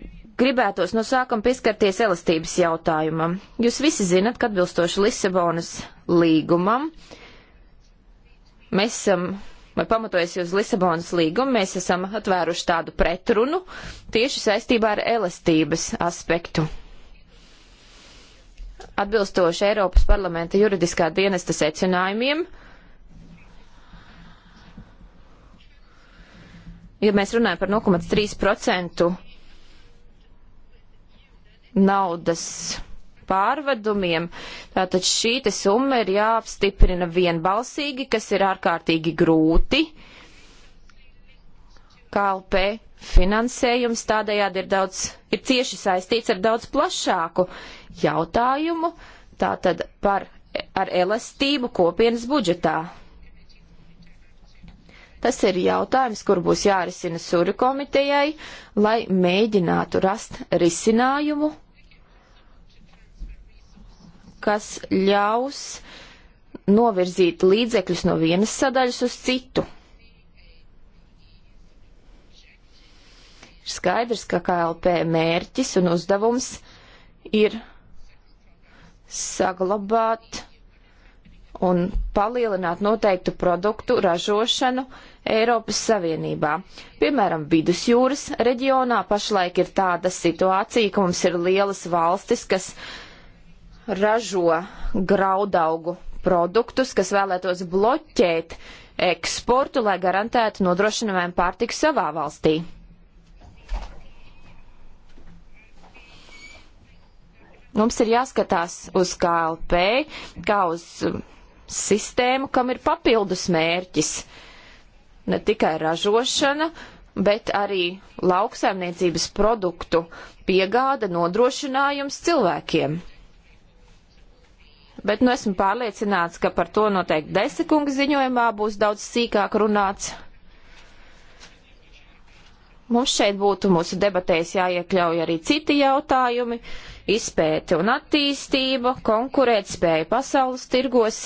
S5: gribētos no sākuma pieskarties elastības jautājumam. Jūs visi zinat, ka atbilstoši Lisabonas līgumam mēs esam. Um, vai pamatojas uz Lisabonas līgumu, mēs esam atvēruši tādu pretrunu tieši saistībā ar elastības aspektu. Atbilstoši Eiropas parlamenta juridiskā dienesta secinājumiem, ja mēs runājam par 0,3% naudas pārvadumiem, tātad šī te summa ir jāapstiprina vienbalsīgi, kas ir ārkārtīgi grūti. KLP Finansējums tādējādi ir daudz, ir cieši saistīts ar daudz plašāku jautājumu, tātad par, ar elastību kopienas budžetā. Tas ir jautājums, kur būs jārisina suri komitejai, lai mēģinātu rast risinājumu, kas ļaus novirzīt līdzekļus no vienas sadaļas uz citu. Skaidrs, ka KLP mērķis un uzdevums ir saglabāt un palielināt noteiktu produktu ražošanu Eiropas Savienībā. Piemēram, vidusjūras reģionā pašlaik ir tāda situācija, ka mums ir lielas valstis, kas ražo graudaugu produktus, kas vēlētos bloķēt eksportu, lai garantētu nodrošinājumu pārtiku savā valstī. Mums ir jāskatās uz KLP kā uz um, sistēmu, kam ir papildus mērķis. Ne tikai ražošana, bet arī lauksaimniecības produktu piegāda nodrošinājums cilvēkiem. Bet nu esmu pārliecināts, ka par to noteikti desekunga ziņojumā būs daudz sīkāk runāts. Mums šeit būtu mūsu debatēs jāiekļauj arī citi jautājumi, izpēti un attīstību, konkurētspēju pasaules tirgos.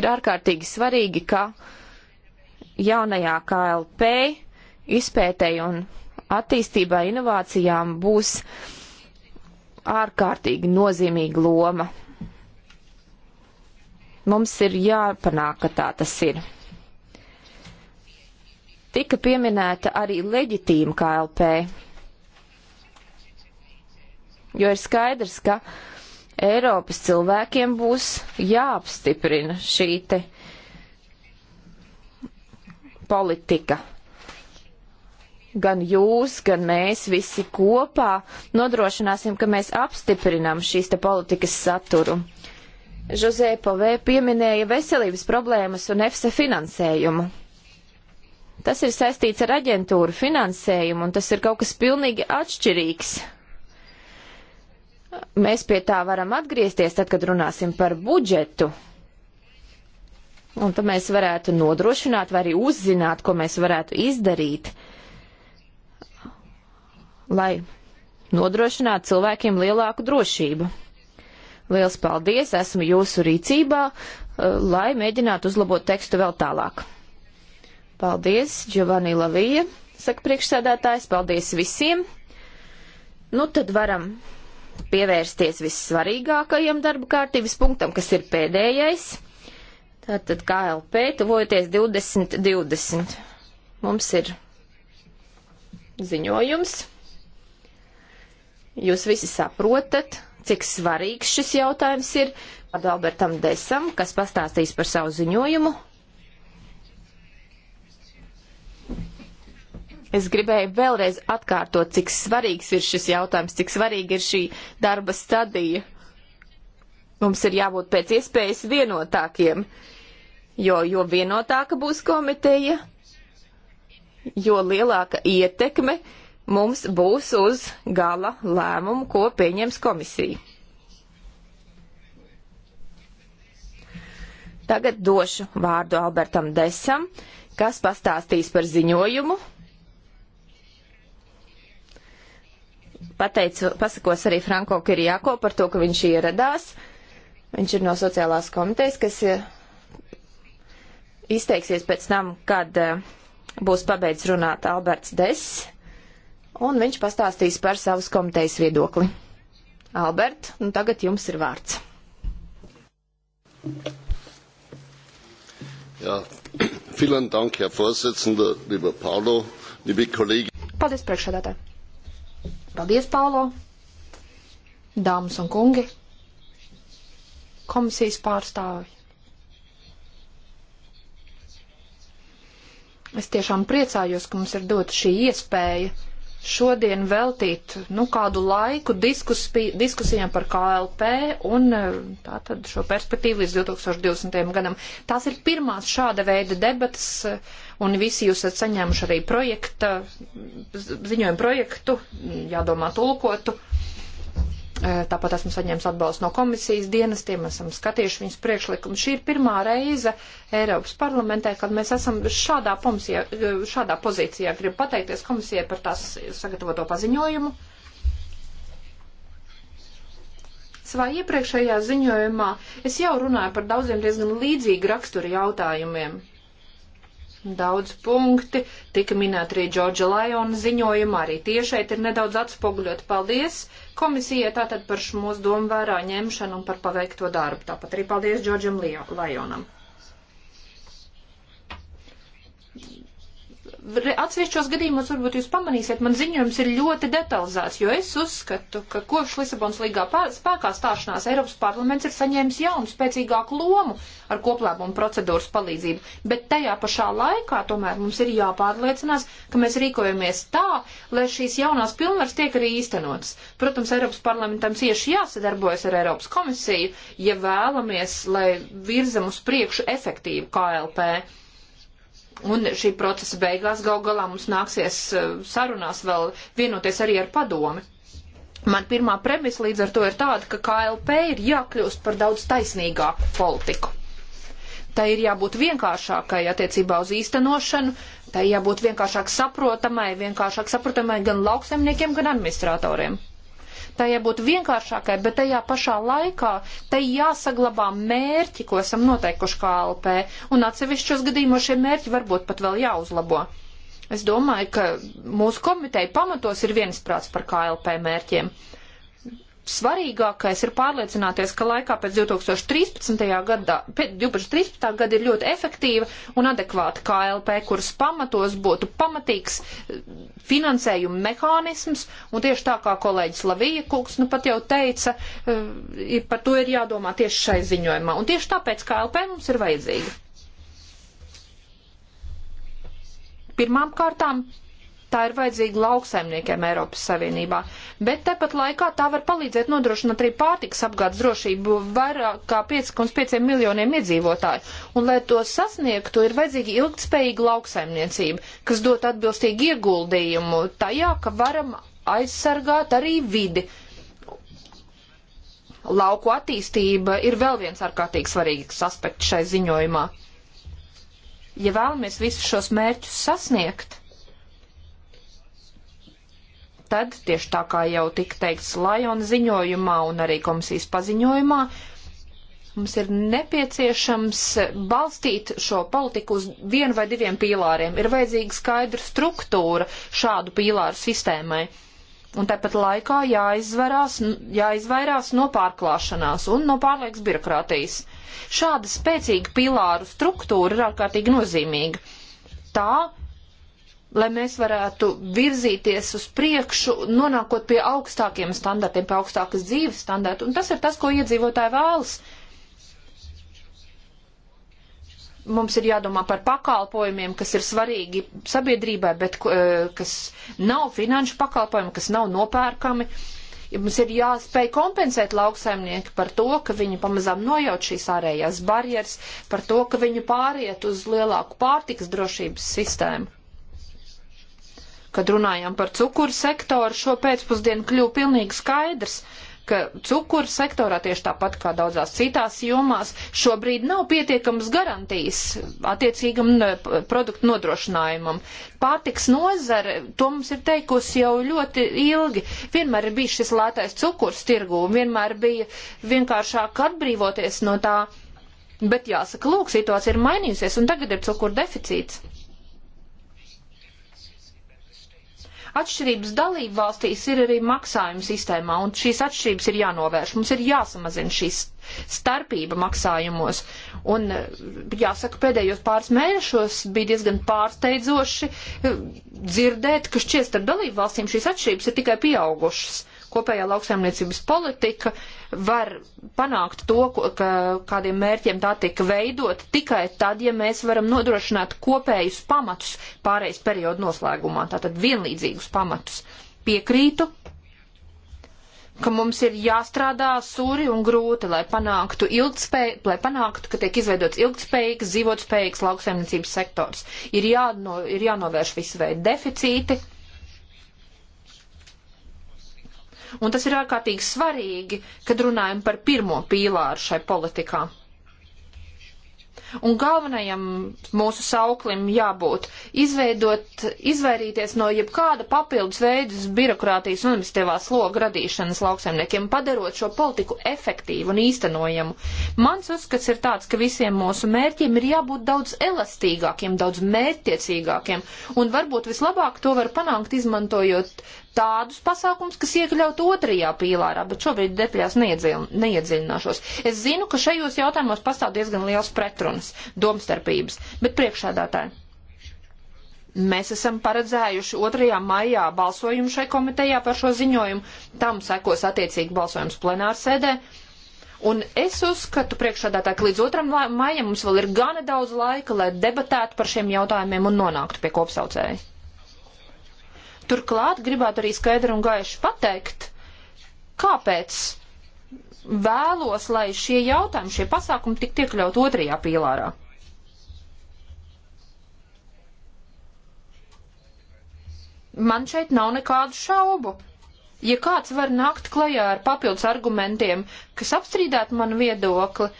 S5: Ir ārkārtīgi svarīgi, ka jaunajā KLP izpētēji un attīstībai inovācijām būs ārkārtīgi nozīmīga loma. Mums ir jāpanāk, ka tā tas ir. Tika pieminēta arī leģitīma KLP jo ir skaidrs, ka Eiropas cilvēkiem būs jāapstiprina šī te politika. Gan jūs, gan mēs visi kopā nodrošināsim, ka mēs apstiprinām šīs te politikas saturu. Žozē Pavē pieminēja veselības problēmas un EFSA finansējumu. Tas ir saistīts ar aģentūru finansējumu, un tas ir kaut kas pilnīgi atšķirīgs Mēs pie tā varam atgriezties tad, kad runāsim par budžetu. Un tad mēs varētu nodrošināt vai arī uzzināt, ko mēs varētu izdarīt, lai nodrošinātu cilvēkiem lielāku drošību. Liels paldies, esmu jūsu rīcībā, eh, lai mēģinātu uzlabot tekstu vēl tālāk. Paldies, Giovanni Lavija, saka priekšsēdētājs, paldies visiem. Nu tad varam pievērsties vissvarīgākajam darba kārtības punktam, kas ir pēdējais. Tātad KLP tuvojoties 2020. Mums ir ziņojums. Jūs visi saprotat, cik svarīgs šis jautājums ir. Ad Albertam Desam, kas pastāstīs par savu ziņojumu, Es gribēju vēlreiz atkārtot, cik svarīgs ir šis jautājums, cik svarīga ir šī darba stadija. Mums ir jābūt pēc iespējas vienotākiem, jo, jo vienotāka būs komiteja, jo lielāka ietekme mums būs uz gala lēmumu, ko pieņems komisija. Tagad došu vārdu Albertam Desam, kas pastāstīs par ziņojumu, pateicu, pasakos arī Franko Kirijāko par to, ka viņš ieradās. Viņš ir no sociālās komitejas, kas eh, izteiksies pēc tam, kad eh, būs pabeidz runāt Alberts Des, un viņš pastāstīs par savas komitejas viedokli. Albert, nu tagad jums ir vārds.
S4: Jā, vielen
S2: dank, Herr Vorsitzender, lieber Paulo, liebe Kollegen.
S4: Paldies, priekšsēdētāji. Paldies, Paulo! Dāmas un kungi! Komisijas pārstāvi! Es tiešām priecājos, ka mums ir dota šī iespēja šodien veltīt nu, kādu laiku diskuspi, diskusijām par KLP un e, tātad šo perspektīvu līdz 2020. gadam. Tās ir pirmās šāda veida debatas, e, un visi jūs esat saņēmuši arī projekta, ziņojumu projektu, jādomā tulkotu. Uh, Eh, tāpat esmu saņēmis atbalstu no komisijas dienestiem, esam skatījuši viņas priekšlikumu. Šī ir pirmā reize Eiropas parlamentē, kad mēs esam šādā, pomsijā, eh, šādā pozīcijā. Gribu pateikties komisijai par tās sagatavoto paziņojumu. Savā iepriekšējā ziņojumā es jau runāju par daudziem diezgan līdzīgu raksturu jautājumiem. Daudz punkti tika minēti arī Džordža Lajona ziņojumā, arī tie šeit ir nedaudz atspoguļot. Paldies! komisijai tātad par šo mūsu domu vērā ņemšanu un par paveikto darbu. Tāpat arī paldies Džordžam Lajonam. atsevišķos gadījumos varbūt jūs pamanīsiet, man ziņojums ir ļoti detalizēts, jo es uzskatu, ka kopš Lisabons līgā spēkā stāšanās Eiropas parlaments ir saņēmis jaunu spēcīgāku lomu ar koplēmumu procedūras palīdzību, bet tajā pašā laikā tomēr mums ir jāpārliecinās, ka mēs rīkojamies tā, lai šīs jaunās pilnvaras tiek arī īstenotas. Protams, Eiropas parlamentam cieši jāsadarbojas ar Eiropas komisiju, ja vēlamies, lai virzam uz priekšu efektīvu KLP. Un šī procesa beigās gal galā mums nāksies eh, sarunās vēl vienoties arī ar padomi. Man pirmā premisa līdz ar to ir tāda, ka KLP ir jākļūst par daudz taisnīgāku politiku. Tā ir jābūt vienkāršākai attiecībā uz īstenošanu, tā ir jābūt vienkāršāk saprotamai, vienkāršāk saprotamai gan lauksaimniekiem, gan administratoriem tai jābūt vienkāršākai, bet tajā pašā laikā tai jāsaglabā mērķi, ko esam noteikuši kā LP, un atsevišķos gadījumos šie mērķi varbūt pat vēl jāuzlabo. Es domāju, ka mūsu komiteja pamatos ir viensprāts par KLP mērķiem svarīgākais ir pārliecināties, ka laikā pēc 2013. gada, 2013. gada ir ļoti efektīva un adekvāta KLP, kuras pamatos būtu pamatīgs eh, finansējuma mehānisms, un tieši tā kā kolēģis Lavija Kungs nu pat jau teica, eh, par to ir jādomā tieši šai ziņojumā, un tieši tāpēc KLP mums ir vajadzīga. Pirmām kārtām Tā ir vajadzīga lauksaimniekiem Eiropas Savienībā. Bet tepat laikā tā var palīdzēt nodrošināt arī pārtiks apgādes drošību vairāk kā 5,5 miljoniem iedzīvotāju. Un, lai to sasniegtu, ir vajadzīga ilgtspējīga lauksaimniecība, kas dot atbilstīgu ieguldījumu tajā, ka varam aizsargāt arī vidi. Lauku attīstība ir vēl viens ārkārtīgi svarīgs aspekts šai ziņojumā. Ja vēlamies visus šos mērķus sasniegt, tad, tieši tā kā jau tika teikts Lajona ziņojumā un arī komisijas paziņojumā, mums ir nepieciešams balstīt šo politiku uz vienu vai diviem pīlāriem. Ir vajadzīga skaidra struktūra šādu pīlāru sistēmai. Un tāpat laikā jāizvarās, jāizvairās no pārklāšanās un no pārliekas birokrātijas. Šāda spēcīga pīlāru struktūra ir ārkārtīgi nozīmīga. Tā lai mēs varētu virzīties uz priekšu, nonākot pie augstākiem standartiem, pie augstākas dzīves standarta. Un tas ir tas, ko iedzīvotāji vēlas. Mums ir jādomā par pakalpojumiem, kas ir svarīgi sabiedrībai, bet eh, kas nav finanšu pakalpojumi, kas nav nopērkami. Mums ir jāspēj kompensēt lauksaimnieki par to, ka viņi pamazām nojauč šīs ārējās barjeras, par to, ka viņi pāriet uz lielāku pārtikas drošības sistēmu Kad runājām par cukuru sektoru, šo pēcpusdienu kļuva pilnīgi skaidrs, ka cukuru sektorā tieši tāpat kā daudzās citās jomās šobrīd nav pietiekamas garantijas attiecīgam produktu nodrošinājumam. Pārtiks nozare, to mums ir teikusi jau ļoti ilgi. Vienmēr ir bijis šis lētais cukurs tirgū, vienmēr bija vienkāršāk atbrīvoties no tā. Bet jāsaka, lūk, situācija ir mainījusies un tagad ir cukuru deficīts. Atšķirības dalību valstīs ir arī maksājuma sistēmā, un šīs atšķirības ir jānovērš. Mums ir jāsamazina šīs starpība maksājumos. Un, eh, jāsaka, pēdējos pāris mēnešos bija diezgan pārsteidzoši eh, dzirdēt, ka šķiet starp dalību valstīm šīs atšķirības ir tikai pieaugušas kopējā lauksaimniecības politika var panākt to, ka kādiem mērķiem tā tika veidot tikai tad, ja mēs varam nodrošināt kopējus pamatus pārējais periodu noslēgumā, tātad vienlīdzīgus pamatus. Piekrītu, ka mums ir jāstrādā sūri un grūti, lai panāktu, ilgspēj, lai panāktu ka tiek izveidots ilgspējīgs, dzīvotspējīgs lauksaimniecības sektors. Ir, jāno, ir jānovērš visu veidu deficīti un tas ir ārkārtīgi svarīgi, kad runājam par pirmo pīlāru šai politikā. Un galvenajam mūsu sauklim jābūt izveidot, izvairīties no jebkāda papildus veidus birokrātijas un administratīvā sloga radīšanas lauksaimniekiem, padarot šo politiku efektīvu un īstenojamu. Mans uzskats ir tāds, ka visiem mūsu mērķiem ir jābūt daudz elastīgākiem, daudz mērķtiecīgākiem, un varbūt vislabāk to var panākt izmantojot tādus pasākums, kas iekļaut otrajā pīlārā, bet šobrīd detaļās neiedziļināšos. Es zinu, ka šajos jautājumos pastāv diezgan liels pretrunas, domstarpības, bet priekšādātāji. Mēs esam paredzējuši 2. maijā balsojumu šai komitejā par šo ziņojumu, tam sekos attiecīgi balsojums plenārsēdē. Un es uzskatu priekšādātā, ka līdz 2. maijam mums vēl ir gana daudz laika, lai debatētu par šiem jautājumiem un nonāktu pie kopsaucēja. Turklāt gribētu arī skaidri un gaiši pateikt, kāpēc vēlos, lai šie jautājumi, šie pasākumi tik tiekļaut otrajā pīlārā. Man šeit nav nekādu šaubu. Ja kāds var nākt klajā ar papildus argumentiem, kas apstrīdētu manu viedokli,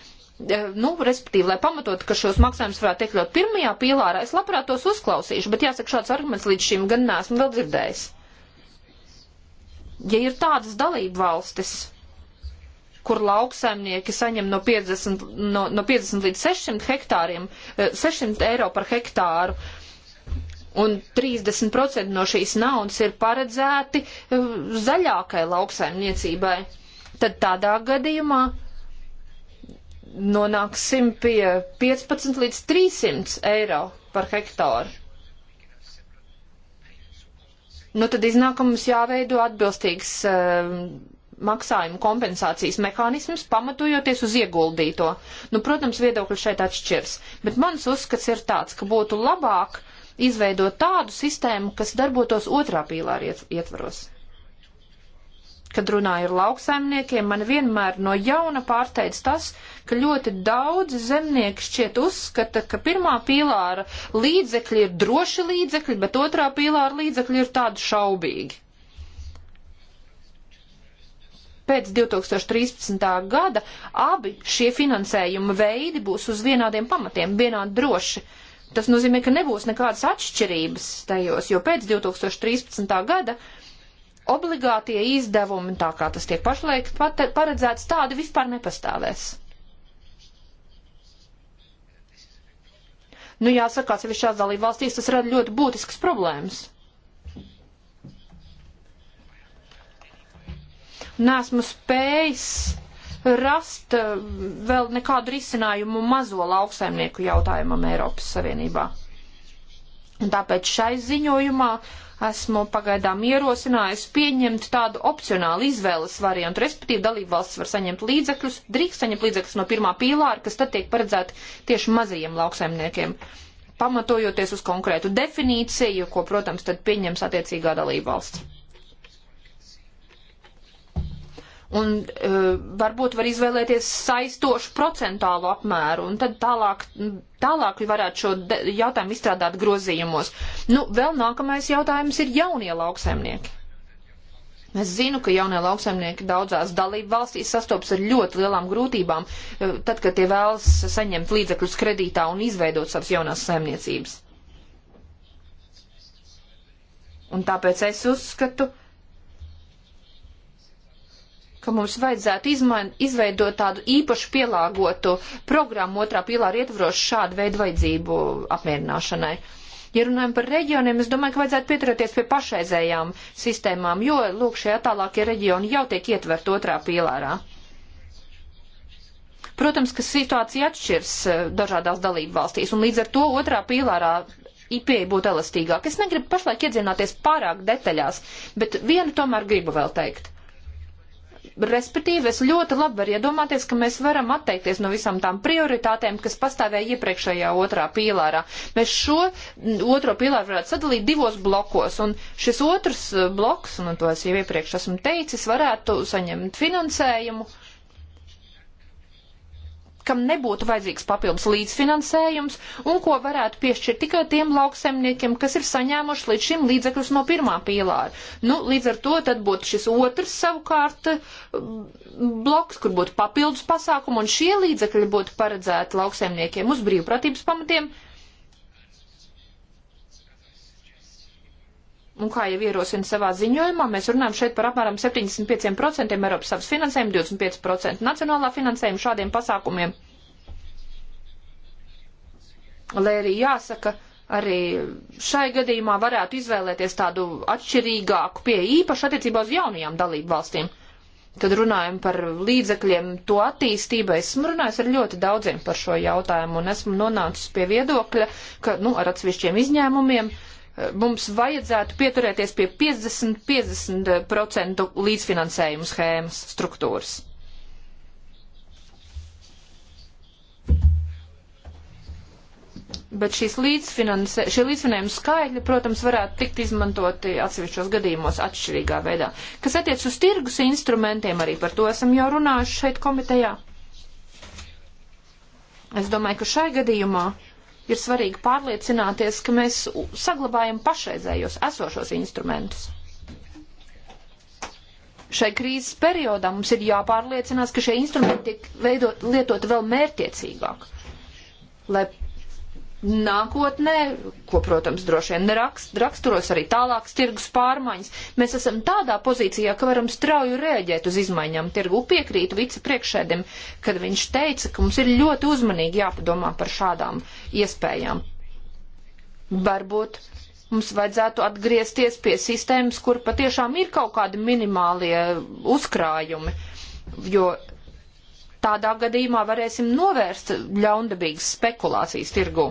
S4: nu, respektīvi, lai pamatotu, ka šos maksājumus varētu iekļaut pirmajā pīlārā, es labprāt tos uzklausīšu, bet jāsaka, šāds arguments līdz šim gan neesmu vēl dzirdējis. Ja ir tādas dalība valstis, kur lauksaimnieki saņem no 50, no, no 50 līdz 600 hektāriem, 600 eh, eiro par hektāru, un 30% no šīs naudas ir paredzēti eh, zaļākai lauksaimniecībai, tad tādā gadījumā nonāksim pie 15 līdz 300 eiro par hektāru. Nu, tad iznākums jāveido atbilstīgs uh, ehm, maksājuma kompensācijas mehānisms, pamatojoties uz ieguldīto. Nu, protams, viedokļi šeit atšķirs, bet mans uzskats ir tāds, ka būtu labāk izveidot tādu sistēmu, kas darbotos otrā pīlāra ietvaros kad runāju ar lauksaimniekiem, man vienmēr no jauna pārsteidz tas, ka ļoti daudz zemnieki šķiet uzskata, ka pirmā pīlāra līdzekļi ir droši līdzekļi, bet otrā pīlāra līdzekļi ir tādi šaubīgi. Pēc 2013. gada abi šie finansējuma veidi būs uz vienādiem pamatiem, vienādi droši. Tas nozīmē, ka nebūs nekādas atšķirības tajos, jo pēc 2013. gada obligātie izdevumi, tā kā tas tiek pašlaik paredzēts, tādi vispār nepastāvēs. Nu, jāsaka, sevišķi šās dalību valstīs tas rada ļoti būtiskas problēmas. Nesmu spējis rast eh, vēl nekādu risinājumu mazo lauksaimnieku jautājumam Eiropas Savienībā. Un tāpēc šai ziņojumā uh, esmu pagaidām ierosinājusi pieņemt tādu opcionālu izvēles variantu, respektīvi dalībvalsts var saņemt līdzekļus, drīkst saņemt līdzekļus no pirmā pīlāra, kas tad tiek paredzēti tieši mazajiem lauksaimniekiem, pamatojoties uz konkrētu definīciju, ko, protams, tad pieņems attiecīgā dalībvalsts. un e, varbūt var izvēlēties saistošu procentālu apmēru, un tad tālāk, tālāk varētu šo jautājumu izstrādāt grozījumos. Nu, vēl nākamais jautājums ir jaunie lauksaimnieki. Es zinu, ka jaunie lauksaimnieki daudzās dalību valstīs sastopas ar ļoti lielām grūtībām, e, tad, kad tie vēlas saņemt līdzekļus kredītā un izveidot savas jaunās saimniecības. Un tāpēc es uzskatu, ka mums vajadzētu izmain, izveidot tādu īpašu pielāgotu programmu otrā pilāra ietvaros šādu veidu vajadzību apmierināšanai. Ja runājam par reģioniem, es domāju, ka vajadzētu pieturēties pie pašreizējām sistēmām, jo, lūk, šie attālākie reģioni jau tiek ietvert otrā pilārā. Protams, ka situācija atšķirs eh, dažādās dalību valstīs, un līdz ar to otrā pīlārā pieeja būtu elastīgāka. Es negribu pašlaik iedzināties pārāk detaļās, bet vienu tomēr gribu vēl teikt. Respektīvi, es ļoti labi varu iedomāties, ka mēs varam atteikties no visām tām prioritātēm, kas pastāvēja iepriekšējā otrā pīlārā. Mēs šo otro pīlāru varētu sadalīt divos blokos, un šis otrs eh, bloks, un to es jau iepriekš esmu teicis, varētu saņemt finansējumu kam nebūtu vajadzīgs papildus līdzfinansējums un ko varētu piešķirt tikai tiem lauksemniekiem, kas ir saņēmuši līdz šim līdzekļus no pirmā pīlāra. Nu, līdz ar to tad būtu šis otrs savukārt um, bloks, kur būtu papildus pasākumu un šie līdzekļi būtu paredzēti lauksemniekiem uz brīvprātības pamatiem un kā jau ierosina savā ziņojumā, mēs runājam šeit par apmēram 75% Eiropas savas finansējuma, 25% nacionālā finansējuma šādiem pasākumiem. Lai arī jāsaka, arī šai gadījumā varētu izvēlēties tādu atšķirīgāku pieeju īpaši attiecībā uz jaunajām dalību valstīm. Kad runājam par līdzekļiem to attīstībai, esmu runājis ar ļoti daudziem par šo jautājumu un esmu nonācis pie viedokļa, ka, nu, ar atsevišķiem izņēmumiem, uh, mums vajadzētu pieturēties pie 50-50% līdzfinansējumu schēmas struktūras. Bet šī līdzfinējuma skaidri, protams, varētu tikt izmantoti atsevišķos gadījumos atšķirīgā veidā. Kas attiec uz tirgus instrumentiem, arī par to esam jau runājuši šeit komitejā. Es domāju, ka šai gadījumā ir svarīgi pārliecināties, ka mēs saglabājam pašreizējos esošos instrumentus. Šai krīzes periodā mums ir jāpārliecinās, ka šie instrumenti tiek veidot, lietot vēl mērtiecīgāk, lai nākotnē, ko, protams, droši vien rakst, raksturos arī tālākas tirgus pārmaiņas, mēs esam tādā pozīcijā, ka varam strauju rēģēt uz izmaiņām tirgu. Piekrītu vicepriekšēdim, kad viņš teica, ka mums ir ļoti uzmanīgi jāpadomā par šādām iespējām. Varbūt mums vajadzētu atgriezties pie sistēmas, kur patiešām ir kaut kādi minimālie uzkrājumi, jo Tādā gadījumā varēsim novērst ļaundabīgas spekulācijas tirgū.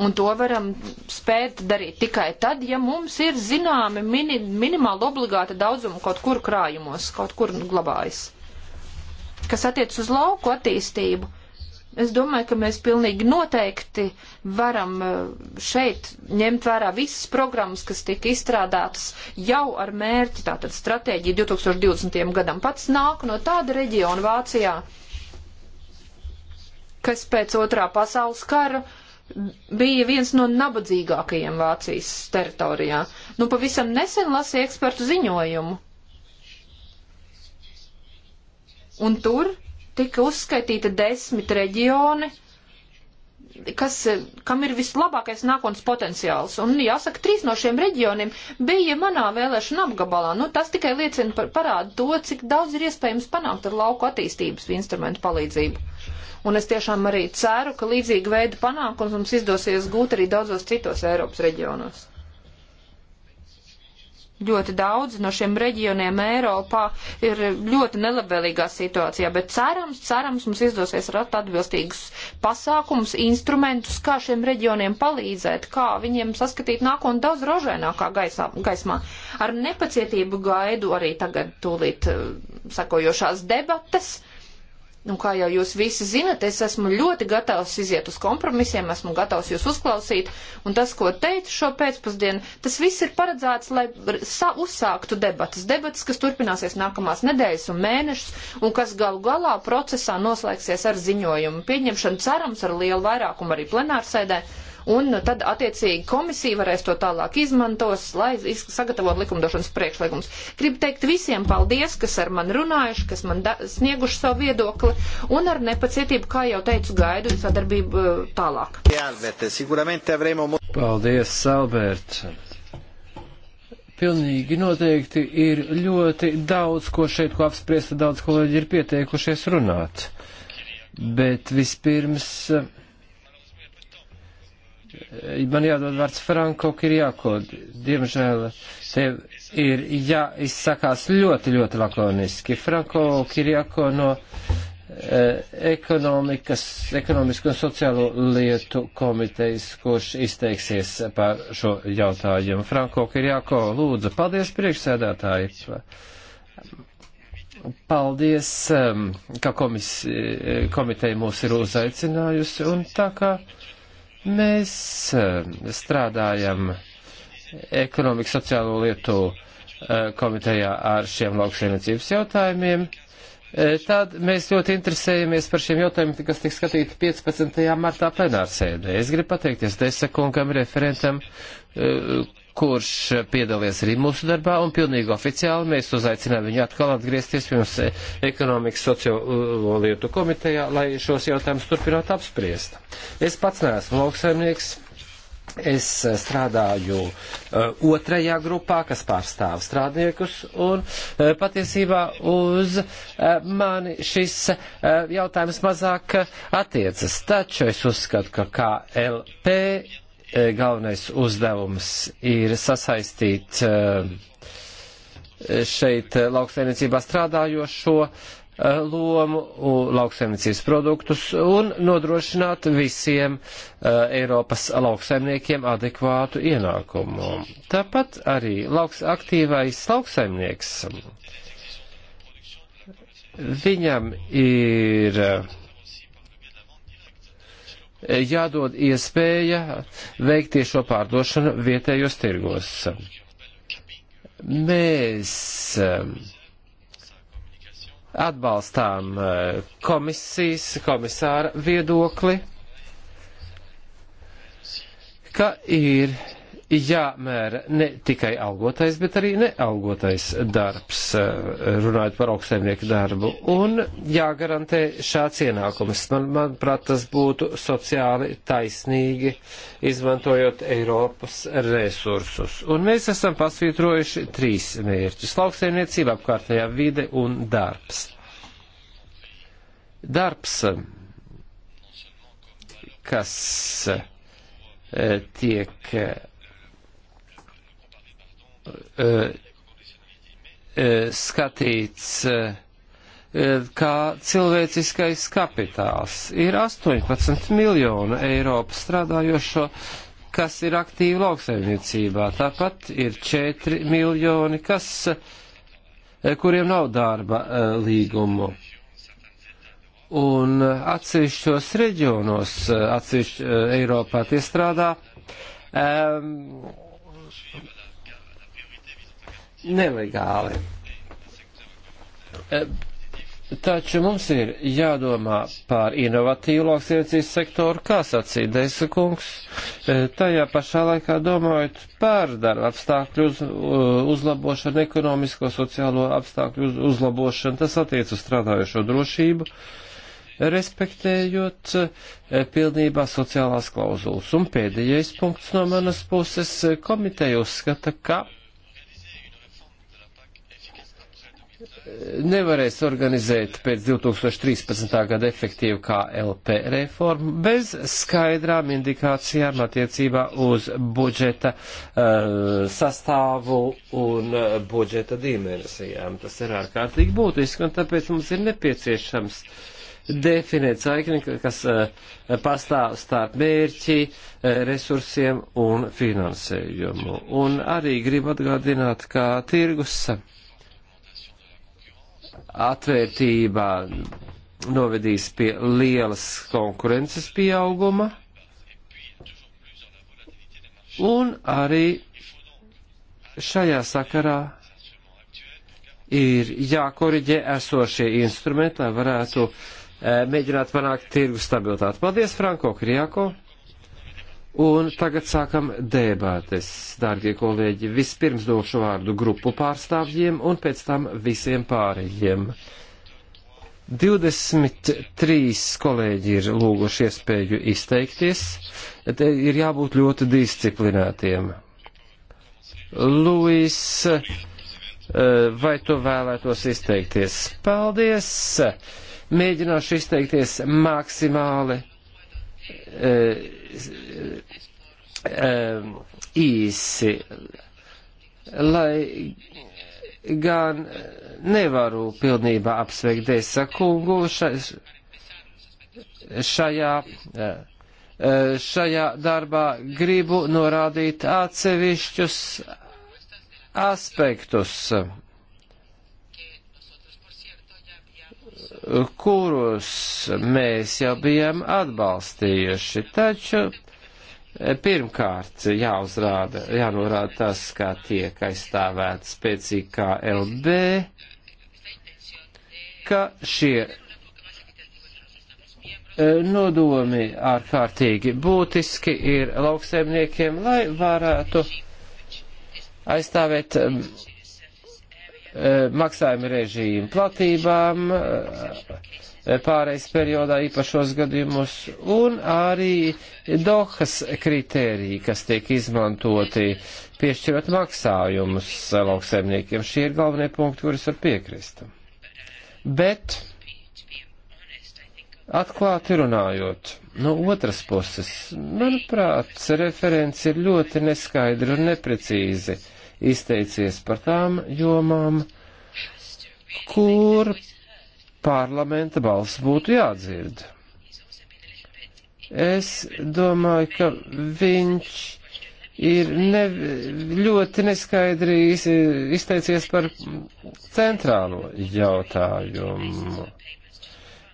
S4: Un to varam spēt darīt tikai tad, ja mums ir zināmi mini, minimāli obligāti daudzumi kaut kur krājumos, kaut kur glabājas. Kas attiec uz lauku attīstību, es domāju, ka mēs pilnīgi noteikti varam eh, šeit ņemt vērā visas programmas, kas tika izstrādātas jau ar mērķi, tātad stratēģiju 2020. gadam. Pats nāk no tāda reģiona Vācijā, kas pēc otrā pasaules kara bija viens no nabadzīgākajiem Vācijas teritorijā. Nu, pavisam nesen lasīja ekspertu ziņojumu. Un tur tika uzskaitīta desmit reģioni, kas, eh, kam ir vislabākais nākotnes potenciāls. Un jāsaka, trīs no šiem reģioniem bija manā vēlēšana apgabalā. Nu, tas tikai liecina par parādu to, cik daudz ir iespējams panākt ar lauku attīstības instrumentu palīdzību. Un es tiešām arī ceru, ka līdzīga veida panākums mums izdosies gūt arī daudzos citos Eiropas reģionos. Ļoti daudz no šiem reģioniem Eiropā ir ļoti nelabvēlīgā situācijā, bet cerams, cerams, mums izdosies rast atbilstīgus pasākumus, instrumentus, kā šiem reģioniem palīdzēt, kā viņiem saskatīt nākotnē daudz rožainākā gaisā, gaismā. Ar nepacietību gaidu arī tagad tūlīt eh, sakojošās debates Nu, kā jau jūs visi zinat, es esmu ļoti gatavs iziet uz kompromisiem, esmu gatavs jūs uzklausīt, un tas, ko teicu šo pēcpusdienu, tas viss ir paredzēts, lai uzsāktu debatas. Debatas, kas turpināsies nākamās nedēļas un mēnešus, un kas galu galā procesā noslēgsies ar ziņojumu pieņemšanu, cerams, ar lielu vairākumu arī plenārsēdē. Ar un tad attiecīgi komisija varēs to tālāk izmantos, lai sagatavotu likumdošanas priekšlikumus. Gribu teikt visiem paldies, kas ar mani runājuši, kas man snieguši savu viedokli, un ar nepacietību, kā jau teicu, gaidu sadarbību eh, tālāk.
S2: Paldies, Albert! Pilnīgi noteikti ir ļoti daudz, ko šeit ko apspriest, daudz kolēģi ir pieteikušies runāt. Bet vispirms. Uh, man jādod vārds Franko Kirjāko. Diemžēl tev ir jāizsakās ļoti, ļoti lakoniski. Franko Kirjāko no eh, ekonomikas, ekonomisko un sociālo lietu komitejas, kurš izteiksies par šo jautājumu. Franko Kirjāko, lūdzu, paldies priekšsēdētāji. Paldies, eh, ka komis, eh, komiteja mūs ir uzaicinājusi un tā kā. Ka Mēs eh, strādājam ekonomikas sociālo lietu eh, komitejā ar šiem lauksaimniecības jautājumiem. Eh, tad mēs ļoti interesējamies par šiem jautājumiem, kas tiks skatīti 15. martā plenārsēdē. Es gribu pateikties Desa kungam, referentam, kurš piedalies arī mūsu darbā, un pilnīgi oficiāli mēs uzaicinām viņu atkal atgriezties pie mums ekonomikas sociālo lietu komitejā, lai šos jautājumus turpinātu apspriest. Es pats neesmu lauksaimnieks. Es strādāju uh, otrajā grupā, kas pārstāv strādniekus, un uh, patiesībā uz uh, mani šis uh, jautājums mazāk attiecas. Taču es uzskatu, ka KLP E, galvenais uzdevums ir sasaistīt e, šeit e, lauksaimniecībā strādājošo lomu, lauksaimniecības produktus un nodrošināt visiem Eiropas lauksaimniekiem adekvātu ienākumu. Tāpat arī lauks, aktīvais lauksaimnieks viņam ir jādod iespēja veikt tiešo pārdošanu vietējos tirgos. Mēs um, atbalstām uh, komisijas, komisāra viedokli, ka ir jāmēra ne tikai algotais, bet arī nealgotais darbs, eh, runājot par augstsaimnieku darbu, un jāgarantē šāds ienākums. Man, manuprāt, tas būtu sociāli taisnīgi, izmantojot Eiropas resursus. Un mēs esam pasvītrojuši trīs mērķus - lauksaimniecība, apkārtējā vide un darbs. Darbs, kas eh, tiek E, e, skatīts e, kā cilvēciskais kapitāls. Ir 18 miljonu Eiropas strādājošo, kas ir aktīvi lauksaimniecībā. Tāpat ir 4 miljoni, kas, kuriem nav darba līgumu. Un atsevišķos reģionos, atsevišķi Eiropā tie strādā. Um, nelegāli. Eh, taču mums ir jādomā par inovatīvu lauksiencijas sektoru, kā sacīja Deisa kungs, eh, tajā pašā laikā domājot par darba apstākļu uz, uzlabošanu, ekonomisko, sociālo apstākļu uz, uzlabošanu, tas attiec uz strādājošo drošību, respektējot eh, pilnībā sociālās klauzulas. Un pēdējais punkts no manas puses komiteja uzskata, ka nevarēs organizēt pēc 2013. gada efektīvu KLP reformu bez skaidrām indikācijām attiecībā uz budžeta uh, sastāvu un uh, budžeta dimensijām. Tas ir ārkārtīgi būtiski, un tāpēc mums ir nepieciešams definēt saikni, kas uh, pastāv starp mērķi, uh, resursiem un finansējumu. Un arī gribu atgādināt, ka tirgus. Uh, atvērtība novedīs pie lielas konkurences pieauguma un arī šajā sakarā ir jākoriģē esošie instrumenti, lai varētu eh, mēģināt panākt tirgu stabilitāti. Paldies, Franko Krijako! Un tagad sākam dēbātes, dārgie kolēģi. Vispirms došu vārdu grupu pārstāvjiem un pēc tam visiem pārējiem. 23 kolēģi ir lūguši iespēju izteikties. Te ir jābūt ļoti disciplinētiem. Luis, eh, vai tu vēlētos izteikties? Paldies! Mēģināšu izteikties maksimāli Eh, eh, īsi, lai gan nevaru pilnībā apsveikt Dēsa kungu šajā, eh, šajā darbā, gribu norādīt atsevišķus aspektus kurus mēs jau bijām atbalstījuši. Taču e, pirmkārt jāuzrāda, jānorāda tas, kā tiek aizstāvēts spēcīgi kā LB, ka šie e, nodomi ārkārtīgi būtiski ir lauksaimniekiem, lai varētu aizstāvēt Eh, maksājuma režīmu platībām eh, pāreiz periodā īpašos gadījumus un arī Dohas kritēriji, kas tiek izmantoti piešķirot maksājumus lauksaimniekiem. Šie ir galvenie punkti, kuris var piekrist. Bet, atklāti runājot, no otras puses, manuprāt, referents ir ļoti neskaidri un neprecīzi izteicies par tām jomām, kur parlamenta balss būtu jādzird. Es domāju, ka viņš ir ne, ļoti neskaidri izteicies par centrālo jautājumu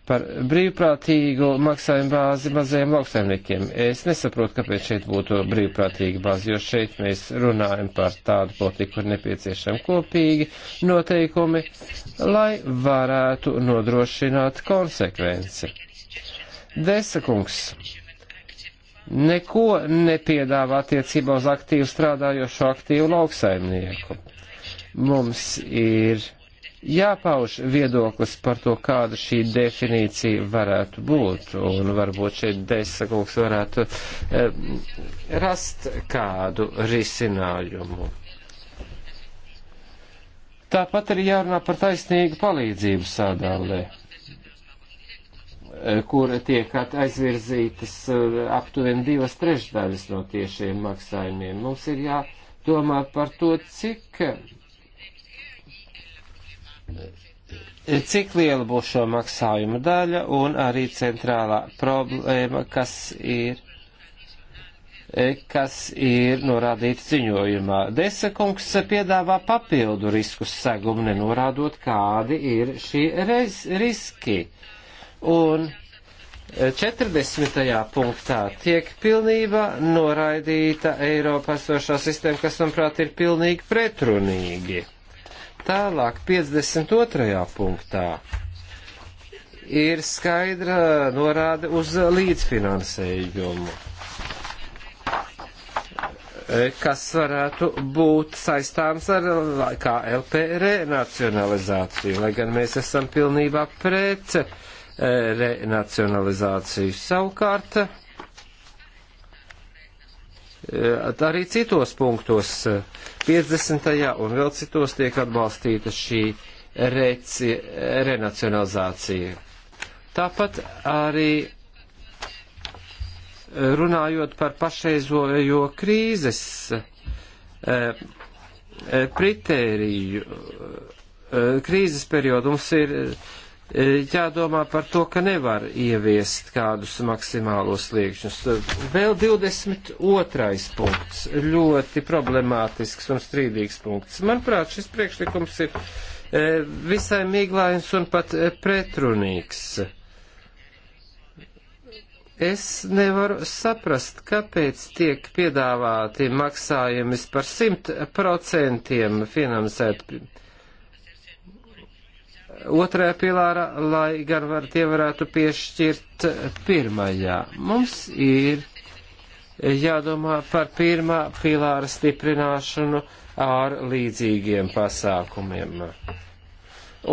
S2: par brīvprātīgu maksājumu bāzi mazajiem lauksaimniekiem. Es nesaprotu, kāpēc šeit būtu brīvprātīga bāze, jo šeit mēs runājam par tādu politiku, kur nepieciešami kopīgi noteikumi, lai varētu nodrošināt konsekvenci. Desakungs neko nepiedāvā attiecībā uz aktīvu strādājošo aktīvu lauksaimnieku. Mums ir jāpauž viedoklis par to, kāda šī definīcija varētu būt, un varbūt šeit desakungs varētu e, rast kādu risinājumu. Tāpat ir jārunā par taisnīgu palīdzību sādālē eh, kur tiek aizvirzītas eh, aptuveni divas trešdaļas no tiešiem maksājumiem. Mums ir jādomā par to, cik cik liela būs šo maksājumu daļa un arī centrālā problēma, kas ir kas ir norādīts ziņojumā. Desekungs piedāvā papildu risku segumu, nenorādot, kādi ir šie reiz, riski. Un 40. punktā tiek pilnībā noraidīta Eiropā sošā sistēma, kas, manuprāt, ir pilnīgi pretrunīgi. Tālāk 52. punktā ir skaidra norāde uz līdzfinansējumu, e, kas varētu būt saistāms ar KLP renacionalizāciju, lai gan mēs esam pilnībā pret e, renacionalizāciju. Savukārt, Eh, arī citos punktos, 50. Eh, un vēl citos tiek atbalstīta šī reci, renacionalizācija. Tāpat arī eh, runājot par pašreizojo krīzes kritēriju, krīzes periodu mums ir E, jādomā par to, ka nevar ieviest kādus maksimālos liekšņus. Vēl 22. punkts, ļoti problemātisks un strīdīgs punkts. Manuprāt, šis priekšlikums ir e, visai mīglājums un pat e, pretrunīgs. Es nevaru saprast, kāpēc tiek piedāvāti maksājumi par simt procentiem finansēt otrajā pilārā, lai gan var, tie varētu piešķirt pirmajā. Mums ir jādomā par pirmā pilāra stiprināšanu ar līdzīgiem pasākumiem.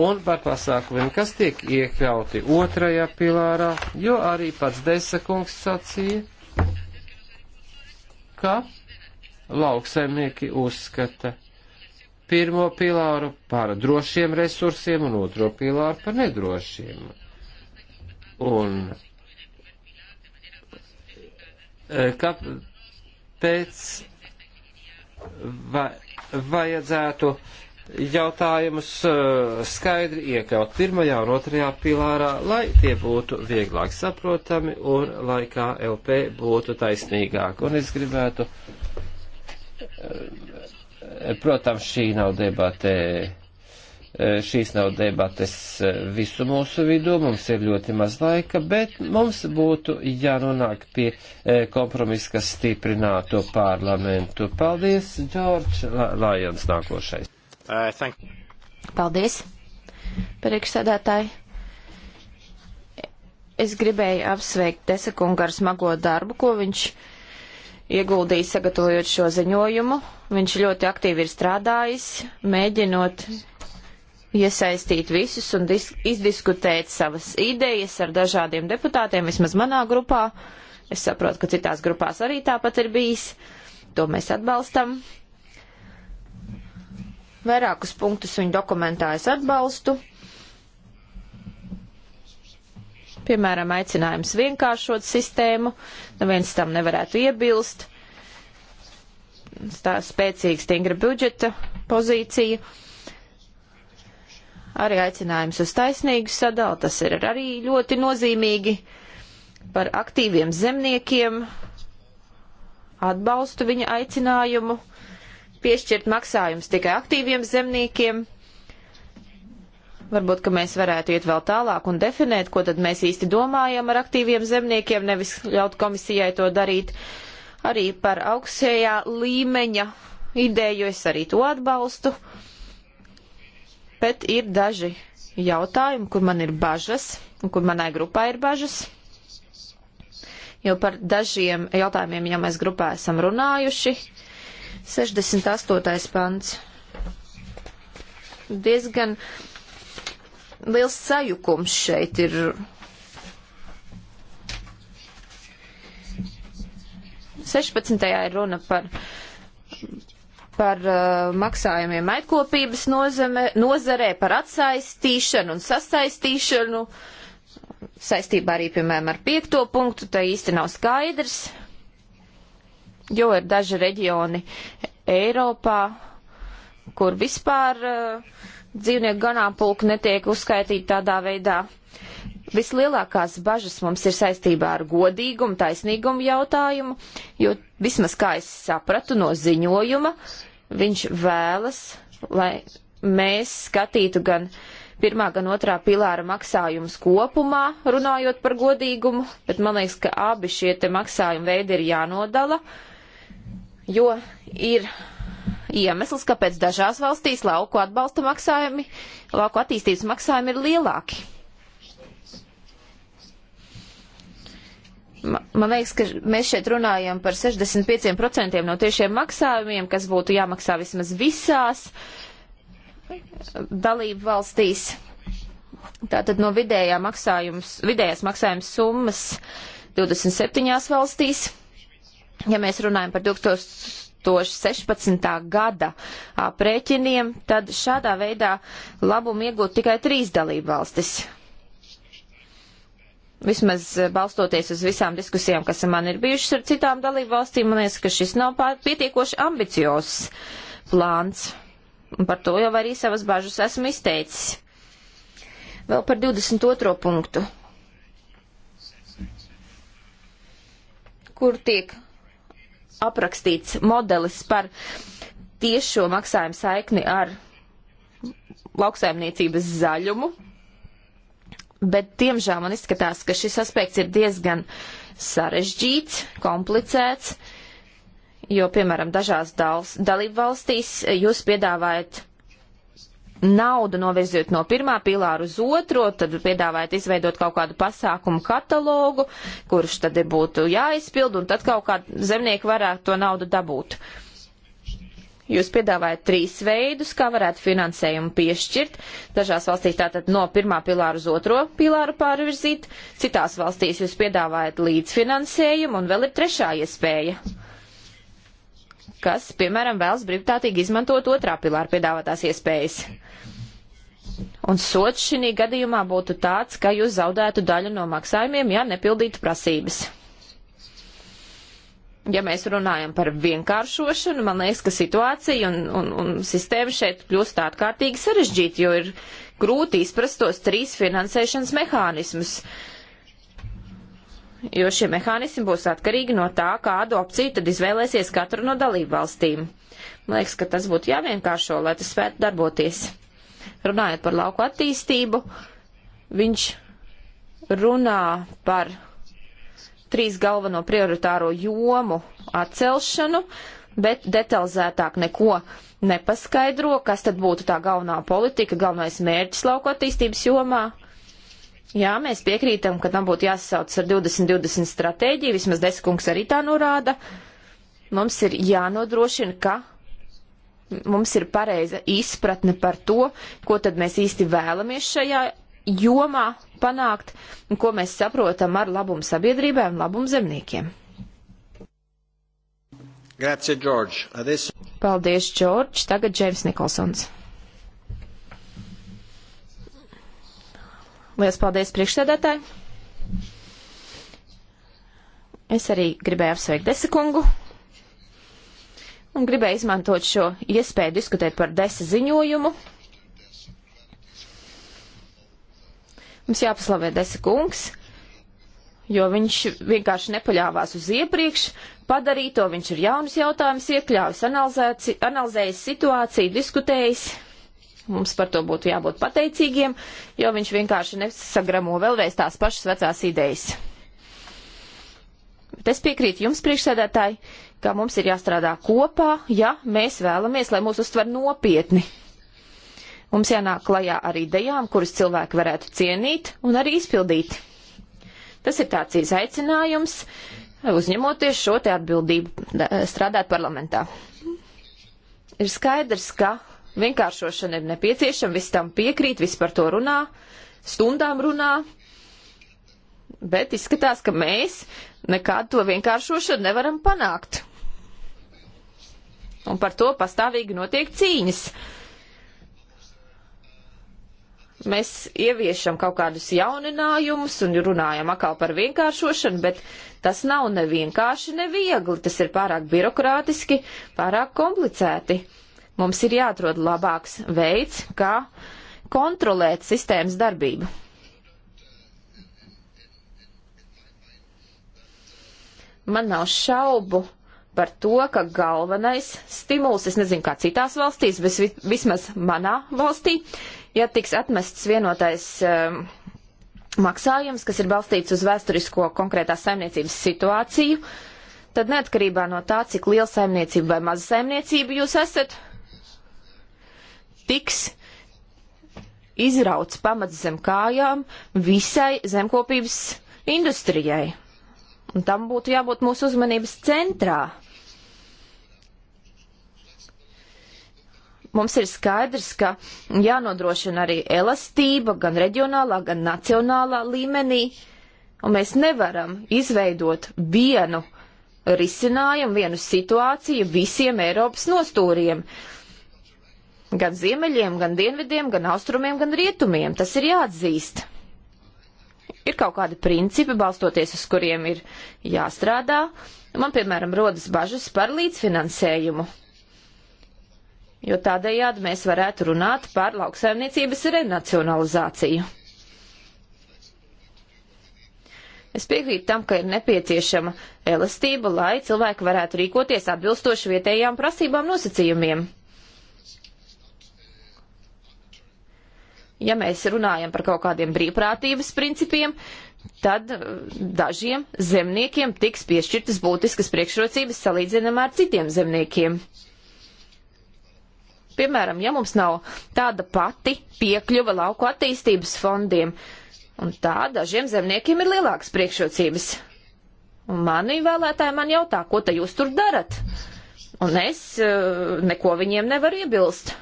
S2: Un par pasākumiem, kas tiek iekļauti otrajā pilārā, jo arī pats Desakungs sacīja, ka lauksaimnieki uzskata, pirmo pilāru par drošiem resursiem un otro pilāru par nedrošiem. Un e, kāpēc va, vajadzētu jautājumus e, skaidri iekļaut pirmajā un otrajā pilārā, lai tie būtu vieglāk saprotami un lai kā LP būtu taisnīgāk. Un es gribētu e, Protams, šī nav debate, e, šīs nav debates e, visu mūsu vidū, mums ir ļoti maz laika, bet mums būtu jānonāk pie e, kompromisa, kas stiprinātu parlamentu. Paldies, Džordž Lajons, nākošais.
S1: Uh,
S5: Paldies, priekšsēdētāji. Es gribēju apsveikt Desekungu ar smago darbu, ko viņš ir ieguldījis sagatavojot šo ziņojumu. Viņš ļoti aktīvi ir strādājis, mēģinot iesaistīt visus un izdiskutēt savas idejas ar dažādiem deputātiem, vismaz manā grupā. Es saprotu, ka citās grupās arī tāpat ir bijis. To mēs atbalstam. Vairākus punktus viņa dokumentā es atbalstu. Piemēram, aicinājums vienkāršot sistēmu, uh, neviens tam nevarētu iebilst. Tā spēcīga, stingra budžeta pozīcija. Arī aicinājums uz taisnīgu sadalu, tas ir arī ļoti nozīmīgi par aktīviem zemniekiem. Atbalstu viņa aicinājumu piešķirt maksājumus tikai aktīviem zemniekiem. Varbūt, ka mēs varētu iet vēl tālāk un definēt, ko tad mēs īsti domājam ar aktīviem zemniekiem, nevis ļaut komisijai to darīt arī par augstajā līmeņa ideju, jo es arī to atbalstu. Bet ir daži jautājumi, kur man ir bažas un kur manai grupā ir bažas. Jo par dažiem jautājumiem jau mēs grupā esam runājuši. 68. pants. Diezgan liels sajukums šeit ir. Sešpadsmitajā ir runa par, par uh, maksājumiem aitkopības nozeme, nozarē, par atsaistīšanu un sasaistīšanu. Saistībā arī, piemēram, ar piekto punktu, tā īsti nav skaidrs, jo ir daži reģioni Eiropā, kur vispār uh, dzīvnieku ganāmpulku netiek uzskaitīti tādā veidā. Vislielākās bažas mums ir saistībā ar godīgumu, taisnīgumu jautājumu, jo vismaz kā es sapratu no ziņojuma, viņš vēlas, lai mēs skatītu gan pirmā, gan otrā pilāra maksājumus kopumā, runājot par godīgumu, bet man liekas, ka abi šie te maksājumi veidi ir jānodala, jo ir iemesls, kāpēc dažās valstīs lauku atbalsta maksājumi, lauku attīstības maksājumi ir lielāki. Man liekas, ka mēs šeit runājam par 65% no tiešiem maksājumiem, kas būtu jāmaksā vismaz visās dalību valstīs. Tātad no vidējā maksājums, vidējās maksājums summas 27 valstīs. Ja mēs runājam par 2000, 2016. gada aprēķiniem, tad šādā veidā labumu iegūt tikai trīs dalību valstis. Vismaz balstoties uz visām diskusijām, kas man ir bijušas ar citām dalību valstīm, man liekas, ka šis nav pietiekoši ambiciozs plāns. Un par to jau arī savas bažas esmu izteicis. Vēl par 22. punktu, kur tiek aprakstīts modelis par tiešo maksājumu saikni ar lauksaimniecības zaļumu, bet diemžēl man izskatās, ka šis aspekts ir diezgan sarežģīts, komplicēts, jo, piemēram, dažās dalību valstīs jūs piedāvājat naudu novirzīt no pirmā pilāra uz otro, tad piedāvājat izveidot kaut kādu pasākumu katalogu, kurš tad būtu jāizpild, un tad kaut kāda zemnieka varētu to naudu dabūt. Jūs piedāvājat trīs veidus, kā varētu finansējumu piešķirt. Dažās valstīs tātad no pirmā pilāra uz otro pilāru pārvirzīt, citās valstīs jūs piedāvājat līdzfinansējumu, un vēl ir trešā iespēja kas, piemēram, vēlas brīvprātīgi izmantot otrā pilāra piedāvātās iespējas. Un sots šī gadījumā būtu tāds, ka jūs zaudētu daļu no maksājumiem, ja nepildītu prasības. Ja mēs runājam par vienkāršošanu, man liekas, ka situācija un, un, un sistēma šeit kļūst ārkārtīgi sarežģīta, jo ir grūti izprast tos trīs finansēšanas mehānismus. Jo šie mehānismi būs atkarīgi no tā, kādu opciju tad izvēlēsies katra no dalību valstīm. Man liekas, ka tas būtu jāvienkāršo, lai tas spētu darboties runājot par lauku attīstību, viņš runā par trīs galveno prioritāro jomu atcelšanu, bet detalizētāk neko nepaskaidro, kas tad būtu tā galvenā politika, galvenais mērķis lauku attīstības jomā. Jā, mēs piekrītam, ka tam būtu jāsasauc ar 2020 stratēģiju, vismaz Deskungs arī tā norāda. Mums ir jānodrošina, ka mums ir pareiza izpratne par to, ko tad mēs īsti vēlamies šajā jomā panākt un ko mēs saprotam ar labumu sabiedrībai un labumu zemniekiem.
S1: Grazie, George. Adesso...
S5: Paldies, Džordž. Tagad Džeims Nikolsons. Lielas paldies priekšsēdētāji. Es arī gribēju apsveikt Desekungu un gribēju izmantot šo iespēju diskutēt par desa ziņojumu. Mums jāpaslavē desa kungs, jo viņš vienkārši nepaļāvās uz iepriekš padarīto, viņš ir jaunus jautājumus iekļāvis, analizējis situāciju, diskutējis. Mums par to būtu jābūt pateicīgiem, jo viņš vienkārši nesagramo vēlreiz tās pašas vecās idejas. Bet es piekrītu jums, priekšsēdētāji, ka mums ir jāstrādā kopā, ja mēs vēlamies, lai mūs uztver nopietni. Mums jānāk klajā ar idejām, kuras cilvēki varētu cienīt un arī izpildīt. Tas ir tāds izaicinājums, uzņemoties šo te atbildību strādāt parlamentā. Ir skaidrs, ka vienkāršošana ir nepieciešama, viss tam piekrīt, viss par to runā, stundām runā, bet izskatās, ka mēs Nekādu to vienkāršošanu nevaram panākt. Un par to pastāvīgi notiek cīņas. Mēs ieviešam kaut kādus jauninājumus un runājam atkal par vienkāršošanu, bet tas nav nevienkārši neviegli. Tas ir pārāk birokrātiski, pārāk komplicēti. Mums ir jāatrod labāks veids, kā kontrolēt sistēmas darbību. Man nav šaubu par to, ka galvenais stimuls, es nezinu, kā citās valstīs, bet vismaz manā valstī, ja tiks atmests vienotais um, maksājums, kas ir balstīts uz vēsturisko konkrētās saimniecības situāciju, tad neatkarībā no tā, cik liela saimniecība vai maza saimniecība jūs esat, tiks izrauts pamats zem kājām visai zemkopības industrijai. Un tam būtu jābūt mūsu uzmanības centrā. Mums ir skaidrs, ka jānodrošina arī elastība gan reģionālā, gan nacionālā līmenī, un mēs nevaram izveidot vienu risinājumu, vienu situāciju visiem Eiropas nostūriem. Gan ziemeļiem, gan dienvidiem, gan austrumiem, gan rietumiem. Tas ir jāatzīst. Ir kaut kādi principi, balstoties uz kuriem ir jāstrādā. Man, piemēram, rodas bažas par līdzfinansējumu, jo tādējādi mēs varētu runāt par lauksaimniecības renacionalizāciju. Es piekrītu tam, ka ir nepieciešama elastība, lai cilvēki varētu rīkoties atbilstoši vietējām prasībām nosacījumiem. ja mēs runājam par kaut kādiem brīvprātības principiem, tad uh, dažiem zemniekiem tiks piešķirtas būtiskas priekšrocības salīdzinām ar citiem zemniekiem. Piemēram, ja mums nav tāda pati piekļuva lauku attīstības fondiem, un tā dažiem zemniekiem ir lielākas priekšrocības. Un mani vēlētāji man jautā, ko te jūs tur darat? Un es uh, neko viņiem nevaru iebilst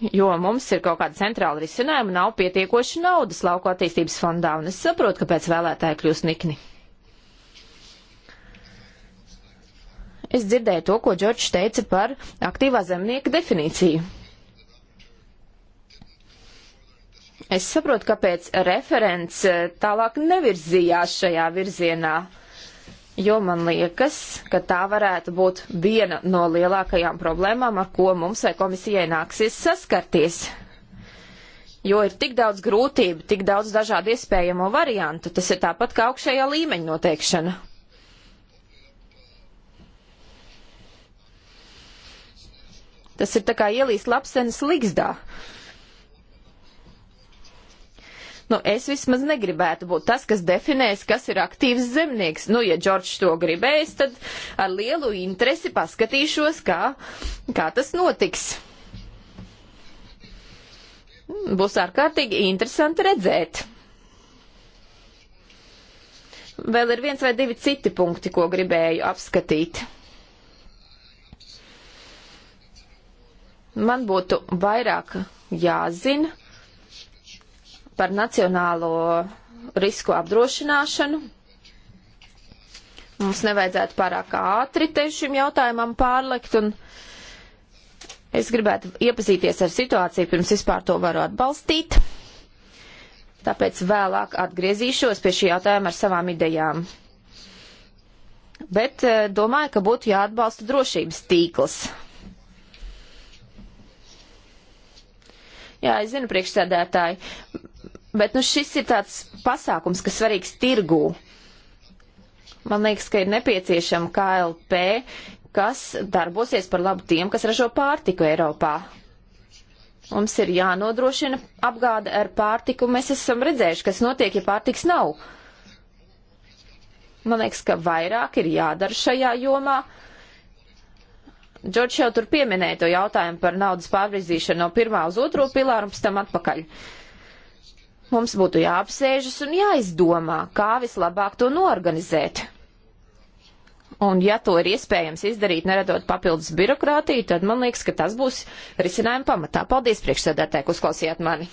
S5: jo mums ir kaut kāda centrāla risinājuma, nav pietiekoši naudas lauku attīstības fondā, un es saprotu, kāpēc vēlētāji kļūst nikni. Es dzirdēju to, ko Džordžs teica par aktīvā zemnieka definīciju. Es saprotu, kāpēc referents eh, tālāk nevirzījās šajā virzienā. Uh, jo man liekas, ka tā varētu būt viena no lielākajām problēmām, ar ko mums vai komisijai nāksies saskarties. Jo ir tik daudz grūtību, tik daudz dažādu iespējamo variantu. Tas ir tāpat kā augšējā līmeņa noteikšana. Tas ir tā kā ielīst lapsenes ligzdā. Uh, Nu, es vismaz negribētu būt tas, kas definēs, kas ir aktīvs zemnieks. Nu, ja Džordžs to gribēs, tad ar lielu interesi paskatīšos, kā, kā tas notiks. Būs ārkārtīgi interesanti redzēt. Vēl ir viens vai divi citi punkti, ko gribēju apskatīt. Man būtu vairāk jāzina par nacionālo risku apdrošināšanu. Mums nevajadzētu pārāk ātri te šim jautājumam pārlekt, un es gribētu iepazīties ar situāciju, pirms vispār to varu atbalstīt. Tāpēc vēlāk atgriezīšos pie šī jautājuma ar savām idejām. Bet eh, domāju, ka būtu jāatbalsta drošības tīkls. Jā, es zinu, priekšsēdētāji, Bet nu, šis ir tāds pasākums, kas svarīgs tirgū. Man liekas, ka ir nepieciešama KLP, kas darbosies par labu tiem, kas ražo pārtiku Eiropā. Mums ir jānodrošina apgāde ar pārtiku. Mēs esam redzējuši, kas notiek, ja pārtiks nav. Man liekas, ka vairāk ir jādara šajā jomā. Džordžs jau tur pieminēja to jautājumu par naudas pārvirzīšanu no pirmā uz otro pilāru un pēc tam atpakaļ. Uh, Mums būtu jāapsēžas un jāizdomā, kā vislabāk to norganizēt. Un ja to ir iespējams izdarīt, neradot papildus birokrātiju, tad man liekas, ka tas būs risinājuma pamatā. Paldies priekšsēdētāji, ka uzklausījāt mani.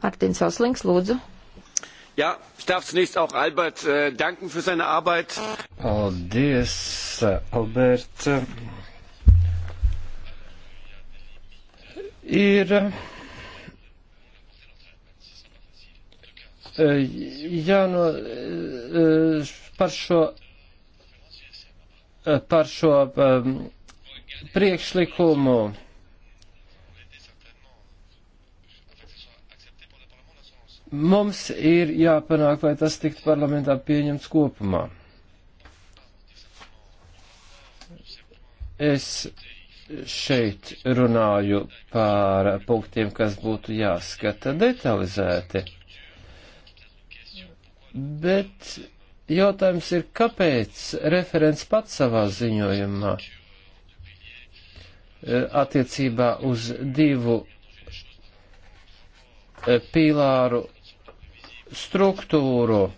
S5: Mārtiņš Auslings, lūdzu.
S2: Ja, ich darf zunächst auch Albert äh, danken für seine Arbeit. Paldies, Albert. Ir Eh, jāno eh, par šo, eh, par šo ehm, priekšlikumu. Mums ir jāpanāk, lai tas tiktu parlamentā pieņemts kopumā. Es šeit runāju par punktiem, kas būtu jāskata detalizēti Bet jautājums ir, kāpēc referents pats savā ziņojumā eh, attiecībā uz divu eh, pīlāru struktūru eh,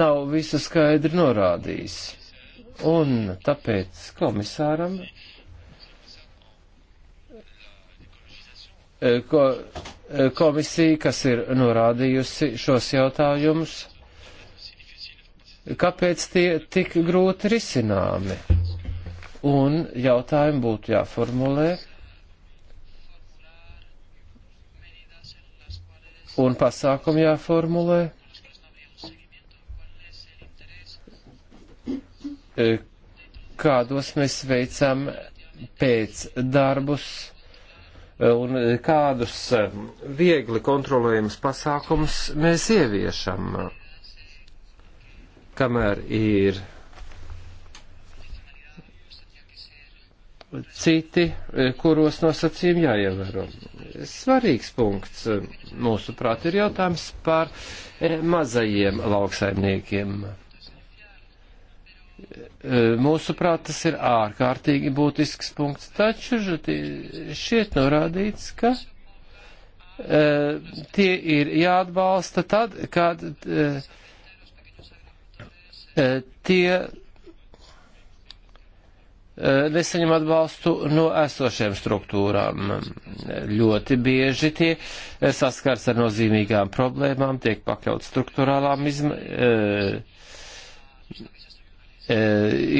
S2: nav visu skaidri norādījis. Un tāpēc komisāram ko, komisija, kas ir norādījusi šos jautājumus, kāpēc tie tik grūti risināmi. Un jautājumi būtu jāformulē. Un pasākumi jāformulē. Kādos mēs veicam pēc darbus un kādus eh, viegli kontrolējumus pasākumus mēs ieviešam, kamēr ir citi, eh, kuros nosacījumi jāievēro. Svarīgs punkts, eh, mūsuprāt, ir jautājums par mazajiem lauksaimniekiem E, mūsuprāt, tas ir ārkārtīgi būtisks punkts, taču šeit norādīts, ka e, tie ir jāatbalsta tad, kad e, tie nesaņem atbalstu no esošiem struktūrām. Ļoti bieži tie saskars ar nozīmīgām problēmām, tiek pakļaut struktūrālām izmaiņām E,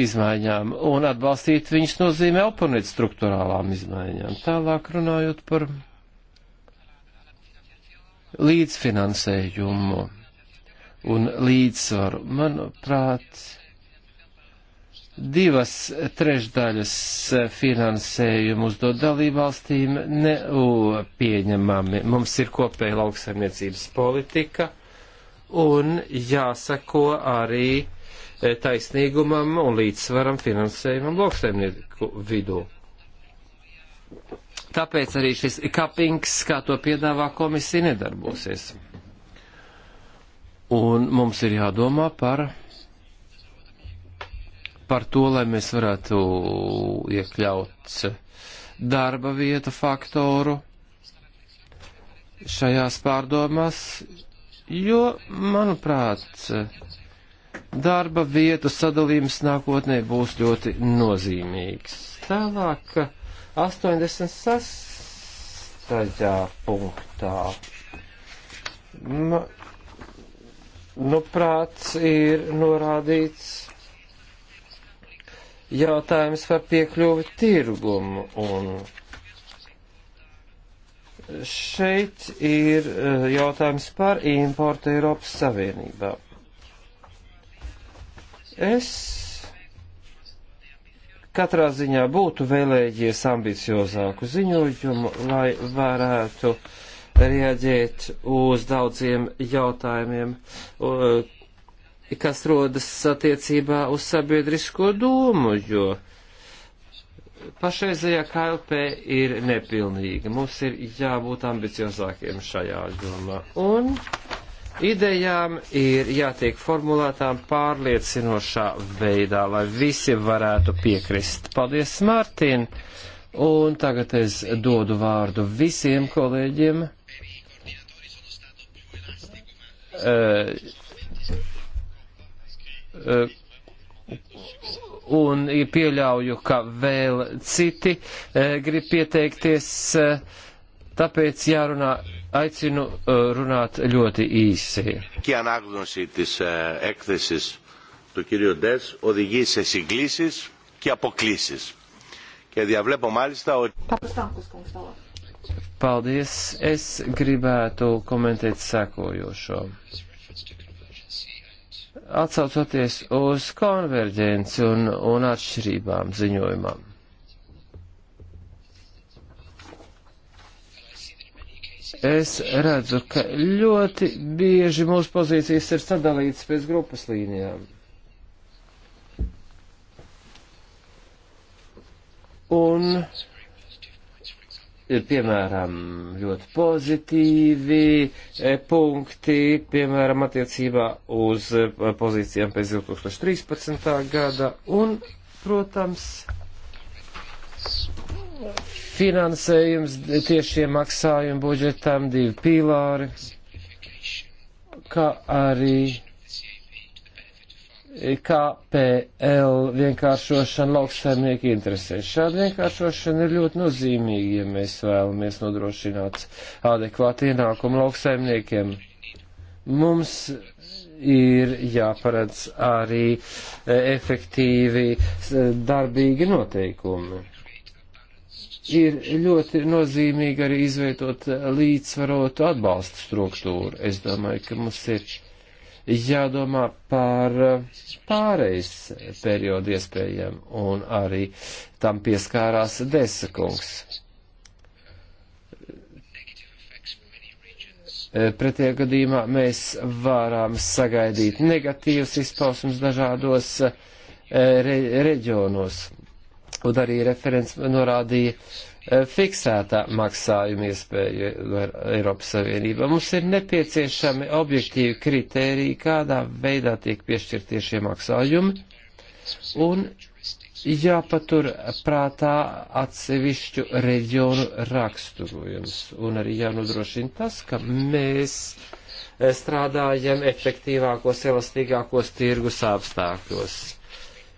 S2: izmaiņām un atbalstīt viņus nozīmē oponēt struktūrālām izmaiņām. Tālāk runājot par līdzfinansējumu un līdzsvaru, manuprāt, divas trešdaļas finansējumu uzdod dalībvalstīm neupieņemami. Mums ir kopēja lauksaimniecības politika un jāsako arī E, taisnīgumam un līdzsvaram finansējumam lauksaimnieku vidū. Tāpēc arī šis kapings, kā to piedāvā komisija, nedarbosies. Un mums ir jādomā par, par to, lai mēs varētu iekļaut darba vietu faktoru šajās pārdomās, jo, manuprāt, darba vietu sadalījums nākotnē būs ļoti nozīmīgs. Tālāk 86. punktā. Ma, nu, prāts ir norādīts jautājums par piekļuvi tirgumu un šeit ir eh, jautājums par importu Eiropas Savienībā. Es katrā ziņā būtu vēlējies ambiciozāku ziņojumu, lai varētu reaģēt uz daudziem jautājumiem, kas rodas attiecībā uz sabiedrisko domu, jo pašreizējā KLP ir nepilnīga. Mums ir jābūt ambiciozākiem šajā jomā. Un idejām ir jātiek formulētām pārliecinošā veidā, lai visi varētu piekrist. Paldies, Mārtiņ! Un tagad es dodu vārdu visiem kolēģiem. Uh, uh, un pieļauju, ka vēl citi uh, grib pieteikties, uh, tāpēc jārunā Aicinu uh, runāt ļoti īsi.
S1: Και ανάγνωση της έκθεσης του κυρίου Ντες οδηγεί σε συγκλήσεις και αποκλήσεις. Και διαβλέπω μάλιστα ότι...
S2: Paldies. Es gribētu komentēt sekojošo. Atsaucoties uz konverģenci un, un atšķirībām ziņojumam. es redzu, ka ļoti bieži mūsu pozīcijas ir sadalītas pēc grupas līnijām. Un ir piemēram ļoti pozitīvi e, punkti, piemēram, attiecībā uz e, pozīcijām pēc 2013. gada un, protams, finansējums tiešie maksājumi budžetam, divi pīlāri, kā arī KPL vienkāršošana lauksaimnieku interesēs. Šāda vienkāršošana ir ļoti nozīmīga, ja mēs vēlamies nodrošināt adekvātu ienākumu lauksaimniekiem. Mums ir jāparedz arī efektīvi darbīgi noteikumi ir ļoti nozīmīgi arī izveidot eh, līdzsvarotu atbalstu struktūru. Es domāju, ka mums ir jādomā par eh, pārejas periodu iespējām, un arī tam pieskārās desakungs. Eh, pretējā gadījumā mēs varam sagaidīt negatīvas izpausmes dažādos re reģionos ko darīja referents, norādīja e, fiksētā maksājuma iespēju Eiropas Savienībā. Mums ir nepieciešami objektīvi kritēriji, kādā veidā tiek piešķirtie šie maksājumi, un jāpatur prātā atsevišķu reģionu raksturojums, un arī jānodrošina tas, ka mēs e, strādājam efektīvākos, elastīgākos tirgus apstākļos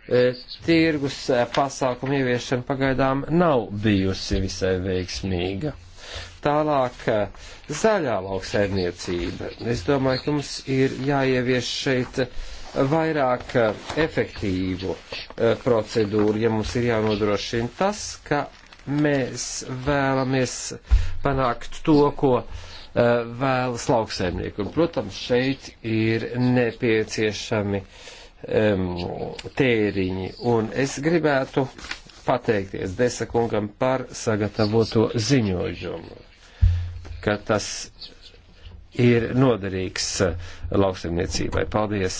S2: E, tirgus e, pasākumu ieviešana pagaidām nav bijusi visai veiksmīga. Tālāk e, zaļā lauksaimniecība. Es domāju, ka mums ir jāievieš šeit vairāk efektīvu procedūru, ja mums ir jānodrošina tas, ka mēs vēlamies panākt to, ko vēlas lauksaimnieku. Protams, šeit ir nepieciešami uh, um, tēriņi. Un es gribētu pateikties Desakungam par sagatavoto ziņojumu, ka tas ir noderīgs eh, lauksaimniecībai. Paldies!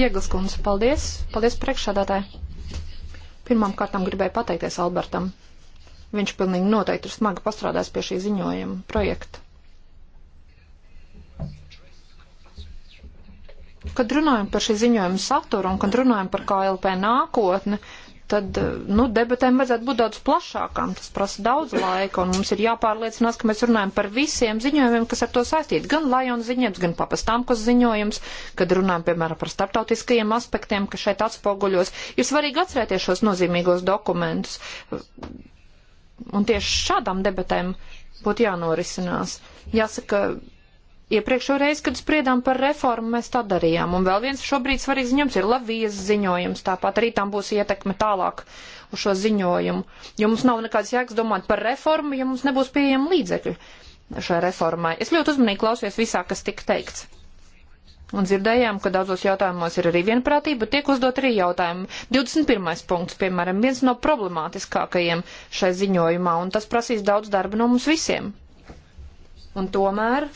S4: Jēglas kundze, paldies! Paldies priekšādātāji! Pirmām kārtām gribēju pateikties Albertam. Viņš pilnīgi noteikti ir smagi pastrādājis pie šī ziņojuma projekta. Kad runājam par šī ziņojuma saturu un kad runājam par KLP nākotni, tad, eh, nu, debatēm vajadzētu būt daudz plašākām. Tas prasa daudz laika, un mums ir jāpārliecinās, ka mēs runājam par visiem ziņojumiem, kas ar to saistīti. Gan Lajona ziņojums, gan papastām, kas ziņojums, kad runājam, piemēram, par starptautiskajiem aspektiem, kas šeit atspoguļos. Ir svarīgi atcerēties šos nozīmīgos dokumentus. Un tieši šādām debatēm būtu jānorisinās. Jāsaka, Iepriekšo reizi, kad spriedām par reformu, mēs tā darījām. Un vēl viens šobrīd svarīgs ziņojums ir Lavijas ziņojums. Tāpat arī tam būs ietekme tālāk uz šo ziņojumu. Jo mums nav nekādas jēgas domāt par reformu, ja mums nebūs pieejama līdzekļu šai reformai. Es ļoti uzmanīgi klausies visā, kas tika teikts. Un dzirdējām, ka daudzos jautājumos ir arī vienprātība, tiek uzdot arī jautājumi. 21. punkts, piemēram, viens no problemātiskākajiem šai ziņojumā, un tas prasīs daudz darba no mums visiem. Un tomēr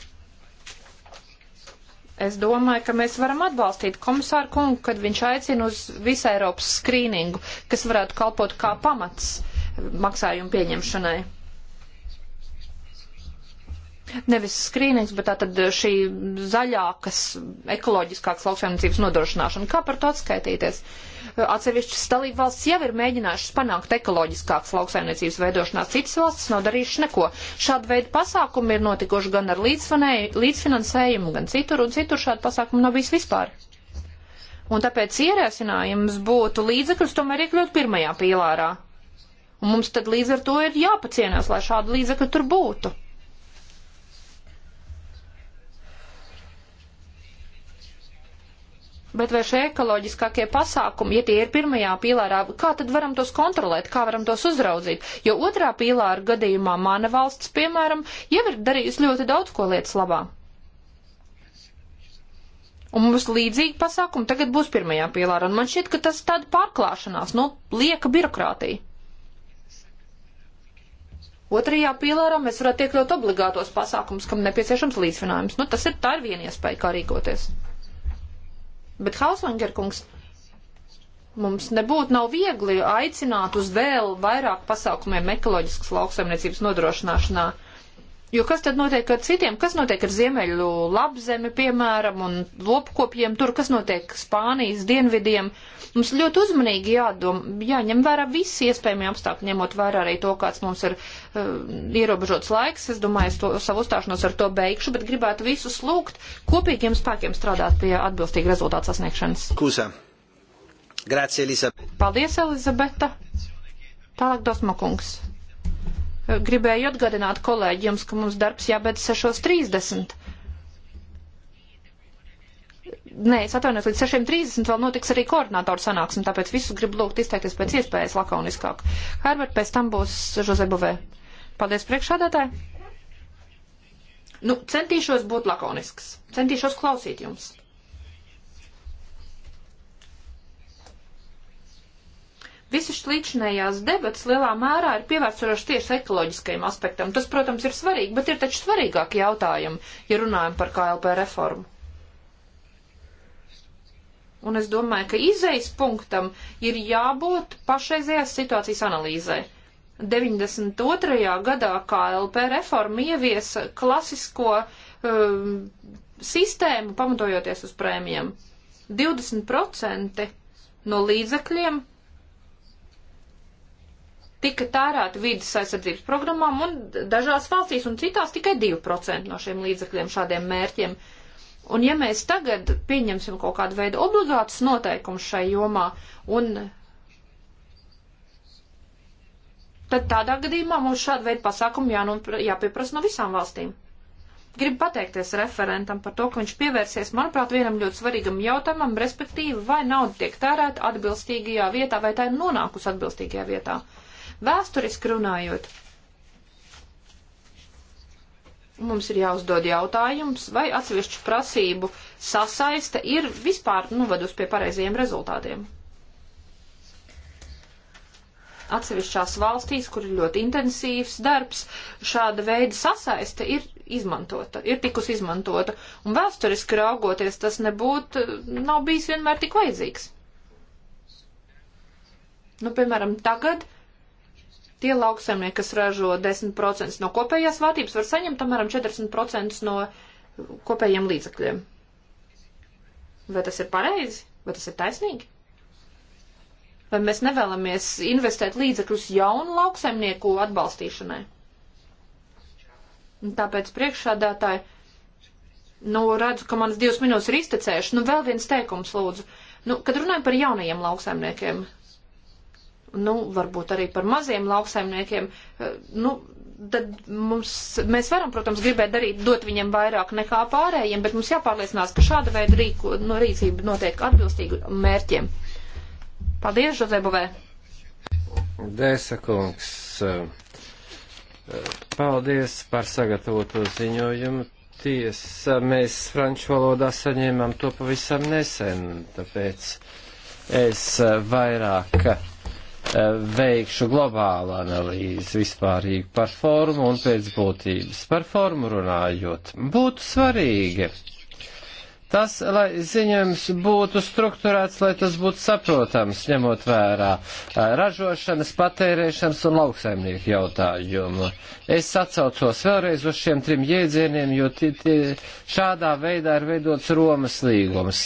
S4: Es domāju, ka mēs varam atbalstīt komisāru kungu, kad viņš aicina uz visu Eiropas skrīningu, kas varētu kalpot kā pamats maksājumu pieņemšanai nevis skrīnings, bet tātad šī zaļākas, ekoloģiskākas lauksaimniecības nodrošināšana. Kā par to atskaitīties? Atsevišķas dalība valsts jau ir mēģinājušas panākt ekoloģiskākas lauksaimniecības veidošanās, citas valstis nav darījušas neko. Šāda veida pasākumi ir notikuši gan ar līdzfinansējumu, gan citur, un citur šāda pasākuma nav bijis vispār. Un tāpēc ierosinājums būtu līdzekļus tomēr iekļūt pirmajā pīlārā. Un mums tad līdz ar to ir jāpacienās, lai šādi līdzekļi tur būtu. Bet vai šie ekoloģiskākie pasākumi, ja tie ir pirmajā pīlārā, kā tad varam tos kontrolēt, kā varam tos uzraudzīt? Jo otrā pīlāra gadījumā mana valsts, piemēram, jau ir darījusi ļoti daudz ko lietas labā. Un mums līdzīgi pasākumi tagad būs pirmajā pīlārā, un man šķiet, ka tas tāda pārklāšanās, nu, lieka birokrātija. Otrajā pīlārā mēs varētu iekļaut obligātos pasākumus, kam nepieciešams līdzfinājums. Nu, tas ir tā ir viena iespēja, kā rīkoties. Bet Hauslingerkungs mums nebūtu nav viegli aicināt uz vēl vairāk pasākumiem ekoloģiskas lauksaimniecības nodrošināšanā. Jo kas tad notiek ar citiem? Kas notiek ar ziemeļu labzemi, piemēram, un lopkopiem tur, kas notiek Spānijas dienvidiem? Mums ļoti uzmanīgi jādom, jāņem vērā visi iespējami apstākļi, ņemot vērā arī to, kāds mums ir uh, ierobežots laiks. Es domāju, es to, savu uzstāšanos ar to beigšu, bet gribētu visus lūgt kopīgiem spēkiem strādāt pie atbilstīga rezultāta sasniegšanas.
S1: Kusa. Grazie, Elizabete.
S4: Paldies, Elizabeta. Tālāk dosma kungs. Gribēju atgādināt kolēģiem, ka mums darbs jābeidz 6.30. Nē, es atvainojos, līdz 6.30 vēl notiks arī koordinātoru sanāksme, tāpēc visus gribu lūgt izteikties pēc iespējas lakoniskāk. Herbert, pēc tam būs Žozebovē. Paldies priekšādātāji! Nu, centīšos būt lakonisks, centīšos klausīt jums. Visas līdzinējās debats lielā mērā ir pievērsuroši tieši ekoloģiskajam aspektam. Tas, protams, ir svarīgi, bet ir taču svarīgāki jautājumi, ja runājam par KLP reformu. Un es domāju, ka izejas punktam ir jābūt pašreizējās situācijas analīzē. 92. gadā KLP reforma ieviesa klasisko um, sistēmu, pamatojoties uz prēmijām. 20% no līdzekļiem tika tērēti vidas aizsardzības programmām, un dažās valstīs un citās tikai 2% no šiem līdzekļiem šādiem mērķiem. Un ja mēs tagad pieņemsim kaut kādu veidu obligātus noteikumus šai jomā, un tad tādā gadījumā mums šādu veidu pasākumu jānum, jāpieprasa no visām valstīm. Gribu pateikties referentam par to, ka viņš pievērsies, manuprāt, vienam ļoti svarīgam jautājumam, respektīvi, vai nauda tiek tērēta atbilstīgajā vietā, vai tā ir nonākusi atbilstīgajā vietā. Uh, Vēsturiski runājot, mums ir jāuzdod jautājums, vai atsevišķu prasību sasaiste ir vispār nuvedus pie pareizajiem rezultātiem. Atsevišķās valstīs, kur ir ļoti intensīvs darbs, šāda veida sasaiste ir izmantota, ir tikus izmantota, un vēsturiski raugoties tas nebūtu, nav bijis vienmēr tik vajadzīgs. Nu, piemēram, tagad Tie lauksaimnieki, kas ražo 10% no kopējās vērtības, var saņemt apmēram 40% no kopējiem līdzekļiem. Vai tas ir pareizi? Vai tas ir taisnīgi? Vai mēs nevēlamies investēt līdzekļus jaunu lauksaimnieku atbalstīšanai? Un tāpēc priekšādātāji, nu, redzu, ka manas divas minūtes ir iztecējušas. Nu, vēl viens teikums, lūdzu. Nu, kad runājam par jaunajiem lauksaimniekiem, nu, varbūt arī par maziem lauksaimniekiem, eh, nu, tad mums, mēs varam, protams, gribēt darīt, dot viņiem vairāk nekā pārējiem, bet mums jāpārliecinās, ka šāda veida rīku, no nu, rīcība notiek atbilstīgi mērķiem. Paldies, Žozebovē!
S2: Dēsa kungs, paldies par sagatavoto ziņojumu. Tiesa, mēs franču valodā saņēmām to pavisam nesen, tāpēc es vairāk Eh, veikšu globālu analīzi vispārīgi par formu un pēc būtības. Par formu runājot, būtu svarīgi tas, lai ziņojums būtu strukturēts, lai tas būtu saprotams, ņemot vērā eh, ražošanas, patērēšanas un lauksaimnieku jautājumu. Es atsaucos vēlreiz uz šiem trim jēdzieniem, jo tie, tie, šādā veidā ir veidots Romas līgums.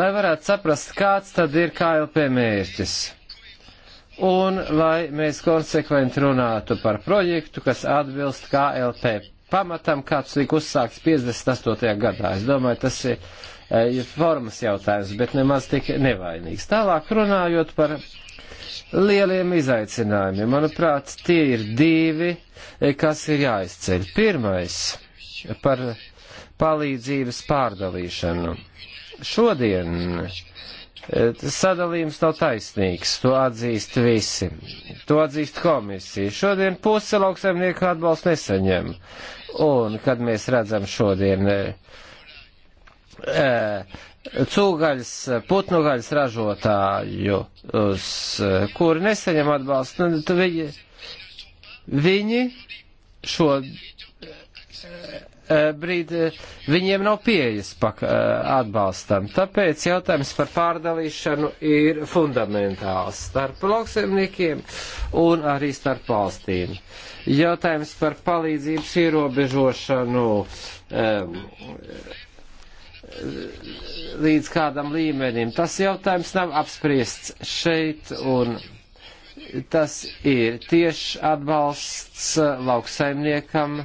S2: Lai varētu saprast, kāds tad ir KLP mērķis un lai mēs konsekventi runātu par projektu, kas atbilst KLP pamatam, kāds tika uzsākts 58. gadā. Es domāju, tas ir e, formas jautājums, bet nemaz tik nevainīgs. Tālāk runājot par lieliem izaicinājumiem, manuprāt, tie ir divi, eh, kas ir jāizceļ. Pirmais par palīdzības pārdalīšanu. Šodien sadalījums nav taisnīgs, to atzīst visi, to atzīst komisija. Šodien puse lauksaimnieku atbalstu nesaņem. Un, kad mēs redzam šodien e, cūgaļas, putnugaļas ražotāju, uz, eh, kuri nesaņem atbalstu, nu, viņi, viņi šo Eh, eh, brīdi eh, viņiem nav pieejas pak, atbalstam. Tāpēc jautājums par pārdalīšanu ir fundamentāls starp lauksaimniekiem un arī starp valstīm. Jautājums par palīdzības ierobežošanu um, līdz kādam līmenim. Tas jautājums nav apspriests šeit un tas ir tieši atbalsts lauksaimniekam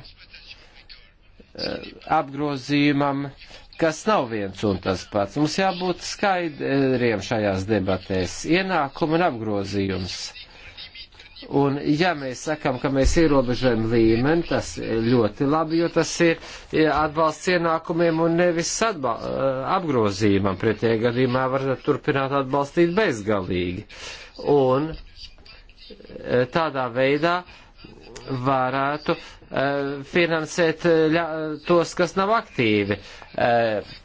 S2: Eh, apgrozījumam, kas nav viens un tas pats. Mums jābūt skaidriem šajās debatēs. Ienākuma un apgrozījums. Un ja mēs sakam, ka mēs ierobežojam līmeni, tas ļoti labi, jo tas ir atbalsts ienākumiem un nevis eh, apgrozījumam. Pretējā gadījumā var turpināt atbalstīt bezgalīgi. Un eh, tādā veidā uh, varētu eh, finansēt eh, tos, kas nav aktīvi. Eh,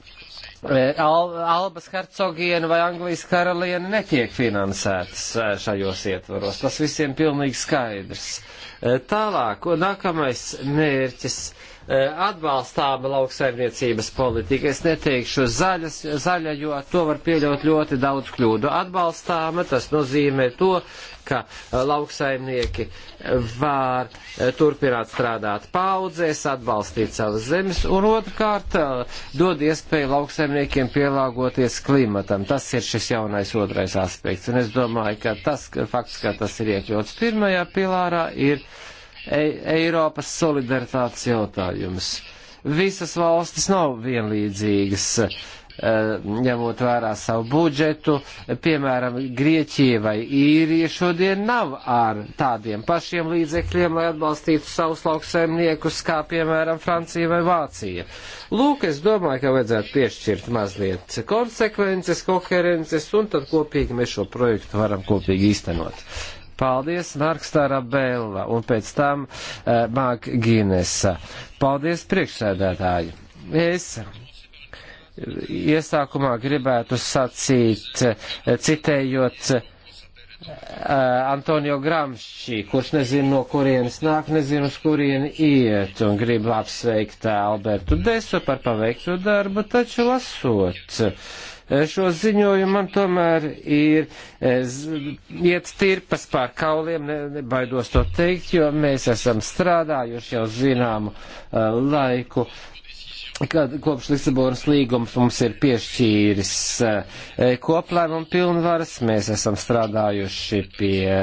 S2: Al Albas hercogiena vai Anglijas karaliene netiek finansētas šajos ietvaros. Tas visiem pilnīgi skaidrs. Tālāk, nākamais mērķis Eh, atbalstāma lauksaimniecības politika. Es neteikšu zaļas, zaļa, jo to var pieļaut ļoti daudz kļūdu. Atbalstāma tas nozīmē to, ka eh, lauksaimnieki var eh, turpināt strādāt paudzēs, atbalstīt savas zemes, un otrkārt dod iespēju lauksaimniekiem pielāgoties klimatam. Tas ir šis jaunais otrais aspekts, un es domāju, ka tas fakts, ka tas ir iekļauts pirmajā pilārā, ir Ei Eiropas solidaritātes jautājumus. Visas valstis nav vienlīdzīgas e, ņemot vērā savu budžetu. Piemēram, Grieķija vai Īrija šodien nav ar tādiem pašiem līdzekļiem, lai atbalstītu savus lauksaimniekus, kā piemēram Francija vai Vācija. Lūk, es domāju, ka vajadzētu piešķirt mazliet konsekvences, koherences, un tad kopīgi mēs šo projektu varam kopīgi īstenot. Paldies, Marks Tarabella, un pēc tam uh, eh, Māk Gīnesa. Paldies, priekšsēdētāji. Es eh, iesākumā gribētu sacīt, eh, citējot uh, Antonio Gramsci, kurš nezinu, no kurienes nāk, nezinu, uz kurieni iet, un gribu apsveikt Albertu Desu par paveikto darbu, taču lasot. Uh, Eh, šo ziņojumu, man tomēr ir eh, iet tirpas pār kauliem, ne, nebaidos to teikt, jo mēs esam strādājuši jau zināmu eh, laiku kad kopš Lisabonas līgums mums ir piešķīris eh, koplēmumu pilnvaras, mēs esam strādājuši pie,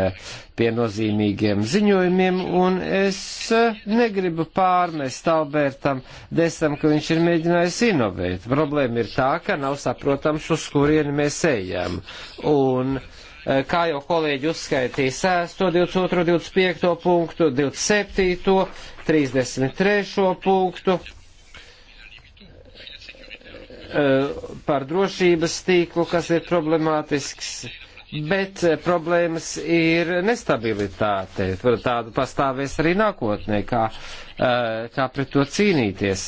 S2: pie nozīmīgiem ziņojumiem, un es eh, negribu pārmest Albertam Desam, ka viņš ir mēģinājis inovēt. Problēma ir tā, ka nav saprotams, uz kurieni mēs ejam. Un, eh, kā jau kolēģi uzskaitīja 6, 22, 25 punktu, 27, 33 punktu Eh, par drošības tīklu, kas ir problemātisks, bet eh, problēmas ir nestabilitāte. Tāda pastāvēs arī nākotnē, kā, eh, kā pret to cīnīties.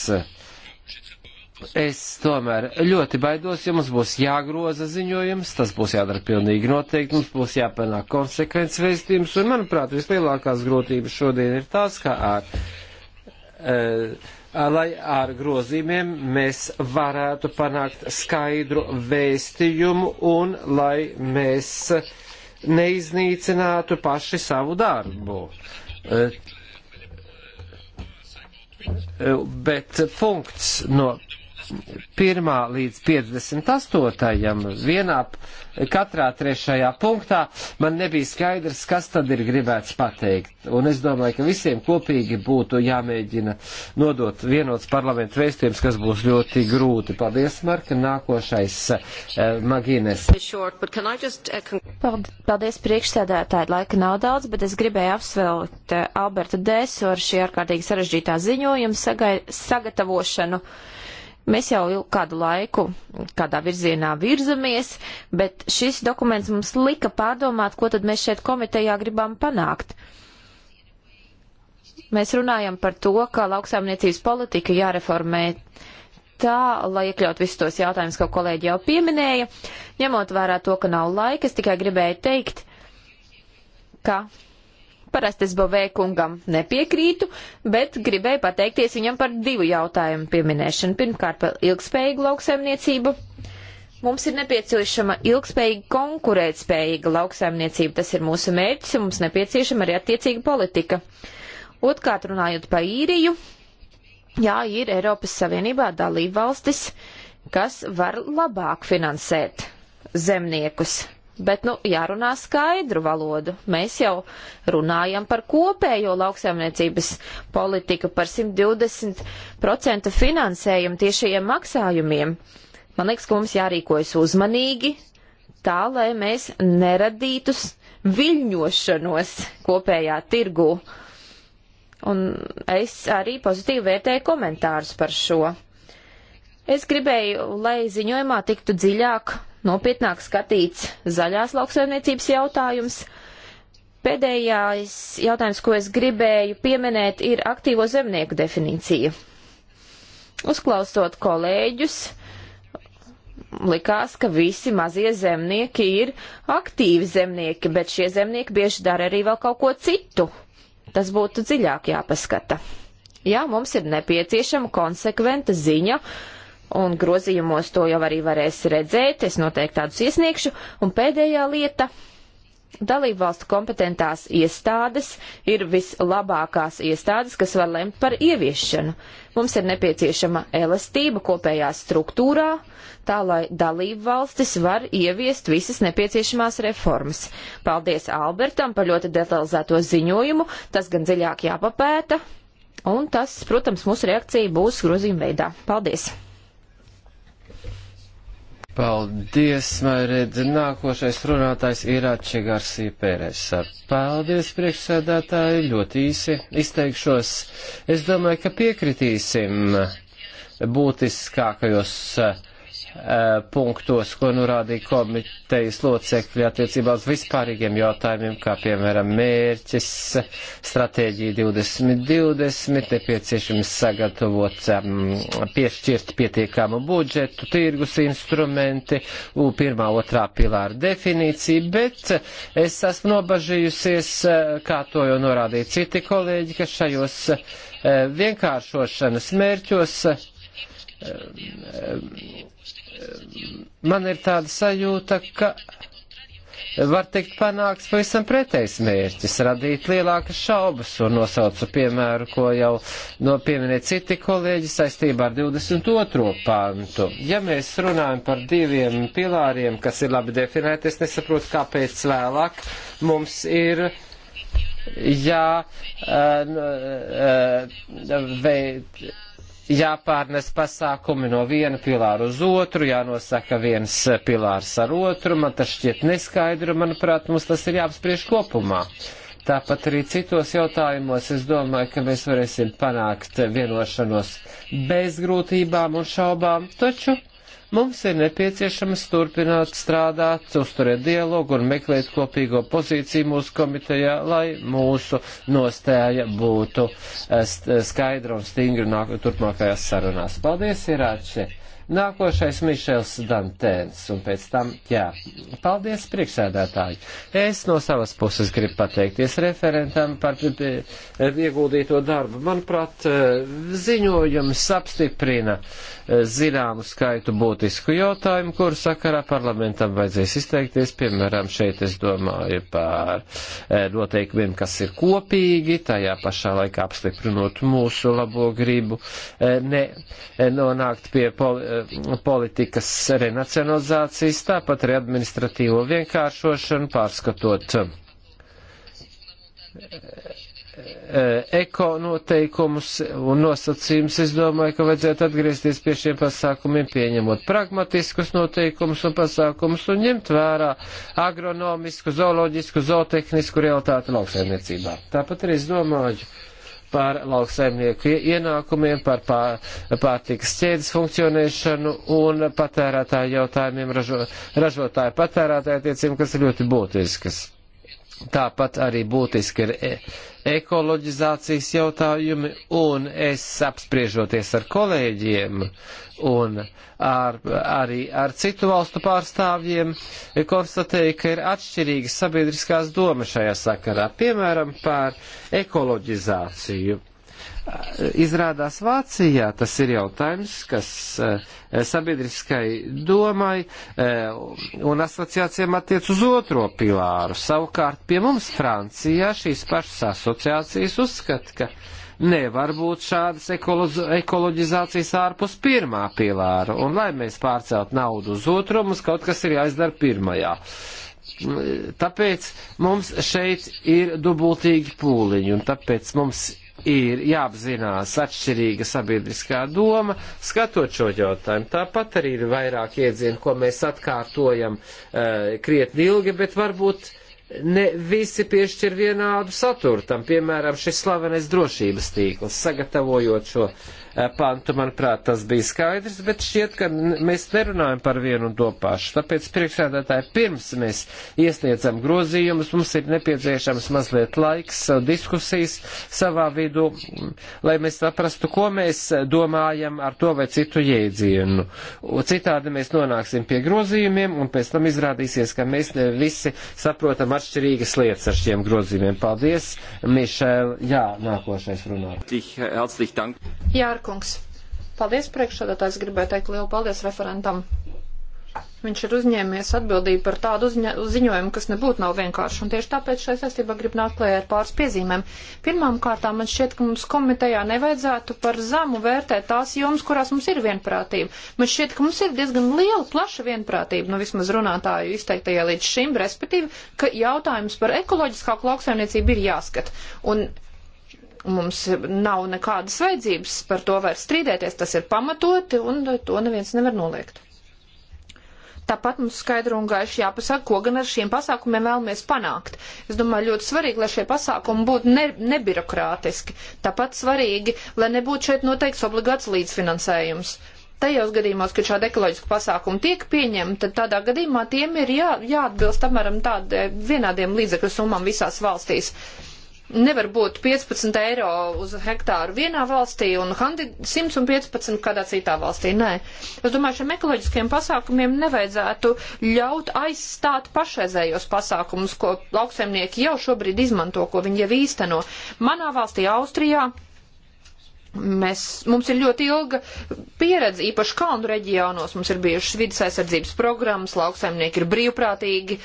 S2: Es tomēr ļoti baidos, ja mums būs jāgroza ziņojums, tas būs jādara pilnīgi noteikti, mums būs jāpanāk konsekvences veistījums, un, manuprāt, vislielākās grūtības šodien ir tās, kā ar. Uh, lai ar grozīmiem mēs varētu panākt skaidru vēstījumu un lai mēs neiznīcinātu paši savu darbu. Eh, eh, bet punkts no 1. līdz 58. vienā katrā trešajā punktā man nebija skaidrs, kas tad ir gribēts pateikt. Un es domāju, ka visiem kopīgi būtu jāmēģina nodot vienots parlamentu vēstījums, kas būs ļoti grūti. Paldies, Marka. Nākošais eh, Magīnes.
S3: Eh,
S5: paldies priekšsēdētāji. Laika nav daudz, bet es gribēju apsvelt eh, Alberta Desu ar šī ārkārtīgi sarežģītā ziņojuma sagatavošanu. Uh, Mēs jau kādu laiku kādā virzienā virzamies, bet šis dokuments mums lika pārdomāt, ko tad mēs šeit komitejā gribam panākt. Mēs runājam par to, ka lauksaimniecības politika jāreformē tā, lai iekļaut visus tos jautājumus, ko kolēģi jau pieminēja. Ņemot vērā to, ka nav laika, es tikai gribēju teikt, ka Parasti es Bovēkungam nepiekrītu, bet gribēju pateikties viņam par divu jautājumu pieminēšanu. Pirmkārt, par ilgspējīgu lauksaimniecību. Mums ir nepieciešama ilgspējīga konkurētspējīga lauksaimniecība. Tas ir mūsu mērķis un mums nepieciešama arī attiecīga politika. Otkārt, runājot par īriju, jā, ir Eiropas Savienībā dalība valstis, kas var labāk finansēt zemniekus Bet, nu, jārunā skaidru valodu. Mēs jau runājam par kopējo lauksaimniecības politiku, par 120% finansējumu tiešajiem maksājumiem. Man liekas, ka mums jārīkojas uzmanīgi, tā lai mēs neradītu viļņošanos kopējā tirgū. Un es arī pozitīvi vērtēju komentārus par šo. Es gribēju, lai ziņojumā tiktu dziļāk nopietnāk skatīts zaļās lauksaimniecības jautājums. Pēdējais jautājums, ko es gribēju pieminēt, ir aktīvo zemnieku definīcija. Uzklausot kolēģus, likās, ka visi mazie zemnieki ir aktīvi zemnieki, bet šie zemnieki bieži dara arī vēl kaut ko citu. Tas būtu dziļāk jāpaskata. Jā, mums ir nepieciešama konsekventa ziņa, uh, un grozījumos to jau arī varēs redzēt, es noteikti tādus iesniegšu. Un pēdējā lieta - dalībvalstu kompetentās iestādes ir vislabākās iestādes, kas var lemt par ieviešanu. Mums ir nepieciešama elastība kopējā struktūrā, tā lai dalībvalstis var ieviest visas nepieciešamās reformas. Paldies Albertam par ļoti detalizēto ziņojumu, tas gan dziļāk jāpapēta. Un tas, protams, mūsu reakcija būs grozījuma veidā. Paldies!
S2: Paldies, Maired. Nākošais runātājs ir Atšegarsī Pērēsa. Paldies, priekšsēdētāji, ļoti īsi izteikšos. Es domāju, ka piekritīsim būtiskākajos uh, Eh, punktos, ko norādīja komitejas locekļi attiecībā uz vispārīgiem jautājumiem, kā piemēram mērķis, stratēģija 2020, nepieciešams sagatavot, um, piešķirt pietiekamu budžetu, tirgus instrumenti, u, pirmā, otrā pilāra definīcija, bet es esmu nobažījusies, eh, kā to jau norādīja citi kolēģi, ka šajos uh, vienkāršošanas mērķos uh, uh, man ir tāda sajūta, ka var teikt panāks pavisam pretējs mērķis, radīt lielākas šaubas, un nosaucu piemēru, ko jau nopieminēja citi kolēģi saistībā ar 22. pantu. Ja mēs runājam par diviem pilāriem, kas ir labi definēti, es nesaprotu, kāpēc vēlāk mums ir jā, uh, eh, uh, uh, eh, veid, jāpārnes pasākumi no viena pilāra uz otru, jānosaka viens pilārs ar otru, man tas šķiet neskaidru, manuprāt, mums tas ir jāapspriež kopumā. Tāpat arī citos jautājumos es domāju, ka mēs varēsim panākt vienošanos bez grūtībām un šaubām, taču Mums ir nepieciešams turpināt strādāt, uzturēt dialogu un meklēt kopīgo pozīciju mūsu komitejā, lai mūsu nostāja būtu skaidra un stingra turpmākajās sarunās. Paldies, Irāče! Nākošais Mišels Dantēns un pēc tam, jā, paldies priekšsēdētāji. Es no savas puses gribu pateikties referentam par eh, ieguldīto darbu. Manuprāt, eh, ziņojums apstiprina eh, zināmu skaitu būtisku jautājumu, kuru sakarā parlamentam vajadzēs izteikties. Piemēram, šeit es domāju par noteikumiem, kas ir kopīgi, tajā pašā laikā apstiprinot mūsu labo gribu, ne nonākt pie poli politikas renacionalizācijas, tāpat arī administratīvo vienkāršošanu, pārskatot eh, eh, eko noteikumus un nosacījumus, es domāju, ka vajadzētu atgriezties pie šiem pasākumiem, pieņemot pragmatiskus noteikumus un pasākumus un ņemt vērā agronomisku, zooloģisku, zootehnisku realitāti lauksaimniecībā. Tāpat arī es domāju, par lauksaimnieku ienākumiem, par pār, pārtikas ķēdes funkcionēšanu un patērētāju jautājumiem, ražo, ražotāju patērētāju attiecībām, kas ir ļoti būtiskas. Tāpat arī būtiski ir e, ekoloģizācijas jautājumi, un es apspriežoties ar kolēģiem un ar, arī ar citu valstu pārstāvjiem, konstatēju, ka ir atšķirīgas sabiedriskās domas šajā sakarā, piemēram, par ekoloģizāciju izrādās Vācijā, tas ir jautājums, kas eh, sabiedriskai domai eh, un asociācijām attiec uz otro pilāru. Savukārt pie mums Francijā šīs pašas asociācijas uzskata, ka nevar būt šādas ekoloģizācijas ārpus pirmā pilāra. Un lai mēs pārcelt naudu uz otro, mums kaut kas ir jāizdara pirmajā. Tāpēc mums šeit ir dubultīgi pūliņi, un tāpēc mums ir jāapzinās atšķirīga sabiedriskā doma, skatot šo jautājumu. Tāpat arī ir vairāk iedzienu, ko mēs atkārtojam uh, krietni ilgi, bet varbūt ne visi piešķir vienādu saturu tam, piemēram, šis slavenais drošības tīkls, sagatavojot šo uh, Eh, pantu, manuprāt, tas bija skaidrs, bet šķiet, ka mēs nerunājam par vienu un to pašu. Tāpēc, priekšsēdētāji, pirms mēs iesniedzam grozījumus, mums ir nepieciešams mazliet laiks eh, diskusijas savā vidū, mm, lai mēs saprastu, ko mēs eh, domājam ar to vai citu jēdzienu. Citādi mēs nonāksim pie grozījumiem, un pēc tam izrādīsies, ka mēs visi saprotam atšķirīgas lietas ar šiem grozījumiem. Paldies, Mišēl. Jā, nākošais runā.
S4: Jā, ar Jārkungs. Paldies priekšsādātājs, gribēju teikt lielu paldies referentam. Viņš ir uzņēmies atbildību par tādu ziņojumu, kas nebūtu nav vienkārši, un tieši tāpēc šai saistībā grib nākt klējā ar pāris piezīmēm. Pirmām kārtām man šķiet, ka mums komitejā nevajadzētu par zemu vērtēt tās jomas, kurās mums ir vienprātība. Man šķiet, ka mums ir diezgan liela, plaša vienprātība, nu vismaz runātāju izteiktajā līdz šim, respektīvi, ka jautājums par ekoloģiskāku lauksaimniecību ir jāskat. Un Mums nav nekādas vajadzības par to vairs strīdēties, tas ir pamatoti un to neviens nevar noliegt. Tāpat mums skaidri un gaiši jāpasaka, ko gan ar šiem pasākumiem vēlamies panākt. Es domāju, ļoti svarīgi, lai šie pasākumi būtu ne, nebirokrātiski. Tāpat svarīgi, lai nebūtu šeit noteikts obligāts līdzfinansējums. Tajos gadījumos, kad šādi ekoloģiski pasākumi tiek pieņemti, tad tādā gadījumā tiem ir jā, jāatbilst apmēram tādiem vienādiem līdzekļu summām visās valstīs. Uh, nevar būt 15 eiro uz hektāru vienā valstī un 115 kādā citā valstī. Nē. Es domāju, šiem ekoloģiskiem pasākumiem nevajadzētu ļaut aizstāt pašreizējos pasākumus, ko lauksaimnieki jau šobrīd izmanto, ko viņi jau īsteno. Manā valstī, Austrijā, Mēs, mums ir ļoti ilga pieredze, īpaši kalnu reģionos. Mums ir bijušas vidas aizsardzības programmas, lauksaimnieki ir brīvprātīgi e,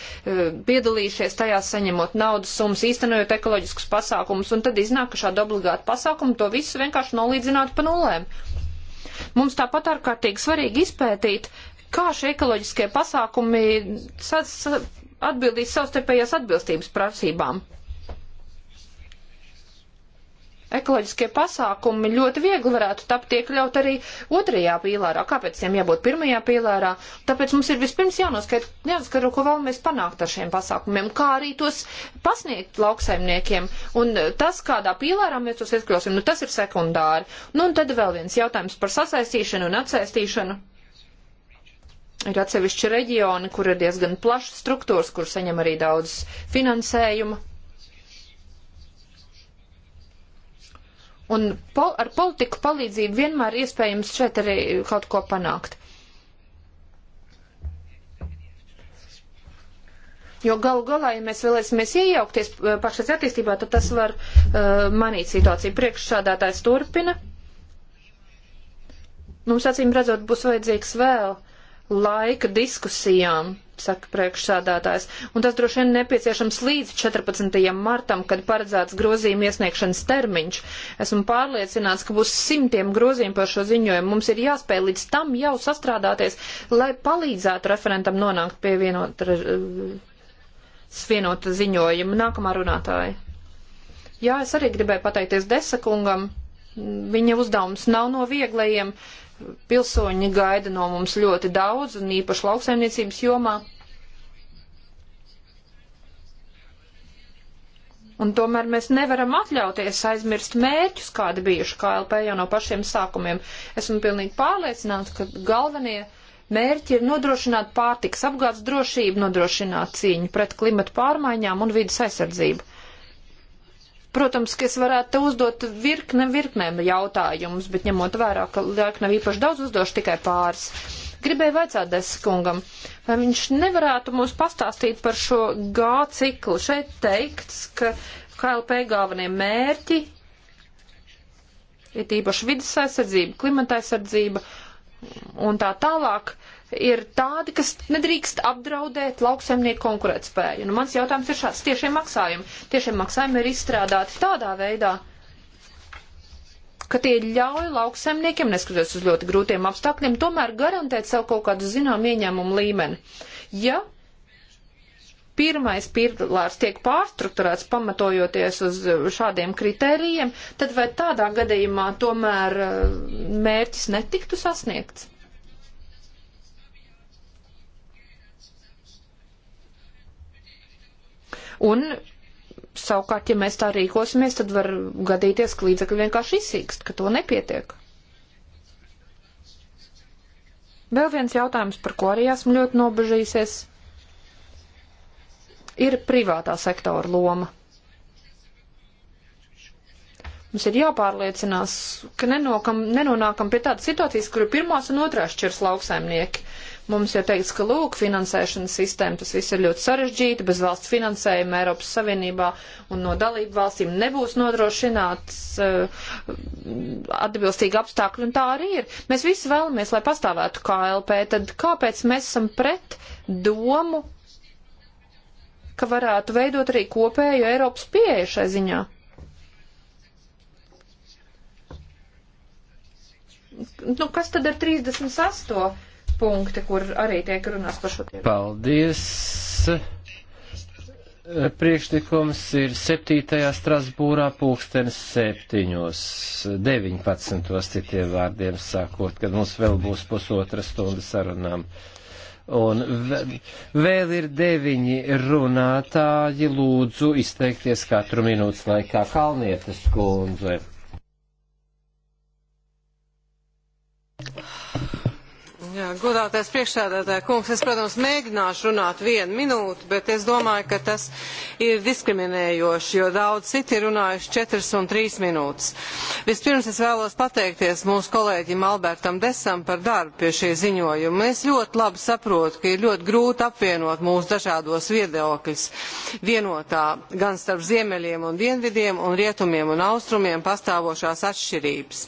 S4: piedalījušies tajās, saņemot naudas summas, īstenojot ekoloģiskus pasākumus, un tad iznāk, ka šāda obligāta pasākuma to visu vienkārši nolīdzinātu pa nulēm. Mums tāpat ārkārtīgi svarīgi izpētīt, kā šie ekoloģiskie pasākumi atbildīs savstarpējās atbilstības prasībām ekoloģiskie pasākumi ļoti viegli varētu tapt iekļaut arī otrajā pīlārā. Kāpēc tiem jābūt pirmajā pīlārā? Tāpēc mums ir vispirms jānoskaidro, ko vēlamies panākt ar šiem pasākumiem, kā arī tos pasniegt lauksaimniekiem. Un e, tas, kādā pīlārā mēs tos iekļausim, nu tas ir sekundāri. Nu un tad vēl viens jautājums par sasaistīšanu un atsaistīšanu. Ir atsevišķi reģioni, kur ir diezgan plašas struktūras, kur saņem arī daudz finansējumu Un pol ar politiku palīdzību vienmēr iespējams šeit arī kaut ko panākt. Jo galu galā, ja mēs vēlēsimies iejaukties eh, pašas attīstībā, tad tas var uh, eh, manīt situāciju. Priekšsādātājs turpina. Mums acīm redzot būs vajadzīgs vēl laika diskusijām, saka priekšsādātājs, un tas droši vien nepieciešams līdz 14. martam, kad paredzēts grozījuma iesniegšanas termiņš. Esmu pārliecināts, ka būs simtiem grozījumu par šo ziņojumu. Mums ir jāspēj līdz tam jau sastrādāties, lai palīdzētu referentam nonākt pie vienot, svienota ziņojuma. Nākamā runātāja. Jā, es arī gribēju pateikties Desakungam. Viņa uzdevums nav no vieglajiem. Uh, Pilsoņi gaida no mums ļoti daudz, un īpaši lauksaimniecības jomā. Un tomēr mēs nevaram atļauties aizmirst mērķus, kādi bijuši KLP jau no pašiem sākumiem. Esmu pilnīgi pārliecināts, ka galvenie mērķi ir nodrošināt pārtiks apgādes drošību, nodrošināt cīņu pret klimatu pārmaiņām un vidas aizsardzību. Protams, ka es varētu uzdot virkne virknēm jautājumus, bet ņemot vērā, ka laika nav īpaši daudz, uzdošu tikai pāris. Gribēju vaicāt Deskungam, vai viņš nevarētu mums pastāstīt par šo G ciklu. Šeit teikts, ka KLP galvenie mērķi ir īpaši vidas aizsardzība, klimata aizsardzība un tā tālāk ir tādi, kas nedrīkst apdraudēt lauksaimnieku konkurētspēju. Nu, mans jautājums ir šāds. Tiešie maksājumi. Tiešie maksājumi ir izstrādāti tādā veidā, ka tie ļauj lauksaimniekiem, neskatoties uz ļoti grūtiem apstākļiem, tomēr garantēt savu kaut kādu zinām ieņēmumu līmeni. Ja pirmais pīlārs tiek pārstrukturēts pamatojoties uz šādiem kritērijiem, tad vai tādā gadījumā tomēr eh, mērķis netiktu sasniegts? Un savukārt, ja mēs tā rīkosimies, tad var gadīties, ka līdzekļi vienkārši izsīkst, ka to nepietiek. Vēl viens jautājums, par ko arī esmu ļoti nobežījusies, ir privātā sektora loma. Mums ir jāpārliecinās, ka nenokam, nenonākam pie tādas situācijas, kur ir pirmās un otrās šķirs lauksaimnieki. Uh, Mums jau teica, ka lūk, finansēšanas sistēma tas viss ir ļoti sarežģīti, bez valsts finansējuma Eiropas Savienībā un no dalību valstīm nebūs nodrošināts uh, atbilstīgi apstākļi, un tā arī ir. Mēs visi vēlamies, lai pastāvētu KLP, tad kāpēc mēs esam pret domu, ka varētu veidot arī kopēju Eiropas pieeju šai ziņā? nu, kas tad ar 38? punkti, kur arī tiek runāts par šo tēmu.
S2: Paldies! Priekšlikums ir 7. Strasbūrā pulkstenes 7. 19. citiem vārdiem sākot, kad mums vēl būs pusotra stunda sarunām. Un vēl ir deviņi runātāji, lūdzu izteikties katru minūtes laikā Kalnietes kundze.
S3: Jā, godātais priekšsēdētāja kungs, es, protams, mēģināšu runāt vienu minūtu, bet es domāju, ka tas ir diskriminējoši, jo daudz citi ir runājuši četras un trīs minūtes. Vispirms es vēlos pateikties mūsu kolēģim Albertam Desam par darbu pie šī ziņojuma. Es ļoti labi saprotu, ka ir ļoti grūti apvienot mūsu dažādos viedokļus vienotā gan starp ziemeļiem un dienvidiem un rietumiem un austrumiem pastāvošās atšķirības.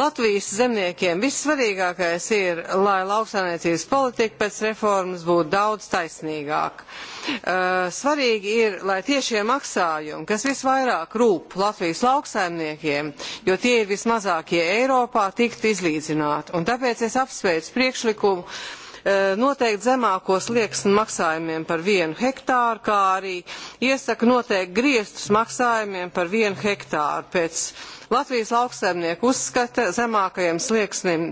S3: Latvijas zemniekiem vissvarīgākais ir, lai lauksaimniecības politika pēc reformas būtu daudz taisnīgāka. Eh, svarīgi ir, lai tiešie maksājumi, kas visvairāk rūp Latvijas lauksaimniekiem, jo tie ir vismazākie Eiropā, tiktu izlīdzināti. Un tāpēc es apsveicu priekšlikumu Eh, noteikt zemākos lieksni maksājumiem par vienu hektāru, kā arī iesaka noteikt griestus maksājumiem par vienu hektāru pēc Latvijas lauksaimnieku uzskata zemākajam slieksnim,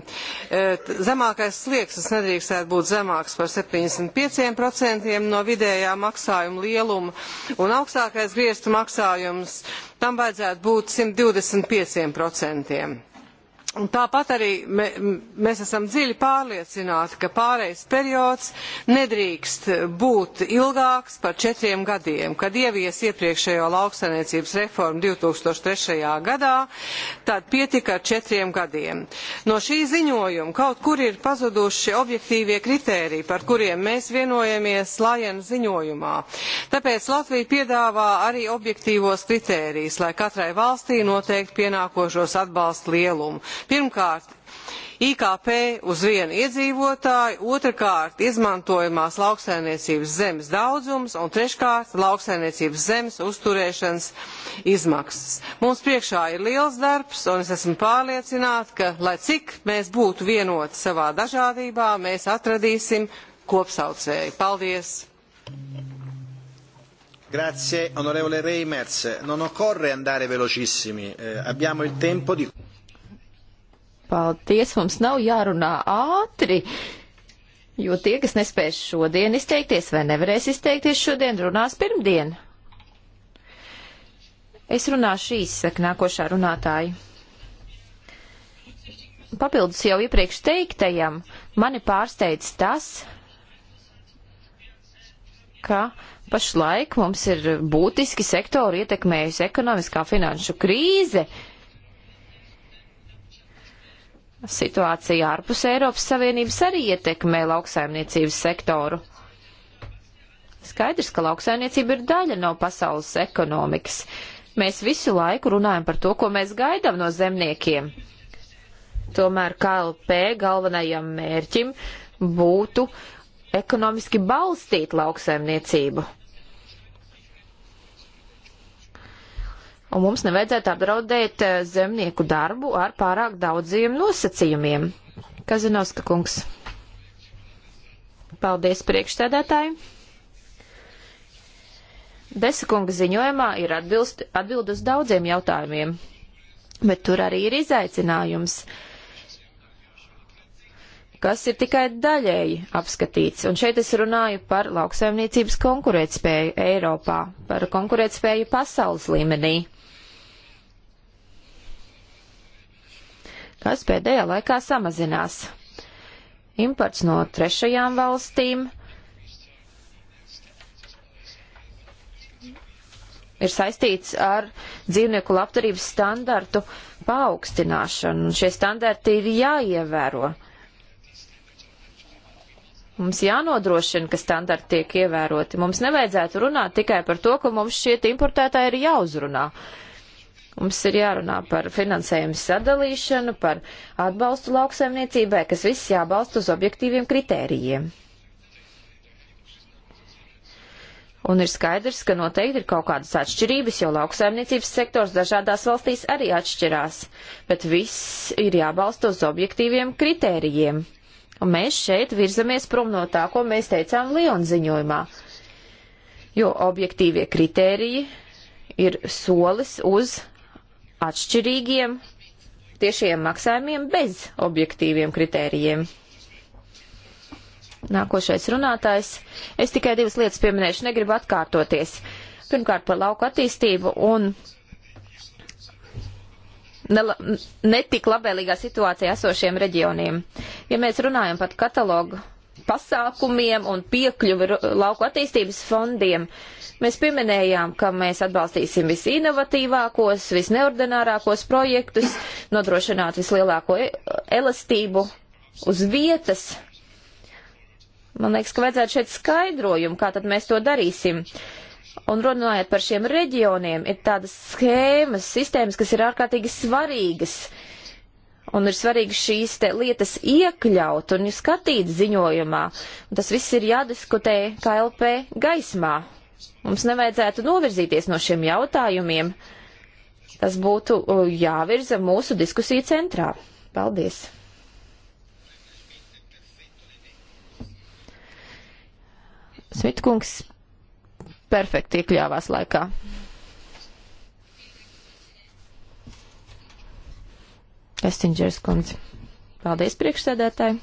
S3: eh, zemākais slieksnis nedrīkstētu būt zemāks par 75% no vidējā maksājuma lieluma, un augstākais griestu maksājums tam vajadzētu būt 125%. Un tāpat arī me, mēs esam dziļi pārliecināti, ka pārejas periods nedrīkst būt ilgāks par četriem gadiem. Kad ievies iepriekšējo lauksainiecības reformu 2003. gadā, tad pietika ar četriem gadiem. No šī ziņojuma kaut kur ir pazuduši objektīvie kritēriji, par kuriem mēs vienojamies Lajena ziņojumā. Tāpēc Latvija piedāvā arī objektīvos kritērijus, lai katrai valstī noteikti pienākošos atbalsta lielumu Pirmkārt, IKP uz vienu iedzīvotāju, otrkārt izmantojamās lauksainiecības zemes daudzums un treškārt lauksainiecības zemes uzturēšanas izmaksas. Mums priekšā ir liels darbs un es esmu pārliecināta, ka lai cik mēs būtu vienoti savā dažādībā, mēs atradīsim
S1: kopsaucēju. Paldies! Grazie onorevole Reimers, non occorre andare velocissimi, eh, abbiamo il tempo di...
S5: Paldies, mums nav jārunā ātri. Jo tie, kas nespēs šodien izteikties vai nevarēs izteikties šodien, runās pirmdien. Es runāšu īsi, saka nākošā runātāja. Papildus jau iepriekš teiktajam, mani pārsteidz tas, ka pašlaik mums ir būtiski sektori ietekmējusi ekonomiskā finanšu krīze. Uh, situācija ārpus Eiropas Savienības arī ietekmē lauksaimniecības sektoru. Skaidrs, ka lauksaimniecība ir daļa no pasaules ekonomikas. Mēs visu laiku runājam par to, ko mēs gaidām no zemniekiem. Tomēr KLP galvenajam mērķim būtu ekonomiski balstīt lauksaimniecību. un mums nevajadzētu apdraudēt eh, zemnieku darbu ar pārāk daudziem nosacījumiem. Kazinovska kungs. Paldies priekšstādātāji. Desakunga ziņojumā ir atbilst, atbild uz daudziem jautājumiem, bet tur arī ir izaicinājums, kas ir tikai daļēji apskatīts. Un šeit es runāju par lauksaimniecības konkurētspēju Eiropā, par konkurētspēju pasaules līmenī. kas pēdējā laikā samazinās. Imports no trešajām valstīm ir saistīts ar dzīvnieku labturības standartu paaugstināšanu, un šie standarti ir jāievēro. Mums jānodrošina, ka standarti tiek ievēroti. Mums nevajadzētu runāt tikai par to, ka mums šie importētāji ir jāuzrunā. Uh, Mums ir jārunā par finansējumu sadalīšanu, par atbalstu lauksaimniecībai, kas viss jābalsta uz objektīviem kritērijiem. Un ir skaidrs, ka noteikti ir kaut kādas atšķirības, jo lauksaimniecības sektors dažādās valstīs arī atšķirās, bet viss ir jābalsta uz objektīviem kritērijiem. Un mēs šeit virzamies prom no tā, ko mēs teicām Lionziņojumā, jo objektīvie kritēriji ir solis uz atšķirīgiem tiešiem maksājumiem bez objektīviem kritērijiem. Nākošais runātājs. Es tikai divas lietas pieminēšu, negribu atkārtoties. Pirmkārt par lauku attīstību un netik labvēlīgā situācijā esošiem reģioniem. Ja mēs runājam par katalogu pasākumiem un piekļuvi lauku attīstības fondiem, uh, Mēs pieminējām, ka mēs atbalstīsim visinovatīvākos, visneordinārākos projektus, nodrošināt vislielāko e- elastību uz vietas. Man liekas, ka vajadzētu šeit skaidrojumu, kā tad mēs to darīsim. Un runājot par šiem reģioniem, ir tādas schēmas, sistēmas, kas ir ārkārtīgi svarīgas. Un ir svarīgi šīs lietas iekļaut un skatīt ziņojumā. Un tas viss ir jādiskutē KLP gaismā. Mums nevajadzētu novirzīties no šiem jautājumiem. Tas būtu jāvirza mūsu diskusiju centrā. Paldies! Smitkungs perfekti iekļāvās laikā. Pestinģers kundze. Paldies priekšsēdētāji!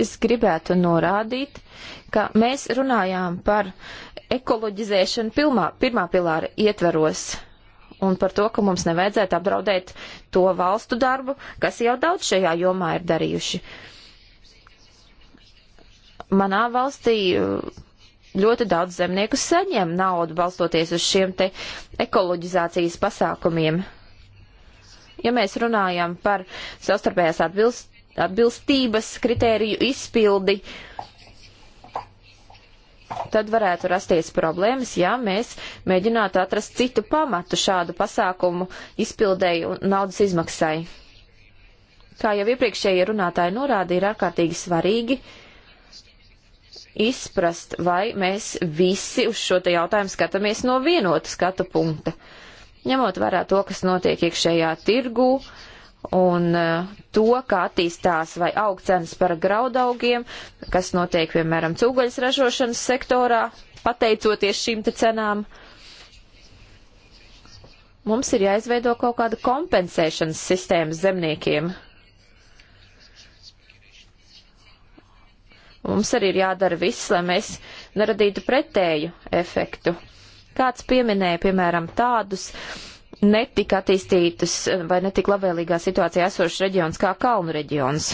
S5: es gribētu norādīt, ka mēs runājām par ekoloģizēšanu pilmā, pirmā pilāra ietveros un par to, ka mums nevajadzētu apdraudēt to valstu darbu, kas jau daudz šajā jomā ir darījuši. Manā valstī uh, ļoti daudz zemnieku saņem naudu balstoties uz šiem te ekoloģizācijas pasākumiem. Ja mēs runājam par savstarpējās atbilst, atbilstības kritēriju izpildi, tad varētu rasties problēmas, ja mēs mēģinātu atrast citu pamatu šādu pasākumu izpildēju un naudas izmaksai. Kā jau iepriekšējie runātāji norāda, ir ārkārtīgi svarīgi izprast, vai mēs visi uz šo te jautājumu skatāmies no vienota skatu punkta. Ņemot vērā to, kas notiek iekšējā tirgū, uh, un e, to, kā attīstās vai aug cenas par graudaugiem, kas notiek, piemēram, cūgaļas ražošanas sektorā, pateicoties šīm te cenām. Mums ir jāizveido kaut kāda kompensēšanas sistēma zemniekiem. Mums arī ir jādara viss, lai mēs neradītu pretēju efektu. Kāds pieminēja, piemēram, tādus uh, netika attīstītas eh, vai netika labvēlīgā situācijā esošas reģions kā kalnu reģions.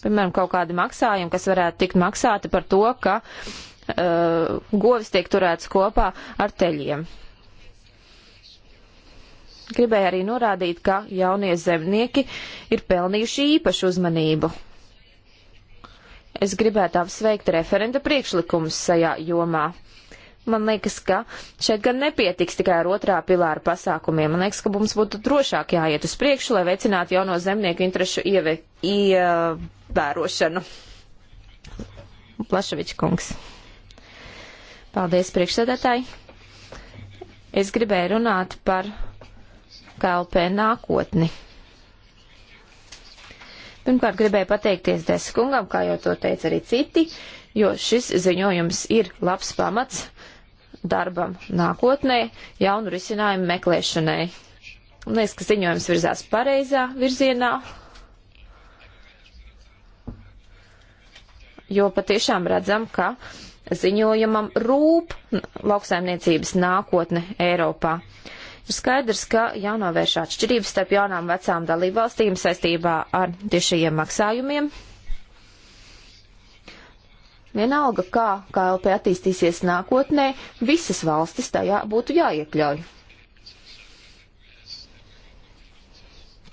S5: Piemēram, kaut kādi maksājumi, kas varētu tikt maksāti par to, ka uh, govis tiek turēts kopā ar teļiem. Gribēju arī norādīt, ka jaunie zemnieki ir pelnījuši īpašu uzmanību. Es gribētu apsveikt referenta priekšlikumus šajā jomā man liekas, ka šeit gan nepietiks tikai ar otrā pilāra pasākumiem. Man liekas, ka mums būtu drošāk jāiet uz priekšu, lai veicinātu jauno zemnieku interešu ieve, ievērošanu. Plaševičs kungs. Paldies, priekšsēdētāji. Es gribēju runāt par KLP nākotni. Pirmkārt, gribēju pateikties Deskungam, kā jau to teica arī citi, jo šis ziņojums ir labs pamats darbam nākotnē, jaunu risinājumu meklēšanai. Un liekas, ka ziņojums virzās pareizā virzienā, jo patiešām redzam, ka ziņojumam rūp lauksaimniecības nākotne Eiropā. Ir skaidrs, ka jānovērš atšķirības starp jaunām vecām dalībvalstīm saistībā ar tiešajiem maksājumiem, Vienalga, kā KLP attīstīsies nākotnē, visas valstis tajā būtu jāiekļauj.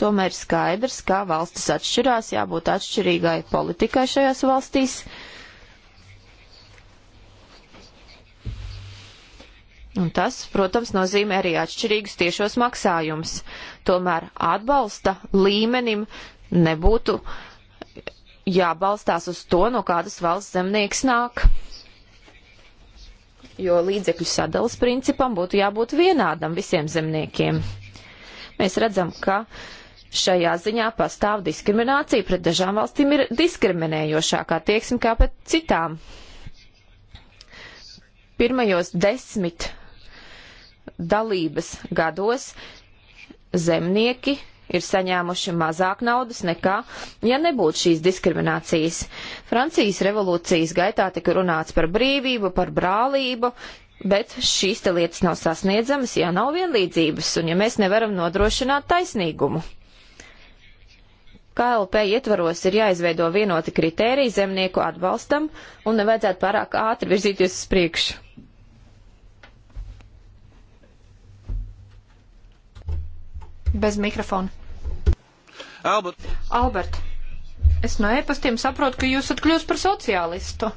S5: Tomēr skaidrs, kā valstis atšķirās, jābūt atšķirīgai politikai šajās valstīs. Un tas, protams, nozīmē arī atšķirīgus tiešos maksājumus. Tomēr atbalsta līmenim nebūtu uh, jābalstās uz to, no kādas valsts zemnieks nāk. Jo līdzekļu sadalas principam būtu jābūt vienādam visiem zemniekiem. Mēs redzam, ka šajā ziņā pastāv diskriminācija pret dažām valstīm ir diskriminējošākā tieksme kā pret citām. Pirmajos desmit dalības gados zemnieki ir saņēmuši mazāk naudas nekā, ja nebūtu šīs diskriminācijas. Francijas revolūcijas gaitā tika runāts par brīvību, par brālību, bet šīs te lietas nav sasniedzamas, ja nav vienlīdzības un ja mēs nevaram nodrošināt taisnīgumu. KLP ietvaros ir jāizveido vienoti kritēriji zemnieku atbalstam un nevajadzētu pārāk ātri virzīties uz priekšu.
S4: Bez mikrofona. Albert. Albert, es no e-pastiem saprotu, ka jūs atkļūst par sociālistu.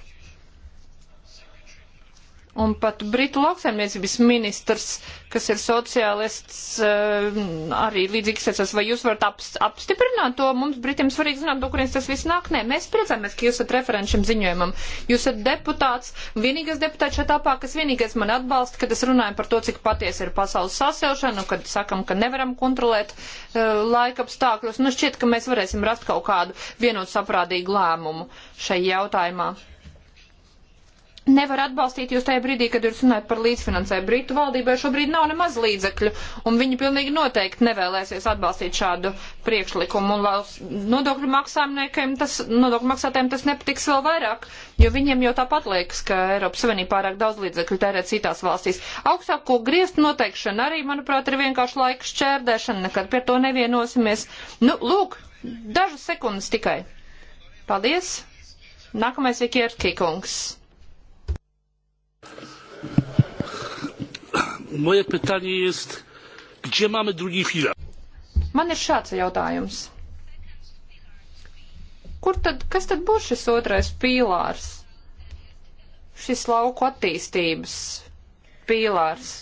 S4: Un pat Britu lauksaimniecības ministrs, kas ir sociālists, eh, arī līdzīgi sacās, vai jūs varat apstiprināt to? Mums Britiem svarīgi zināt, no kurienes tas viss nāk. Nē, mēs priecāmies, ka jūs esat referents šim ziņojumam. Jūs esat deputāts, vienīgais deputāts šeit apā, kas vienīgais man atbalsta, kad es runāju par to, cik patiesi ir pasaules sasilšana, kad sakam, ka nevaram kontrolēt uh, laika apstākļus. Nu, šķiet, ka mēs varēsim rast kaut kādu vienotu saprādīgu lēmumu šai jautājumā nevar atbalstīt jūs tajā brīdī, kad jūs runājat par līdzfinansēju. Britu valdībai šobrīd nav nemaz līdzekļu, un viņi pilnīgi noteikti nevēlēsies atbalstīt šādu priekšlikumu. Un nodokļu maksājumniekiem tas, nodokļu maksātājiem tas nepatiks vēl vairāk, jo viņiem jau tāpat liekas, ka Eiropas Savienība pārāk daudz līdzekļu tērē citās valstīs. Augstāko griestu noteikšana arī, manuprāt, ir vienkārši laika šķērdēšana, nekad pie to nevienosimies. Nu, lūk, dažas sekundes tikai. Paldies! Nākamais ir Kierkekungs.
S1: Moje pytanie jest, gdzie mamy drugi filar?
S4: Man ir šāds jautājums. Kur tad, kas tad būs šis otrais pīlārs? Šis lauku attīstības pīlārs.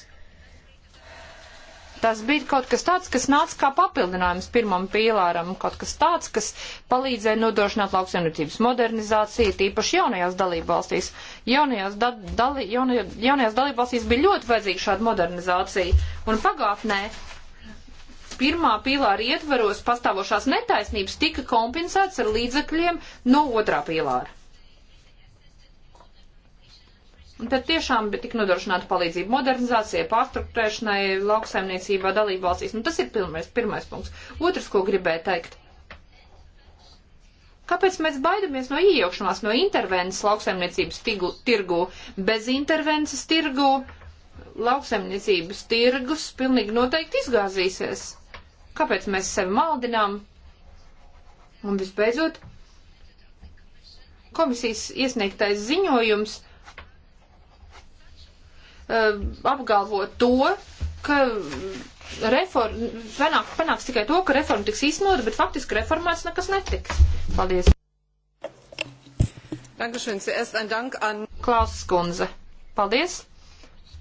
S4: Tas bija kaut kas tāds, kas nāca kā papildinājums pirmam pīlāram, kaut kas tāds, kas palīdzēja nodrošināt lauksaimniecības modernizāciju, tīpaši jaunajās dalībvalstīs. Jaunajās, da, dali, jaunajā, jaunajās dalībvalstīs bija ļoti vajadzīga šāda modernizācija, un pagātnē pirmā pīlāra ietveros pastāvošās netaisnības tika kompensēts ar līdzekļiem no otrā pīlāra. Un tad tiešām tik nodrošināta palīdzība modernizācijai, pārstruktūrēšanai, lauksaimniecībā, dalībvalstīs. Un nu, tas ir pirmais, pirmais punkts. Otrs, ko gribēju teikt. Kāpēc mēs baidamies no iejaukšanās, no intervences lauksaimniecības tigu, tirgu? Bez intervences tirgu lauksaimniecības tirgus pilnīgi noteikti izgāzīsies. Kāpēc mēs sevi maldinām? Un visbeidzot, komisijas iesniegtais ziņojums Eh, apgalvot to, ka reforma, panāks, panāks tikai to, ka reforma tiks īstenota, bet faktiski reformēts nekas netiks. Paldies. Dankeschön. Zuerst ein Dank an Klaus Kunze. Paldies.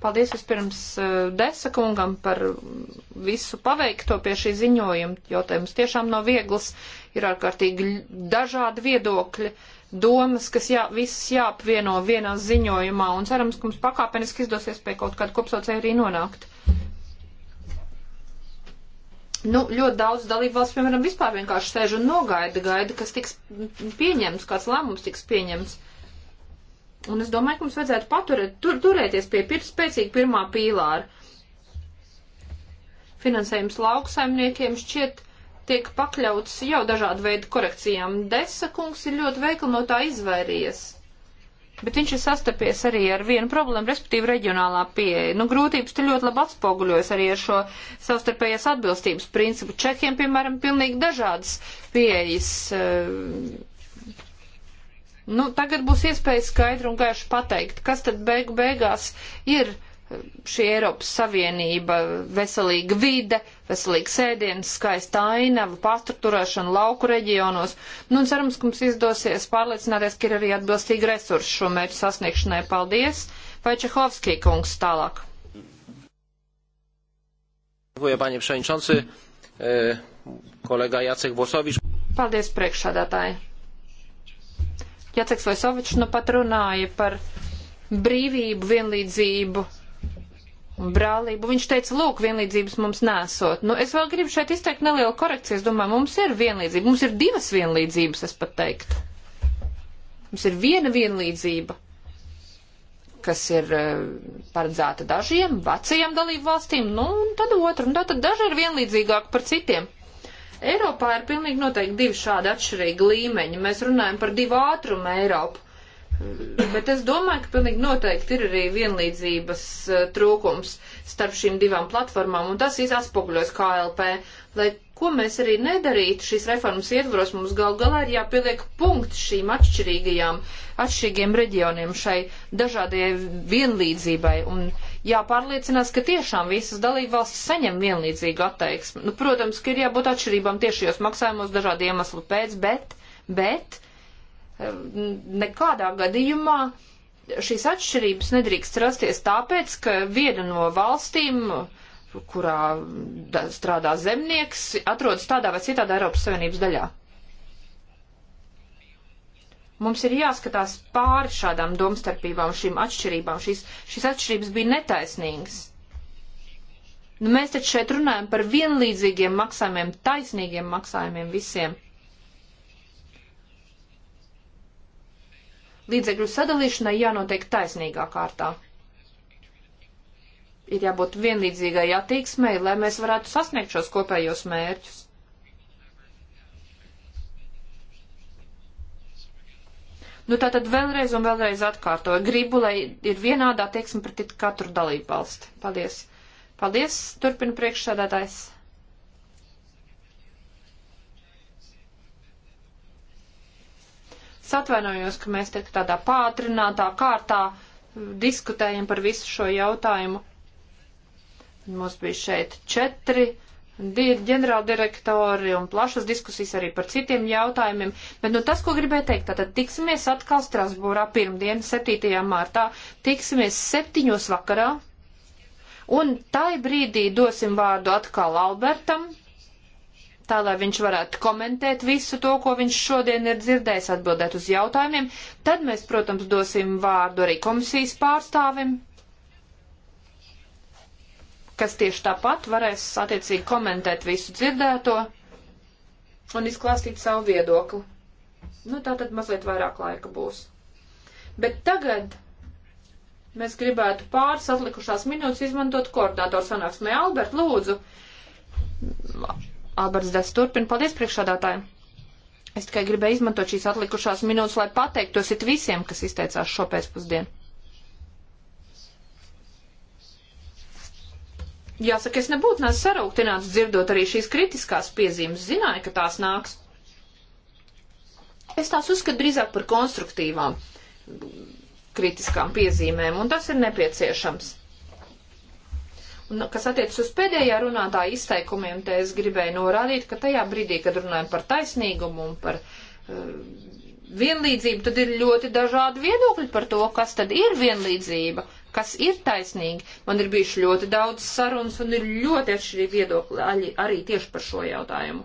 S4: Paldies vispirms eh, Desa kungam par visu paveikto pie šī ziņojuma. Jautājums tiešām nav viegls, ir ārkārtīgi dažādi viedokļi. Uh, domas, kas jā, visas jāapvieno vienā ziņojumā, un cerams, ka mums pakāpeniski izdosies pie kaut kāda kopsaucēja arī nonākt. Nu, ļoti daudz dalībvalsts, piemēram, vispār vienkārši sēž un nogaida, gaida, kas tiks pieņemts, kāds lēmums tiks pieņemts. Un es domāju, ka mums vajadzētu paturēt, tur, turēties pie pir, spēcīga pirmā pīlāra. Finansējums lauksaimniekiem šķiet tiek pakļauts jau dažādu veidu korekcijām. Desa kungs ir ļoti veikli no tā izvairījies. Bet viņš ir sastapies arī ar vienu problēmu, respektīvi reģionālā pieeja. Nu, grūtības te ļoti labi atspoguļojas arī ar šo savstarpējās atbilstības principu. Čehiem, piemēram, pilnīgi dažādas pieejas. Eh, nu, tagad būs iespēja skaidri un gaiši pateikt, kas tad beigu beigās ir uh, šī Eiropas Savienība, veselīga vide, veselīgs ēdienas, skaista ainava, pārstruktūrēšana lauku reģionos. Nu, cerams, ka mums izdosies pārliecināties, ka ir arī atbilstīgi resursi šo mērķu sasniegšanai. Paldies! Vai Čehovskī kungs tālāk?
S2: E,
S4: Paldies, priekšsādātāji! Jaceks Vaisovičs nu pat runāja par brīvību, vienlīdzību brālību. Viņš teica, lūk, vienlīdzības mums nesot. Nu, es vēl gribu šeit izteikt nelielu korekciju. Es domāju, mums ir vienlīdzība. Mums ir divas vienlīdzības, es pat teiktu. Mums ir viena vienlīdzība, kas ir eh, paredzēta dažiem vecajiem dalību valstīm, nu, un tad otram. Tātad daži ir vienlīdzīgāki par citiem. Eiropā ir pilnīgi noteikti divi šādi atšķirīgi līmeņi. Mēs runājam par divu ātrumu Eiropu. Bet es domāju, ka pilnīgi noteikti ir arī vienlīdzības eh, trūkums starp šīm divām platformām, un tas atspoguļos KLP. Lai ko mēs arī nedarītu šīs reformas ietvaros, mums gal galā ir jāpieliek punkts šīm atšķirīgajām, atšķirīgiem reģioniem šai dažādajai vienlīdzībai, un jāpārliecinās, ka tiešām visas dalībvalstis saņem vienlīdzīgu attieksmi. Nu, protams, ka ir jābūt atšķirībām tiešajos maksājumos dažādu iemeslu pēc, bet, bet nekādā gadījumā šīs atšķirības nedrīkst rasties tāpēc, ka viena no valstīm, kurā strādā zemnieks, atrodas tādā vai citā Eiropas Savienības daļā. Mums ir jāskatās pāri šādām domstarpībām, šīm atšķirībām. Šīs, šīs atšķirības bija netaisnīgas. Nu, mēs taču šeit runājam par vienlīdzīgiem maksājumiem, taisnīgiem maksājumiem visiem. līdzekļu sadalīšanai jānotiek taisnīgā kārtā. Ir jābūt vienlīdzīgai attieksmei, lai mēs varētu sasniegt šos kopējos mērķus. Nu, tātad vēlreiz un vēlreiz atkārtoju. Gribu, lai ir vienādā attieksme pret katru dalību valsti. Paldies. Paldies, turpina priekšsēdētājs. Es atvainojos, ka mēs te tādā pātrinātā kārtā mm, diskutējam par visu šo jautājumu. Mums bija šeit četri ģenerāldirektori un plašas diskusijas arī par citiem jautājumiem. Bet nu, tas, ko gribēju teikt, tātad tiksimies atkal Strasbūrā pirmdien, 7. martā, tiksimies 7. vakarā. Un tai brīdī dosim vārdu atkal Albertam, tā lai viņš varētu komentēt visu to, ko viņš šodien ir dzirdējis, atbildēt uz jautājumiem. Tad mēs, protams, dosim vārdu arī komisijas pārstāvim, kas tieši tāpat varēs attiecīgi komentēt visu dzirdēto un izklāstīt savu viedokli. Nu, tā tad mazliet vairāk laika būs. Bet tagad mēs gribētu pāris atlikušās minūtes izmantot koordinātoru sanāksmē. Albert, lūdzu! Alberts Des turpina. Paldies priekšādātājiem! Es tikai gribēju izmantot šīs atlikušās minūtes, lai pateiktos it visiem, kas izteicās šo pēcpusdienu. Jāsaka, es nebūtu nes sarūktināts dzirdot arī šīs kritiskās piezīmes, zināju, ka tās nāks. Es tās uzskatu drīzāk par konstruktīvām kritiskām piezīmēm, un tas ir nepieciešams. Un, kas attiecas uz pēdējā runātāja izteikumiem, te es gribēju norādīt, ka tajā brīdī, kad runājam par taisnīgumu un par uh, vienlīdzību, tad ir ļoti dažādi viedokļi par to, kas tad ir vienlīdzība, kas ir taisnīgi. Man ir bijuši ļoti daudz sarunas un ir ļoti atšķirīgi viedokļi arī tieši par šo jautājumu.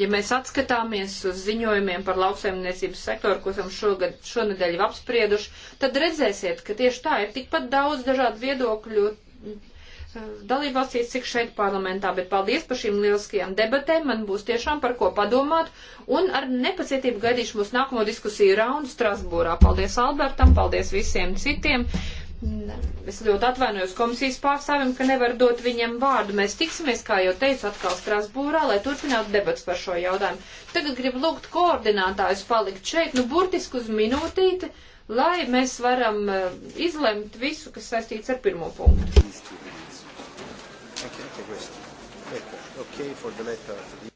S4: Ja mēs atskatāmies uz ziņojumiem par lauksaimniecības sektoru, ko esam šogad, šonadēļ apsprieduši, tad redzēsiet, ka tieši tā ir tikpat daudz dažādu viedokļu eh, dalībvalstīs, cik šeit parlamentā, bet paldies par šīm lieliskajām debatēm, man būs tiešām par ko padomāt, un ar nepacietību gaidīšu mūsu nākamo diskusiju raundu Strasbūrā. Paldies Albertam, paldies visiem citiem. Ne. Es ļoti atvainojos komisijas pārstāvim, ka nevaru dot viņam vārdu. Mēs tiksimies, kā jau teicu, atkal Strasbūrā, lai turpinātu debats par šo jautājumu. Tagad gribu lūgt koordinātājus palikt šeit, nu burtiski uz minūtīti, lai mēs varam eh, izlemt visu, kas saistīts ar pirmo punktu.
S1: Okay, okay,